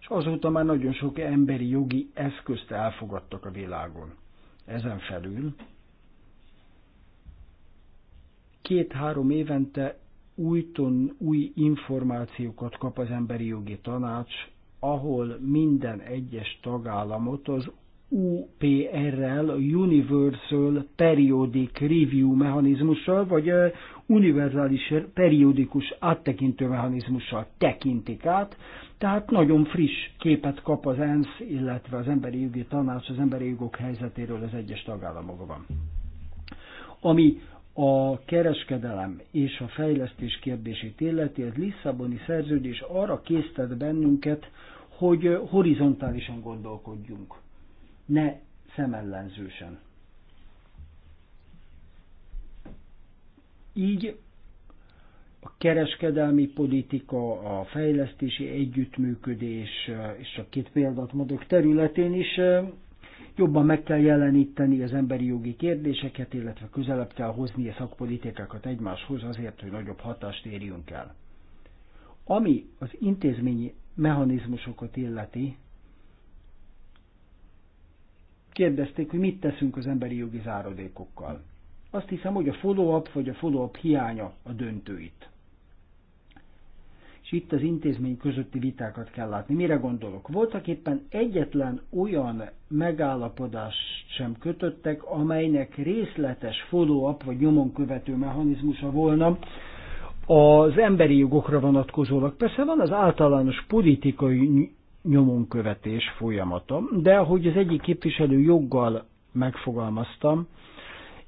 És azóta már nagyon sok emberi jogi eszközt elfogadtak a világon. Ezen felül két-három évente újton új információkat kap az emberi jogi tanács, ahol minden egyes tagállamot az UPR-rel, a Universal Periodic Review mechanizmussal, vagy a univerzális periódikus áttekintő mechanizmussal tekintik át, tehát nagyon friss képet kap az ENSZ, illetve az Emberi Jogi Tanács az emberi jogok helyzetéről az egyes tagállamokban. Ami a kereskedelem és a fejlesztés kérdését illeti, az Lisszaboni szerződés arra késztet bennünket, hogy horizontálisan gondolkodjunk, ne szemellenzősen. Így a kereskedelmi politika, a fejlesztési együttműködés, és csak két példát mondok, területén is jobban meg kell jeleníteni az emberi jogi kérdéseket, illetve közelebb kell hozni a szakpolitikákat egymáshoz azért, hogy nagyobb hatást érjünk el. Ami az intézményi mechanizmusokat illeti, kérdezték, hogy mit teszünk az emberi jogi záradékokkal. Azt hiszem, hogy a follow-up vagy a follow-up hiánya a döntő itt. És itt az intézmény közötti vitákat kell látni. Mire gondolok? Voltak éppen egyetlen olyan megállapodást sem kötöttek, amelynek részletes follow-up vagy nyomon követő mechanizmusa volna, az emberi jogokra vonatkozólag. Persze van az általános politikai nyomonkövetés folyamata, de ahogy az egyik képviselő joggal megfogalmaztam,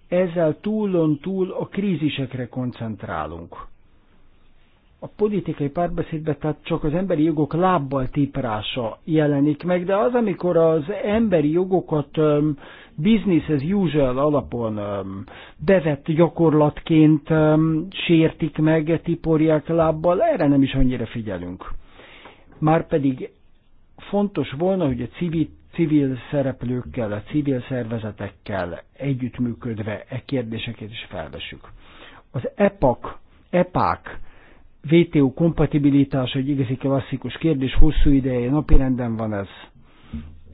ezzel túlon túl a krízisekre koncentrálunk. A politikai párbeszédben tehát csak az emberi jogok lábbal típrása jelenik meg, de az, amikor az emberi jogokat öm, business as usual alapon um, bevett gyakorlatként um, sértik meg, tiporják lábbal, erre nem is annyira figyelünk. Márpedig fontos volna, hogy a civil, civil szereplőkkel, a civil szervezetekkel együttműködve e kérdéseket is felvessük. Az EPAK, EPAK VTO kompatibilitás egy igazi klasszikus kérdés, hosszú ideje napirenden van ez,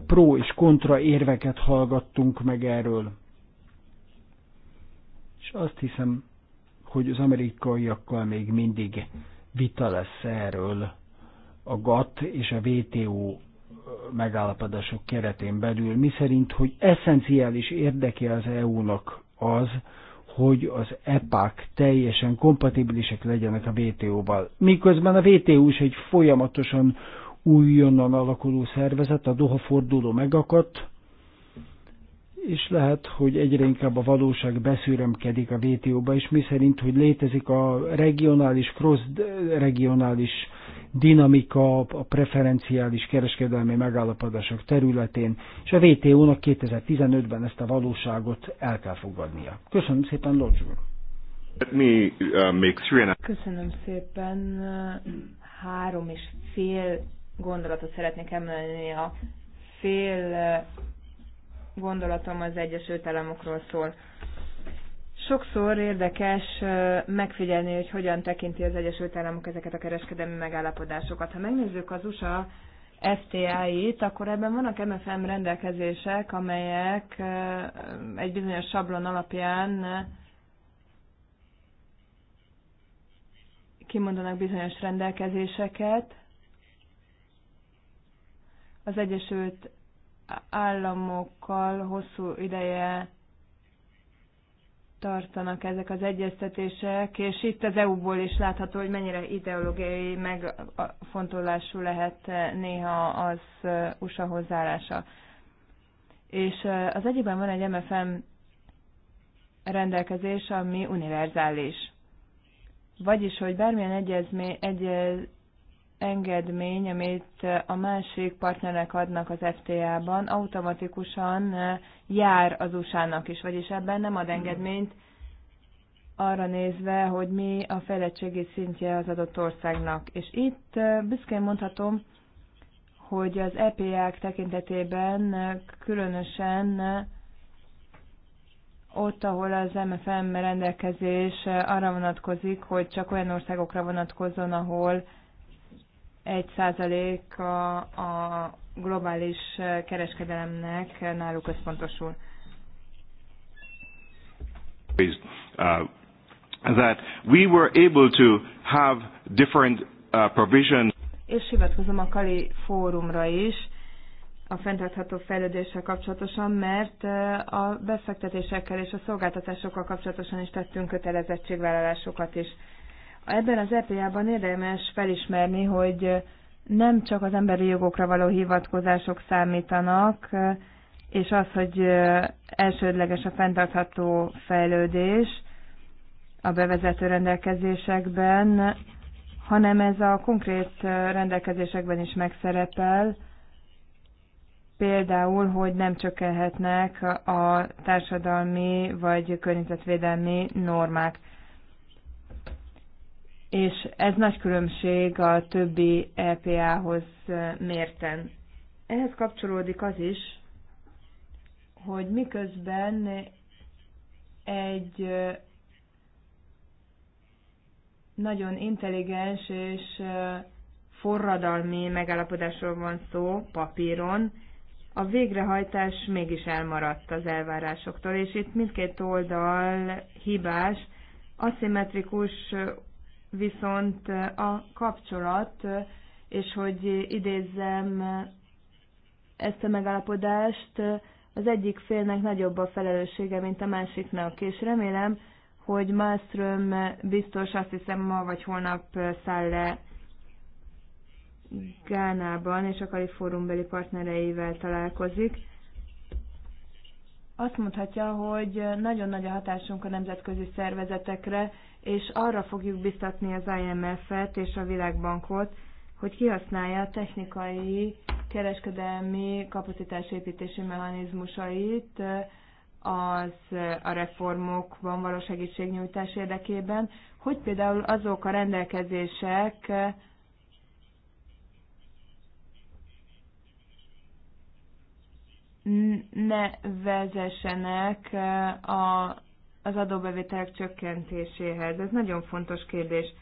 pro és kontra érveket hallgattunk meg erről. És azt hiszem, hogy az amerikaiakkal még mindig vita lesz erről a GATT és a WTO megállapodások keretén belül, miszerint, hogy eszenciális érdeke az EU-nak az, hogy az EPAK teljesen kompatibilisek legyenek a WTO-val. Miközben a WTO is egy folyamatosan újonnan alakuló szervezet, a Doha forduló megakadt, és lehet, hogy egyre inkább a valóság beszűrömkedik a WTO-ba, és mi szerint, hogy létezik a regionális, cross-regionális dinamika a preferenciális kereskedelmi megállapodások területén, és a WTO-nak 2015-ben ezt a valóságot el kell fogadnia. Köszönöm szépen, Lodge uh, Köszönöm szépen. Három és fél gondolatot szeretnék emelni. A fél eh, gondolatom az Egyesült Államokról szól. Sokszor érdekes eh, megfigyelni, hogy hogyan tekinti az Egyesült Államok ezeket a kereskedelmi megállapodásokat. Ha megnézzük az USA FTA-it, akkor ebben vannak MFM rendelkezések, amelyek eh, egy bizonyos sablon alapján kimondanak bizonyos rendelkezéseket, az Egyesült Államokkal hosszú ideje tartanak ezek az egyeztetések, és itt az EU-ból is látható, hogy mennyire ideológiai megfontolású lehet néha az USA hozzáállása. És az egyikben van egy MFM rendelkezés, ami univerzális. Vagyis, hogy bármilyen egyezmény, egyez, engedmény, amit a másik partnernek adnak az FTA-ban, automatikusan jár az USA-nak is, vagyis ebben nem ad engedményt arra nézve, hogy mi a fejlettségi szintje az adott országnak. És itt büszkén mondhatom, hogy az EPA-k tekintetében különösen ott, ahol az MFM rendelkezés arra vonatkozik, hogy csak olyan országokra vonatkozzon, ahol 1% a, a globális kereskedelemnek náluk összpontosul. Uh, that we were able to have different uh, provisions. És hivatkozom a Kali fórumra is, a fenntartható fejlődéssel kapcsolatosan, mert uh, a befektetésekkel és a szolgáltatásokkal kapcsolatosan is tettünk kötelezettségvállalásokat is. Ebben az EPA-ban érdemes felismerni, hogy nem csak az emberi jogokra való hivatkozások számítanak, és az, hogy elsődleges a fenntartható fejlődés a bevezető rendelkezésekben, hanem ez a konkrét rendelkezésekben is megszerepel, például, hogy nem csökkenhetnek a társadalmi vagy környezetvédelmi normák és ez nagy különbség a többi lpa e hoz mérten. Ehhez kapcsolódik az is, hogy miközben egy nagyon intelligens és forradalmi megállapodásról van szó papíron, a végrehajtás mégis elmaradt az elvárásoktól, és itt mindkét oldal hibás, aszimmetrikus viszont a kapcsolat, és hogy idézzem ezt a megállapodást, az egyik félnek nagyobb a felelőssége, mint a másiknak, és remélem, hogy Malmström biztos azt hiszem ma vagy holnap száll le Gánában, és a Kaliforumbeli partnereivel találkozik. Azt mondhatja, hogy nagyon nagy a hatásunk a nemzetközi szervezetekre, és arra fogjuk biztatni az IMF-et és a Világbankot, hogy kihasználja a technikai, kereskedelmi kapacitásépítési mechanizmusait eh, az eh, a reformokban való segítségnyújtás érdekében, hogy például azok a rendelkezések, eh, ne vezessenek a az adóbevételek csökkentéséhez. Ez nagyon fontos kérdés.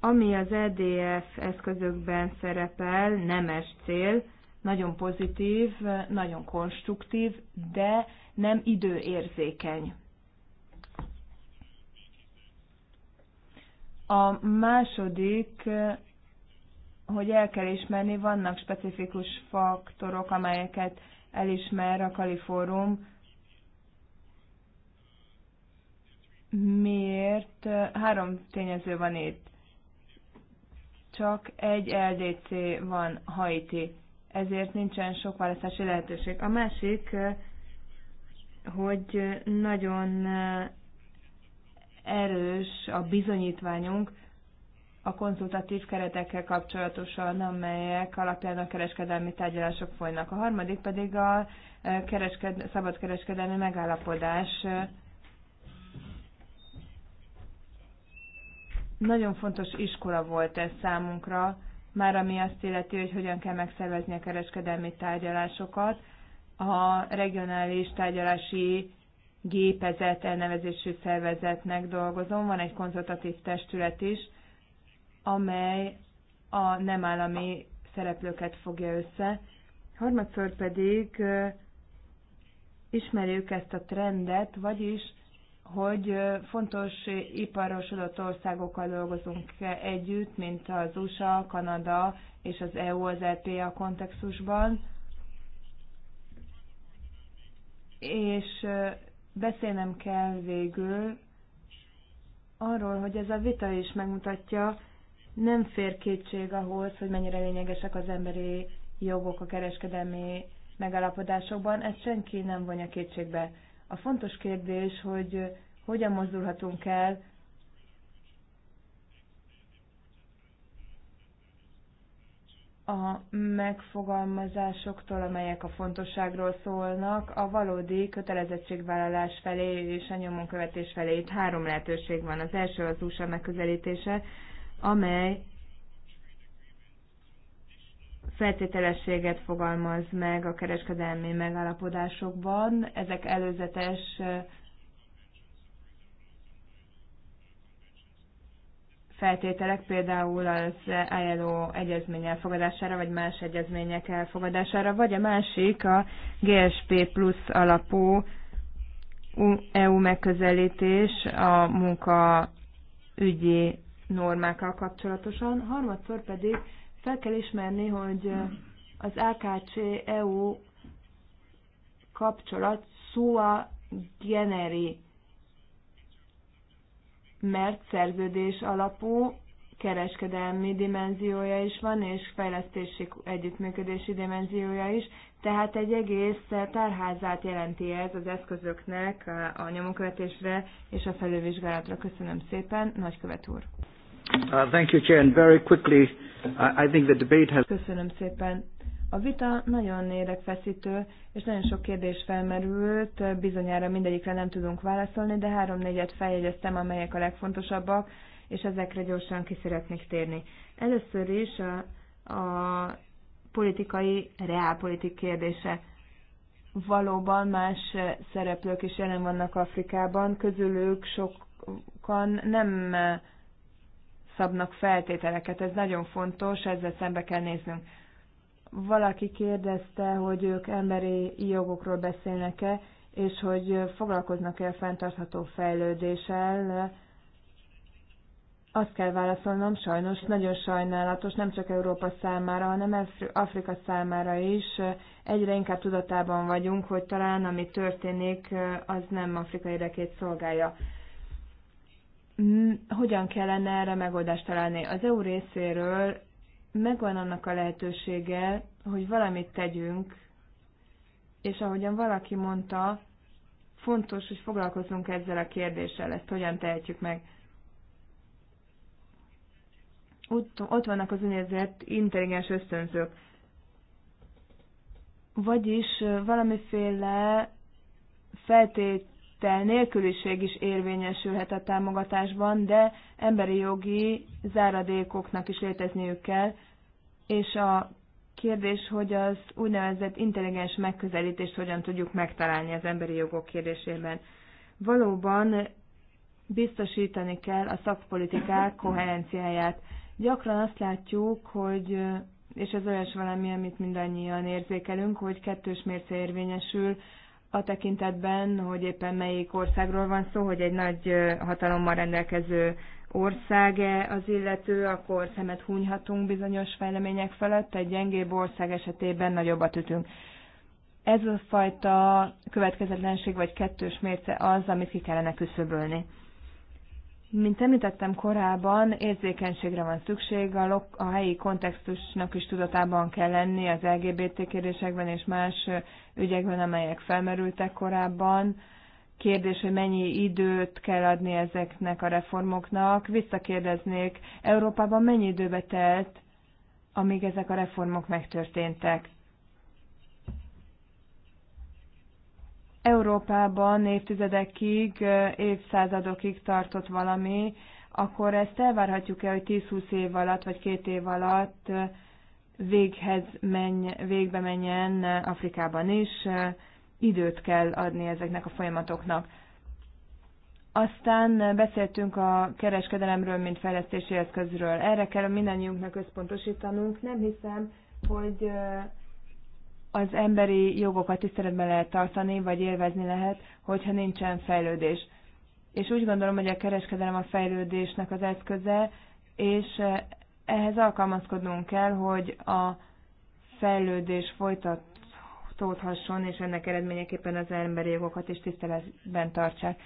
Ami az EDF eszközökben szerepel, nemes cél, nagyon pozitív, nagyon konstruktív, de nem időérzékeny. A második, hogy el kell ismerni, vannak specifikus faktorok, amelyeket elismer a Kaliforum, miért három tényező van itt. Csak egy LDC van Haiti, ezért nincsen sok választási lehetőség. A másik, hogy nagyon erős a bizonyítványunk a konzultatív keretekkel kapcsolatosan, amelyek alapján a kereskedelmi tárgyalások folynak. A harmadik pedig a kereskedelmi, szabadkereskedelmi megállapodás Nagyon fontos iskola volt ez számunkra, már ami azt illeti, hogy hogyan kell megszervezni a kereskedelmi tárgyalásokat. A regionális tárgyalási gépezet elnevezésű szervezetnek dolgozom, van egy konzultatív testület is, amely a nem állami szereplőket fogja össze. Harmadszor pedig ismerjük ezt a trendet, vagyis hogy fontos iparosodott országokkal dolgozunk együtt, mint az USA, Kanada és az EU az LPA e kontextusban. És beszélnem kell végül arról, hogy ez a vita is megmutatja, nem fér kétség ahhoz, hogy mennyire lényegesek az emberi jogok a kereskedelmi megállapodásokban, ezt senki nem vonja kétségbe a fontos kérdés, hogy hogyan mozdulhatunk el a megfogalmazásoktól, amelyek a fontosságról szólnak, a valódi kötelezettségvállalás felé és a követés felé. Itt három lehetőség van. Az első az USA megközelítése, amely feltételességet fogalmaz meg a kereskedelmi megállapodásokban. Ezek előzetes feltételek például az ILO egyezmény elfogadására, vagy más egyezmények elfogadására, vagy a másik a GSP plusz alapú EU e megközelítés a munka ügyi normákkal kapcsolatosan, harmadszor pedig fel kell ismerni, hogy az AKC-EU kapcsolat sua generi, mert szerződés alapú kereskedelmi dimenziója is van, és fejlesztési együttműködési dimenziója is, tehát egy egész tárházát jelenti ez az eszközöknek a nyomokövetésre és a felülvizsgálatra. Köszönöm szépen, nagykövet úr. Uh, thank you, Jen. Very quickly, I think the debate has... Köszönöm szépen. A vita nagyon érdekfeszítő, és nagyon sok kérdés felmerült, bizonyára mindegyikre nem tudunk válaszolni, de három-négyet feljegyeztem, amelyek a legfontosabbak, és ezekre gyorsan ki szeretnék térni. Először is a, a politikai, reálpolitik kérdése. Valóban más szereplők is jelen vannak Afrikában, közülük sokan nem szabnak feltételeket. Ez nagyon fontos, ezzel szembe kell néznünk. Valaki kérdezte, hogy ők emberi jogokról beszélnek-e, és hogy foglalkoznak-e a fenntartható fejlődéssel. Azt kell válaszolnom, sajnos, nagyon sajnálatos, nem csak Európa számára, hanem Afrika számára is. Egyre inkább tudatában vagyunk, hogy talán ami történik, az nem Afrika érdekét szolgálja hogyan kellene erre megoldást találni. Az EU részéről megvan annak a lehetősége, hogy valamit tegyünk, és ahogyan valaki mondta, fontos, hogy foglalkozzunk ezzel a kérdéssel, ezt hogyan tehetjük meg. Ott, ott vannak az úgynevezett intelligens ösztönzők. Vagyis valamiféle feltét tel nélküliség is érvényesülhet a támogatásban, de emberi jogi záradékoknak is létezniük kell, és a kérdés, hogy az úgynevezett intelligens megközelítést hogyan tudjuk megtalálni az emberi jogok kérdésében. Valóban biztosítani kell a szakpolitikák koherenciáját. Gyakran azt látjuk, hogy, és ez olyas valami, amit mindannyian érzékelünk, hogy kettős mérce érvényesül a tekintetben, hogy éppen melyik országról van szó, hogy egy nagy hatalommal rendelkező országe az illető, akkor szemet hunyhatunk bizonyos fejlemények felett, egy gyengébb ország esetében nagyobbat ütünk. Ez a fajta következetlenség vagy kettős mérce az, amit ki kellene küszöbölni. Mint említettem korábban, érzékenységre van szükség, a, lok- a helyi kontextusnak is tudatában kell lenni az LGBT kérdésekben és más ügyekben, amelyek felmerültek korábban. Kérdés, hogy mennyi időt kell adni ezeknek a reformoknak. Visszakérdeznék, Európában mennyi időbe telt, amíg ezek a reformok megtörténtek? Európában évtizedekig, évszázadokig tartott valami, akkor ezt elvárhatjuk-e, hogy 10-20 év alatt, vagy két év alatt véghez menj, végbe menjen Afrikában is, időt kell adni ezeknek a folyamatoknak. Aztán beszéltünk a kereskedelemről, mint fejlesztési eszközről. Erre kell mindannyiunknak összpontosítanunk. Nem hiszem, hogy az emberi jogokat tiszteletben lehet tartani, vagy élvezni lehet, hogyha nincsen fejlődés. És úgy gondolom, hogy a kereskedelem a fejlődésnek az eszköze, és eh, ehhez alkalmazkodnunk kell, hogy a fejlődés folytatódhasson, és ennek eredményeképpen az emberi jogokat is tiszteletben tartsák.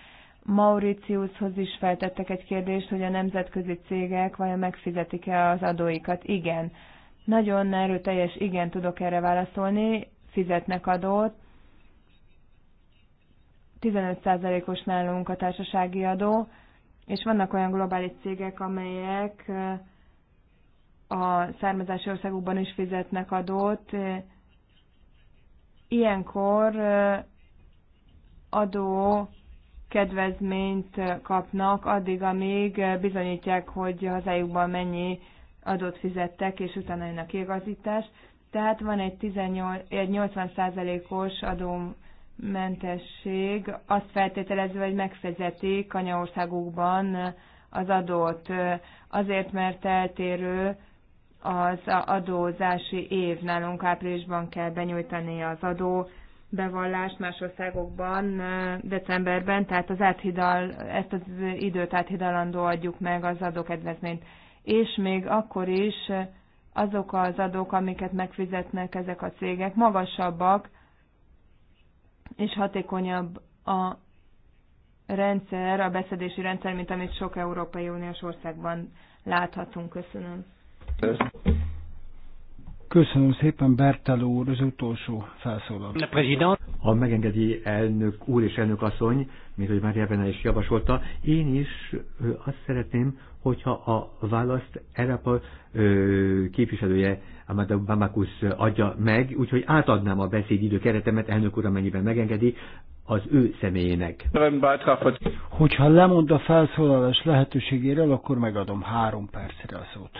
Mauritiushoz is feltettek egy kérdést, hogy a nemzetközi cégek vajon megfizetik-e az adóikat. Igen, nagyon erőteljes igen tudok erre válaszolni, fizetnek adót, 15%-os nálunk a társasági adó, és vannak olyan globális cégek, amelyek a származási országukban is fizetnek adót. Ilyenkor adó kedvezményt kapnak addig, amíg bizonyítják, hogy hazájukban mennyi adót fizettek, és utána jön a kiigazítás. Tehát van egy, 18, egy 80%-os adómentesség, azt feltételezve, hogy megfizetik anyaországukban az adót, azért, mert eltérő az adózási év. Nálunk áprilisban kell benyújtani az adó bevallást más országokban decemberben, tehát az áthidal, ezt az időt áthidalandó adjuk meg az adókedvezményt és még akkor is azok az adók, amiket megfizetnek ezek a cégek, magasabbak és hatékonyabb a rendszer, a beszedési rendszer, mint amit sok Európai Uniós országban láthatunk. Köszönöm. Köszönöm szépen, Bertel úr, az utolsó felszólaló. Ha megengedi elnök úr és elnök asszony, mint hogy már Jevene is javasolta, én is azt szeretném, hogyha a választ Erapa képviselője Amada Bamakus adja meg, úgyhogy átadnám a beszédidő keretemet, elnök úr, amennyiben megengedi, az ő személyének. Hogyha lemond a felszólalás lehetőségéről, akkor megadom három percre a szót.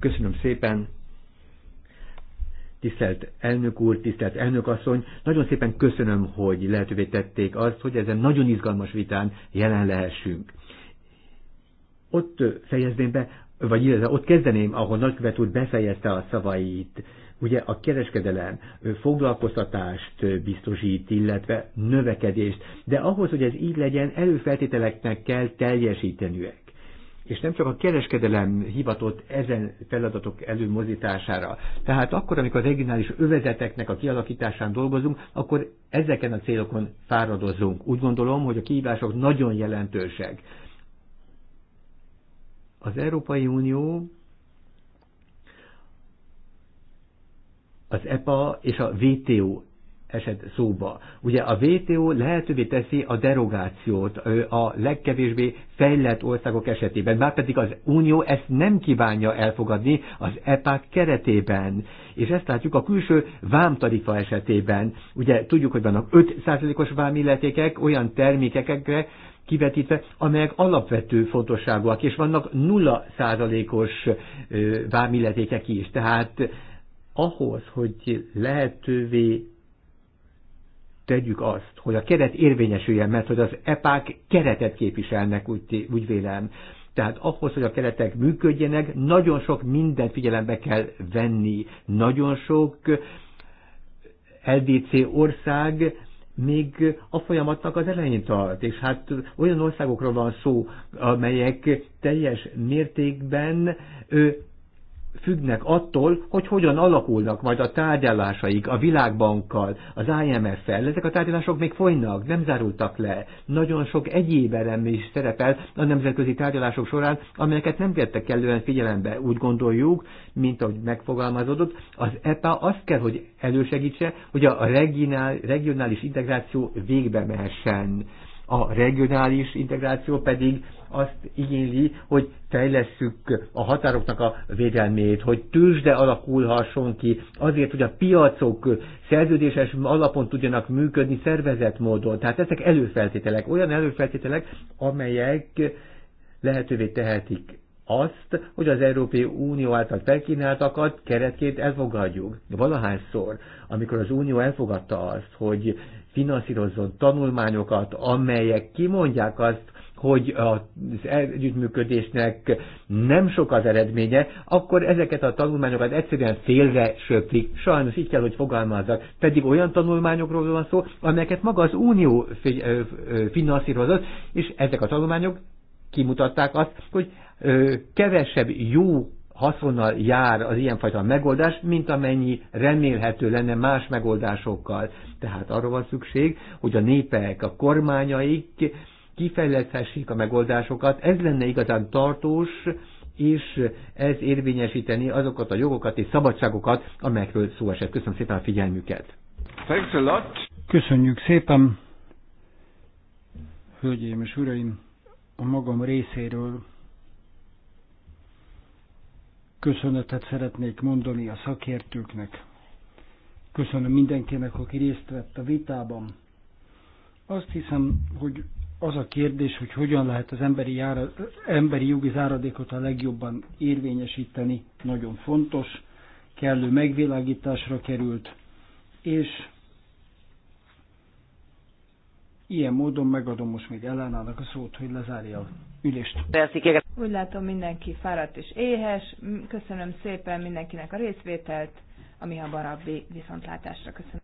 Köszönöm szépen. Tisztelt elnök úr, tisztelt elnök asszony, nagyon szépen köszönöm, hogy lehetővé tették azt, hogy ezen nagyon izgalmas vitán jelen lehessünk. Ott fejezném be, vagy illetve ott kezdeném, ahol nagykövet úr befejezte a szavait. Ugye a kereskedelem foglalkoztatást biztosít, illetve növekedést, de ahhoz, hogy ez így legyen, előfeltételeknek kell teljesíteniük és nem csak a kereskedelem hivatott ezen feladatok előmozítására. Tehát akkor, amikor a regionális övezeteknek a kialakításán dolgozunk, akkor ezeken a célokon fáradozunk. Úgy gondolom, hogy a kihívások nagyon jelentősek. Az Európai Unió az EPA és a WTO eset szóba. Ugye a WTO lehetővé teszi a derogációt a legkevésbé fejlett országok esetében, márpedig az Unió ezt nem kívánja elfogadni az EPA keretében. És ezt látjuk a külső vámtarifa esetében. Ugye tudjuk, hogy vannak 5%-os vámilletékek olyan termékekre, kivetítve, amelyek alapvető fontosságúak, és vannak 0%-os vámilletékek is. Tehát ahhoz, hogy lehetővé tegyük azt, hogy a keret érvényesüljen, mert hogy az epák keretet képviselnek, úgy, úgy vélem. Tehát ahhoz, hogy a keretek működjenek, nagyon sok mindent figyelembe kell venni. Nagyon sok LDC ország még a folyamatnak az elején tart, és hát olyan országokról van szó, amelyek teljes mértékben ő, függnek attól, hogy hogyan alakulnak majd a tárgyalásaik a Világbankkal, az IMF-fel. Ezek a tárgyalások még folynak, nem zárultak le. Nagyon sok egyéb elem is szerepel a nemzetközi tárgyalások során, amelyeket nem vettek kellően figyelembe. Úgy gondoljuk, mint ahogy megfogalmazódott, az EPA azt kell, hogy elősegítse, hogy a regionális integráció végbe mehessen a regionális integráció pedig azt igényli, hogy fejlesszük a határoknak a védelmét, hogy tőzsde alakulhasson ki, azért, hogy a piacok szerződéses alapon tudjanak működni szervezett módon. Tehát ezek előfeltételek, olyan előfeltételek, amelyek lehetővé tehetik azt, hogy az Európai Unió által felkínáltakat keretként elfogadjuk. Valahányszor, amikor az Unió elfogadta azt, hogy finanszírozzon tanulmányokat, amelyek kimondják azt, hogy az együttműködésnek nem sok az eredménye, akkor ezeket a tanulmányokat egyszerűen félre söprik. Sajnos így kell, hogy fogalmazzak. Pedig olyan tanulmányokról van szó, amelyeket maga az Unió finanszírozott, és ezek a tanulmányok kimutatták azt, hogy kevesebb jó haszonnal jár az ilyenfajta megoldás, mint amennyi remélhető lenne más megoldásokkal. Tehát arra van szükség, hogy a népek, a kormányaik kifejleszthessék a megoldásokat. Ez lenne igazán tartós, és ez érvényesíteni azokat a jogokat és szabadságokat, amelyekről szó esett. Köszönöm szépen a figyelmüket. Thanks a lot. Köszönjük szépen. Hölgyeim és uraim, a magam részéről Köszönetet szeretnék mondani a szakértőknek. Köszönöm mindenkinek, aki részt vett a vitában. Azt hiszem, hogy az a kérdés, hogy hogyan lehet az emberi, jára, emberi jogi záradékot a legjobban érvényesíteni, nagyon fontos, kellő megvilágításra került, és Ilyen módon megadom most még ellenállnak a szót, hogy lezárja a ülést. Úgy látom, mindenki fáradt és éhes. Köszönöm szépen mindenkinek a részvételt, ami a barabbi viszontlátásra köszönöm.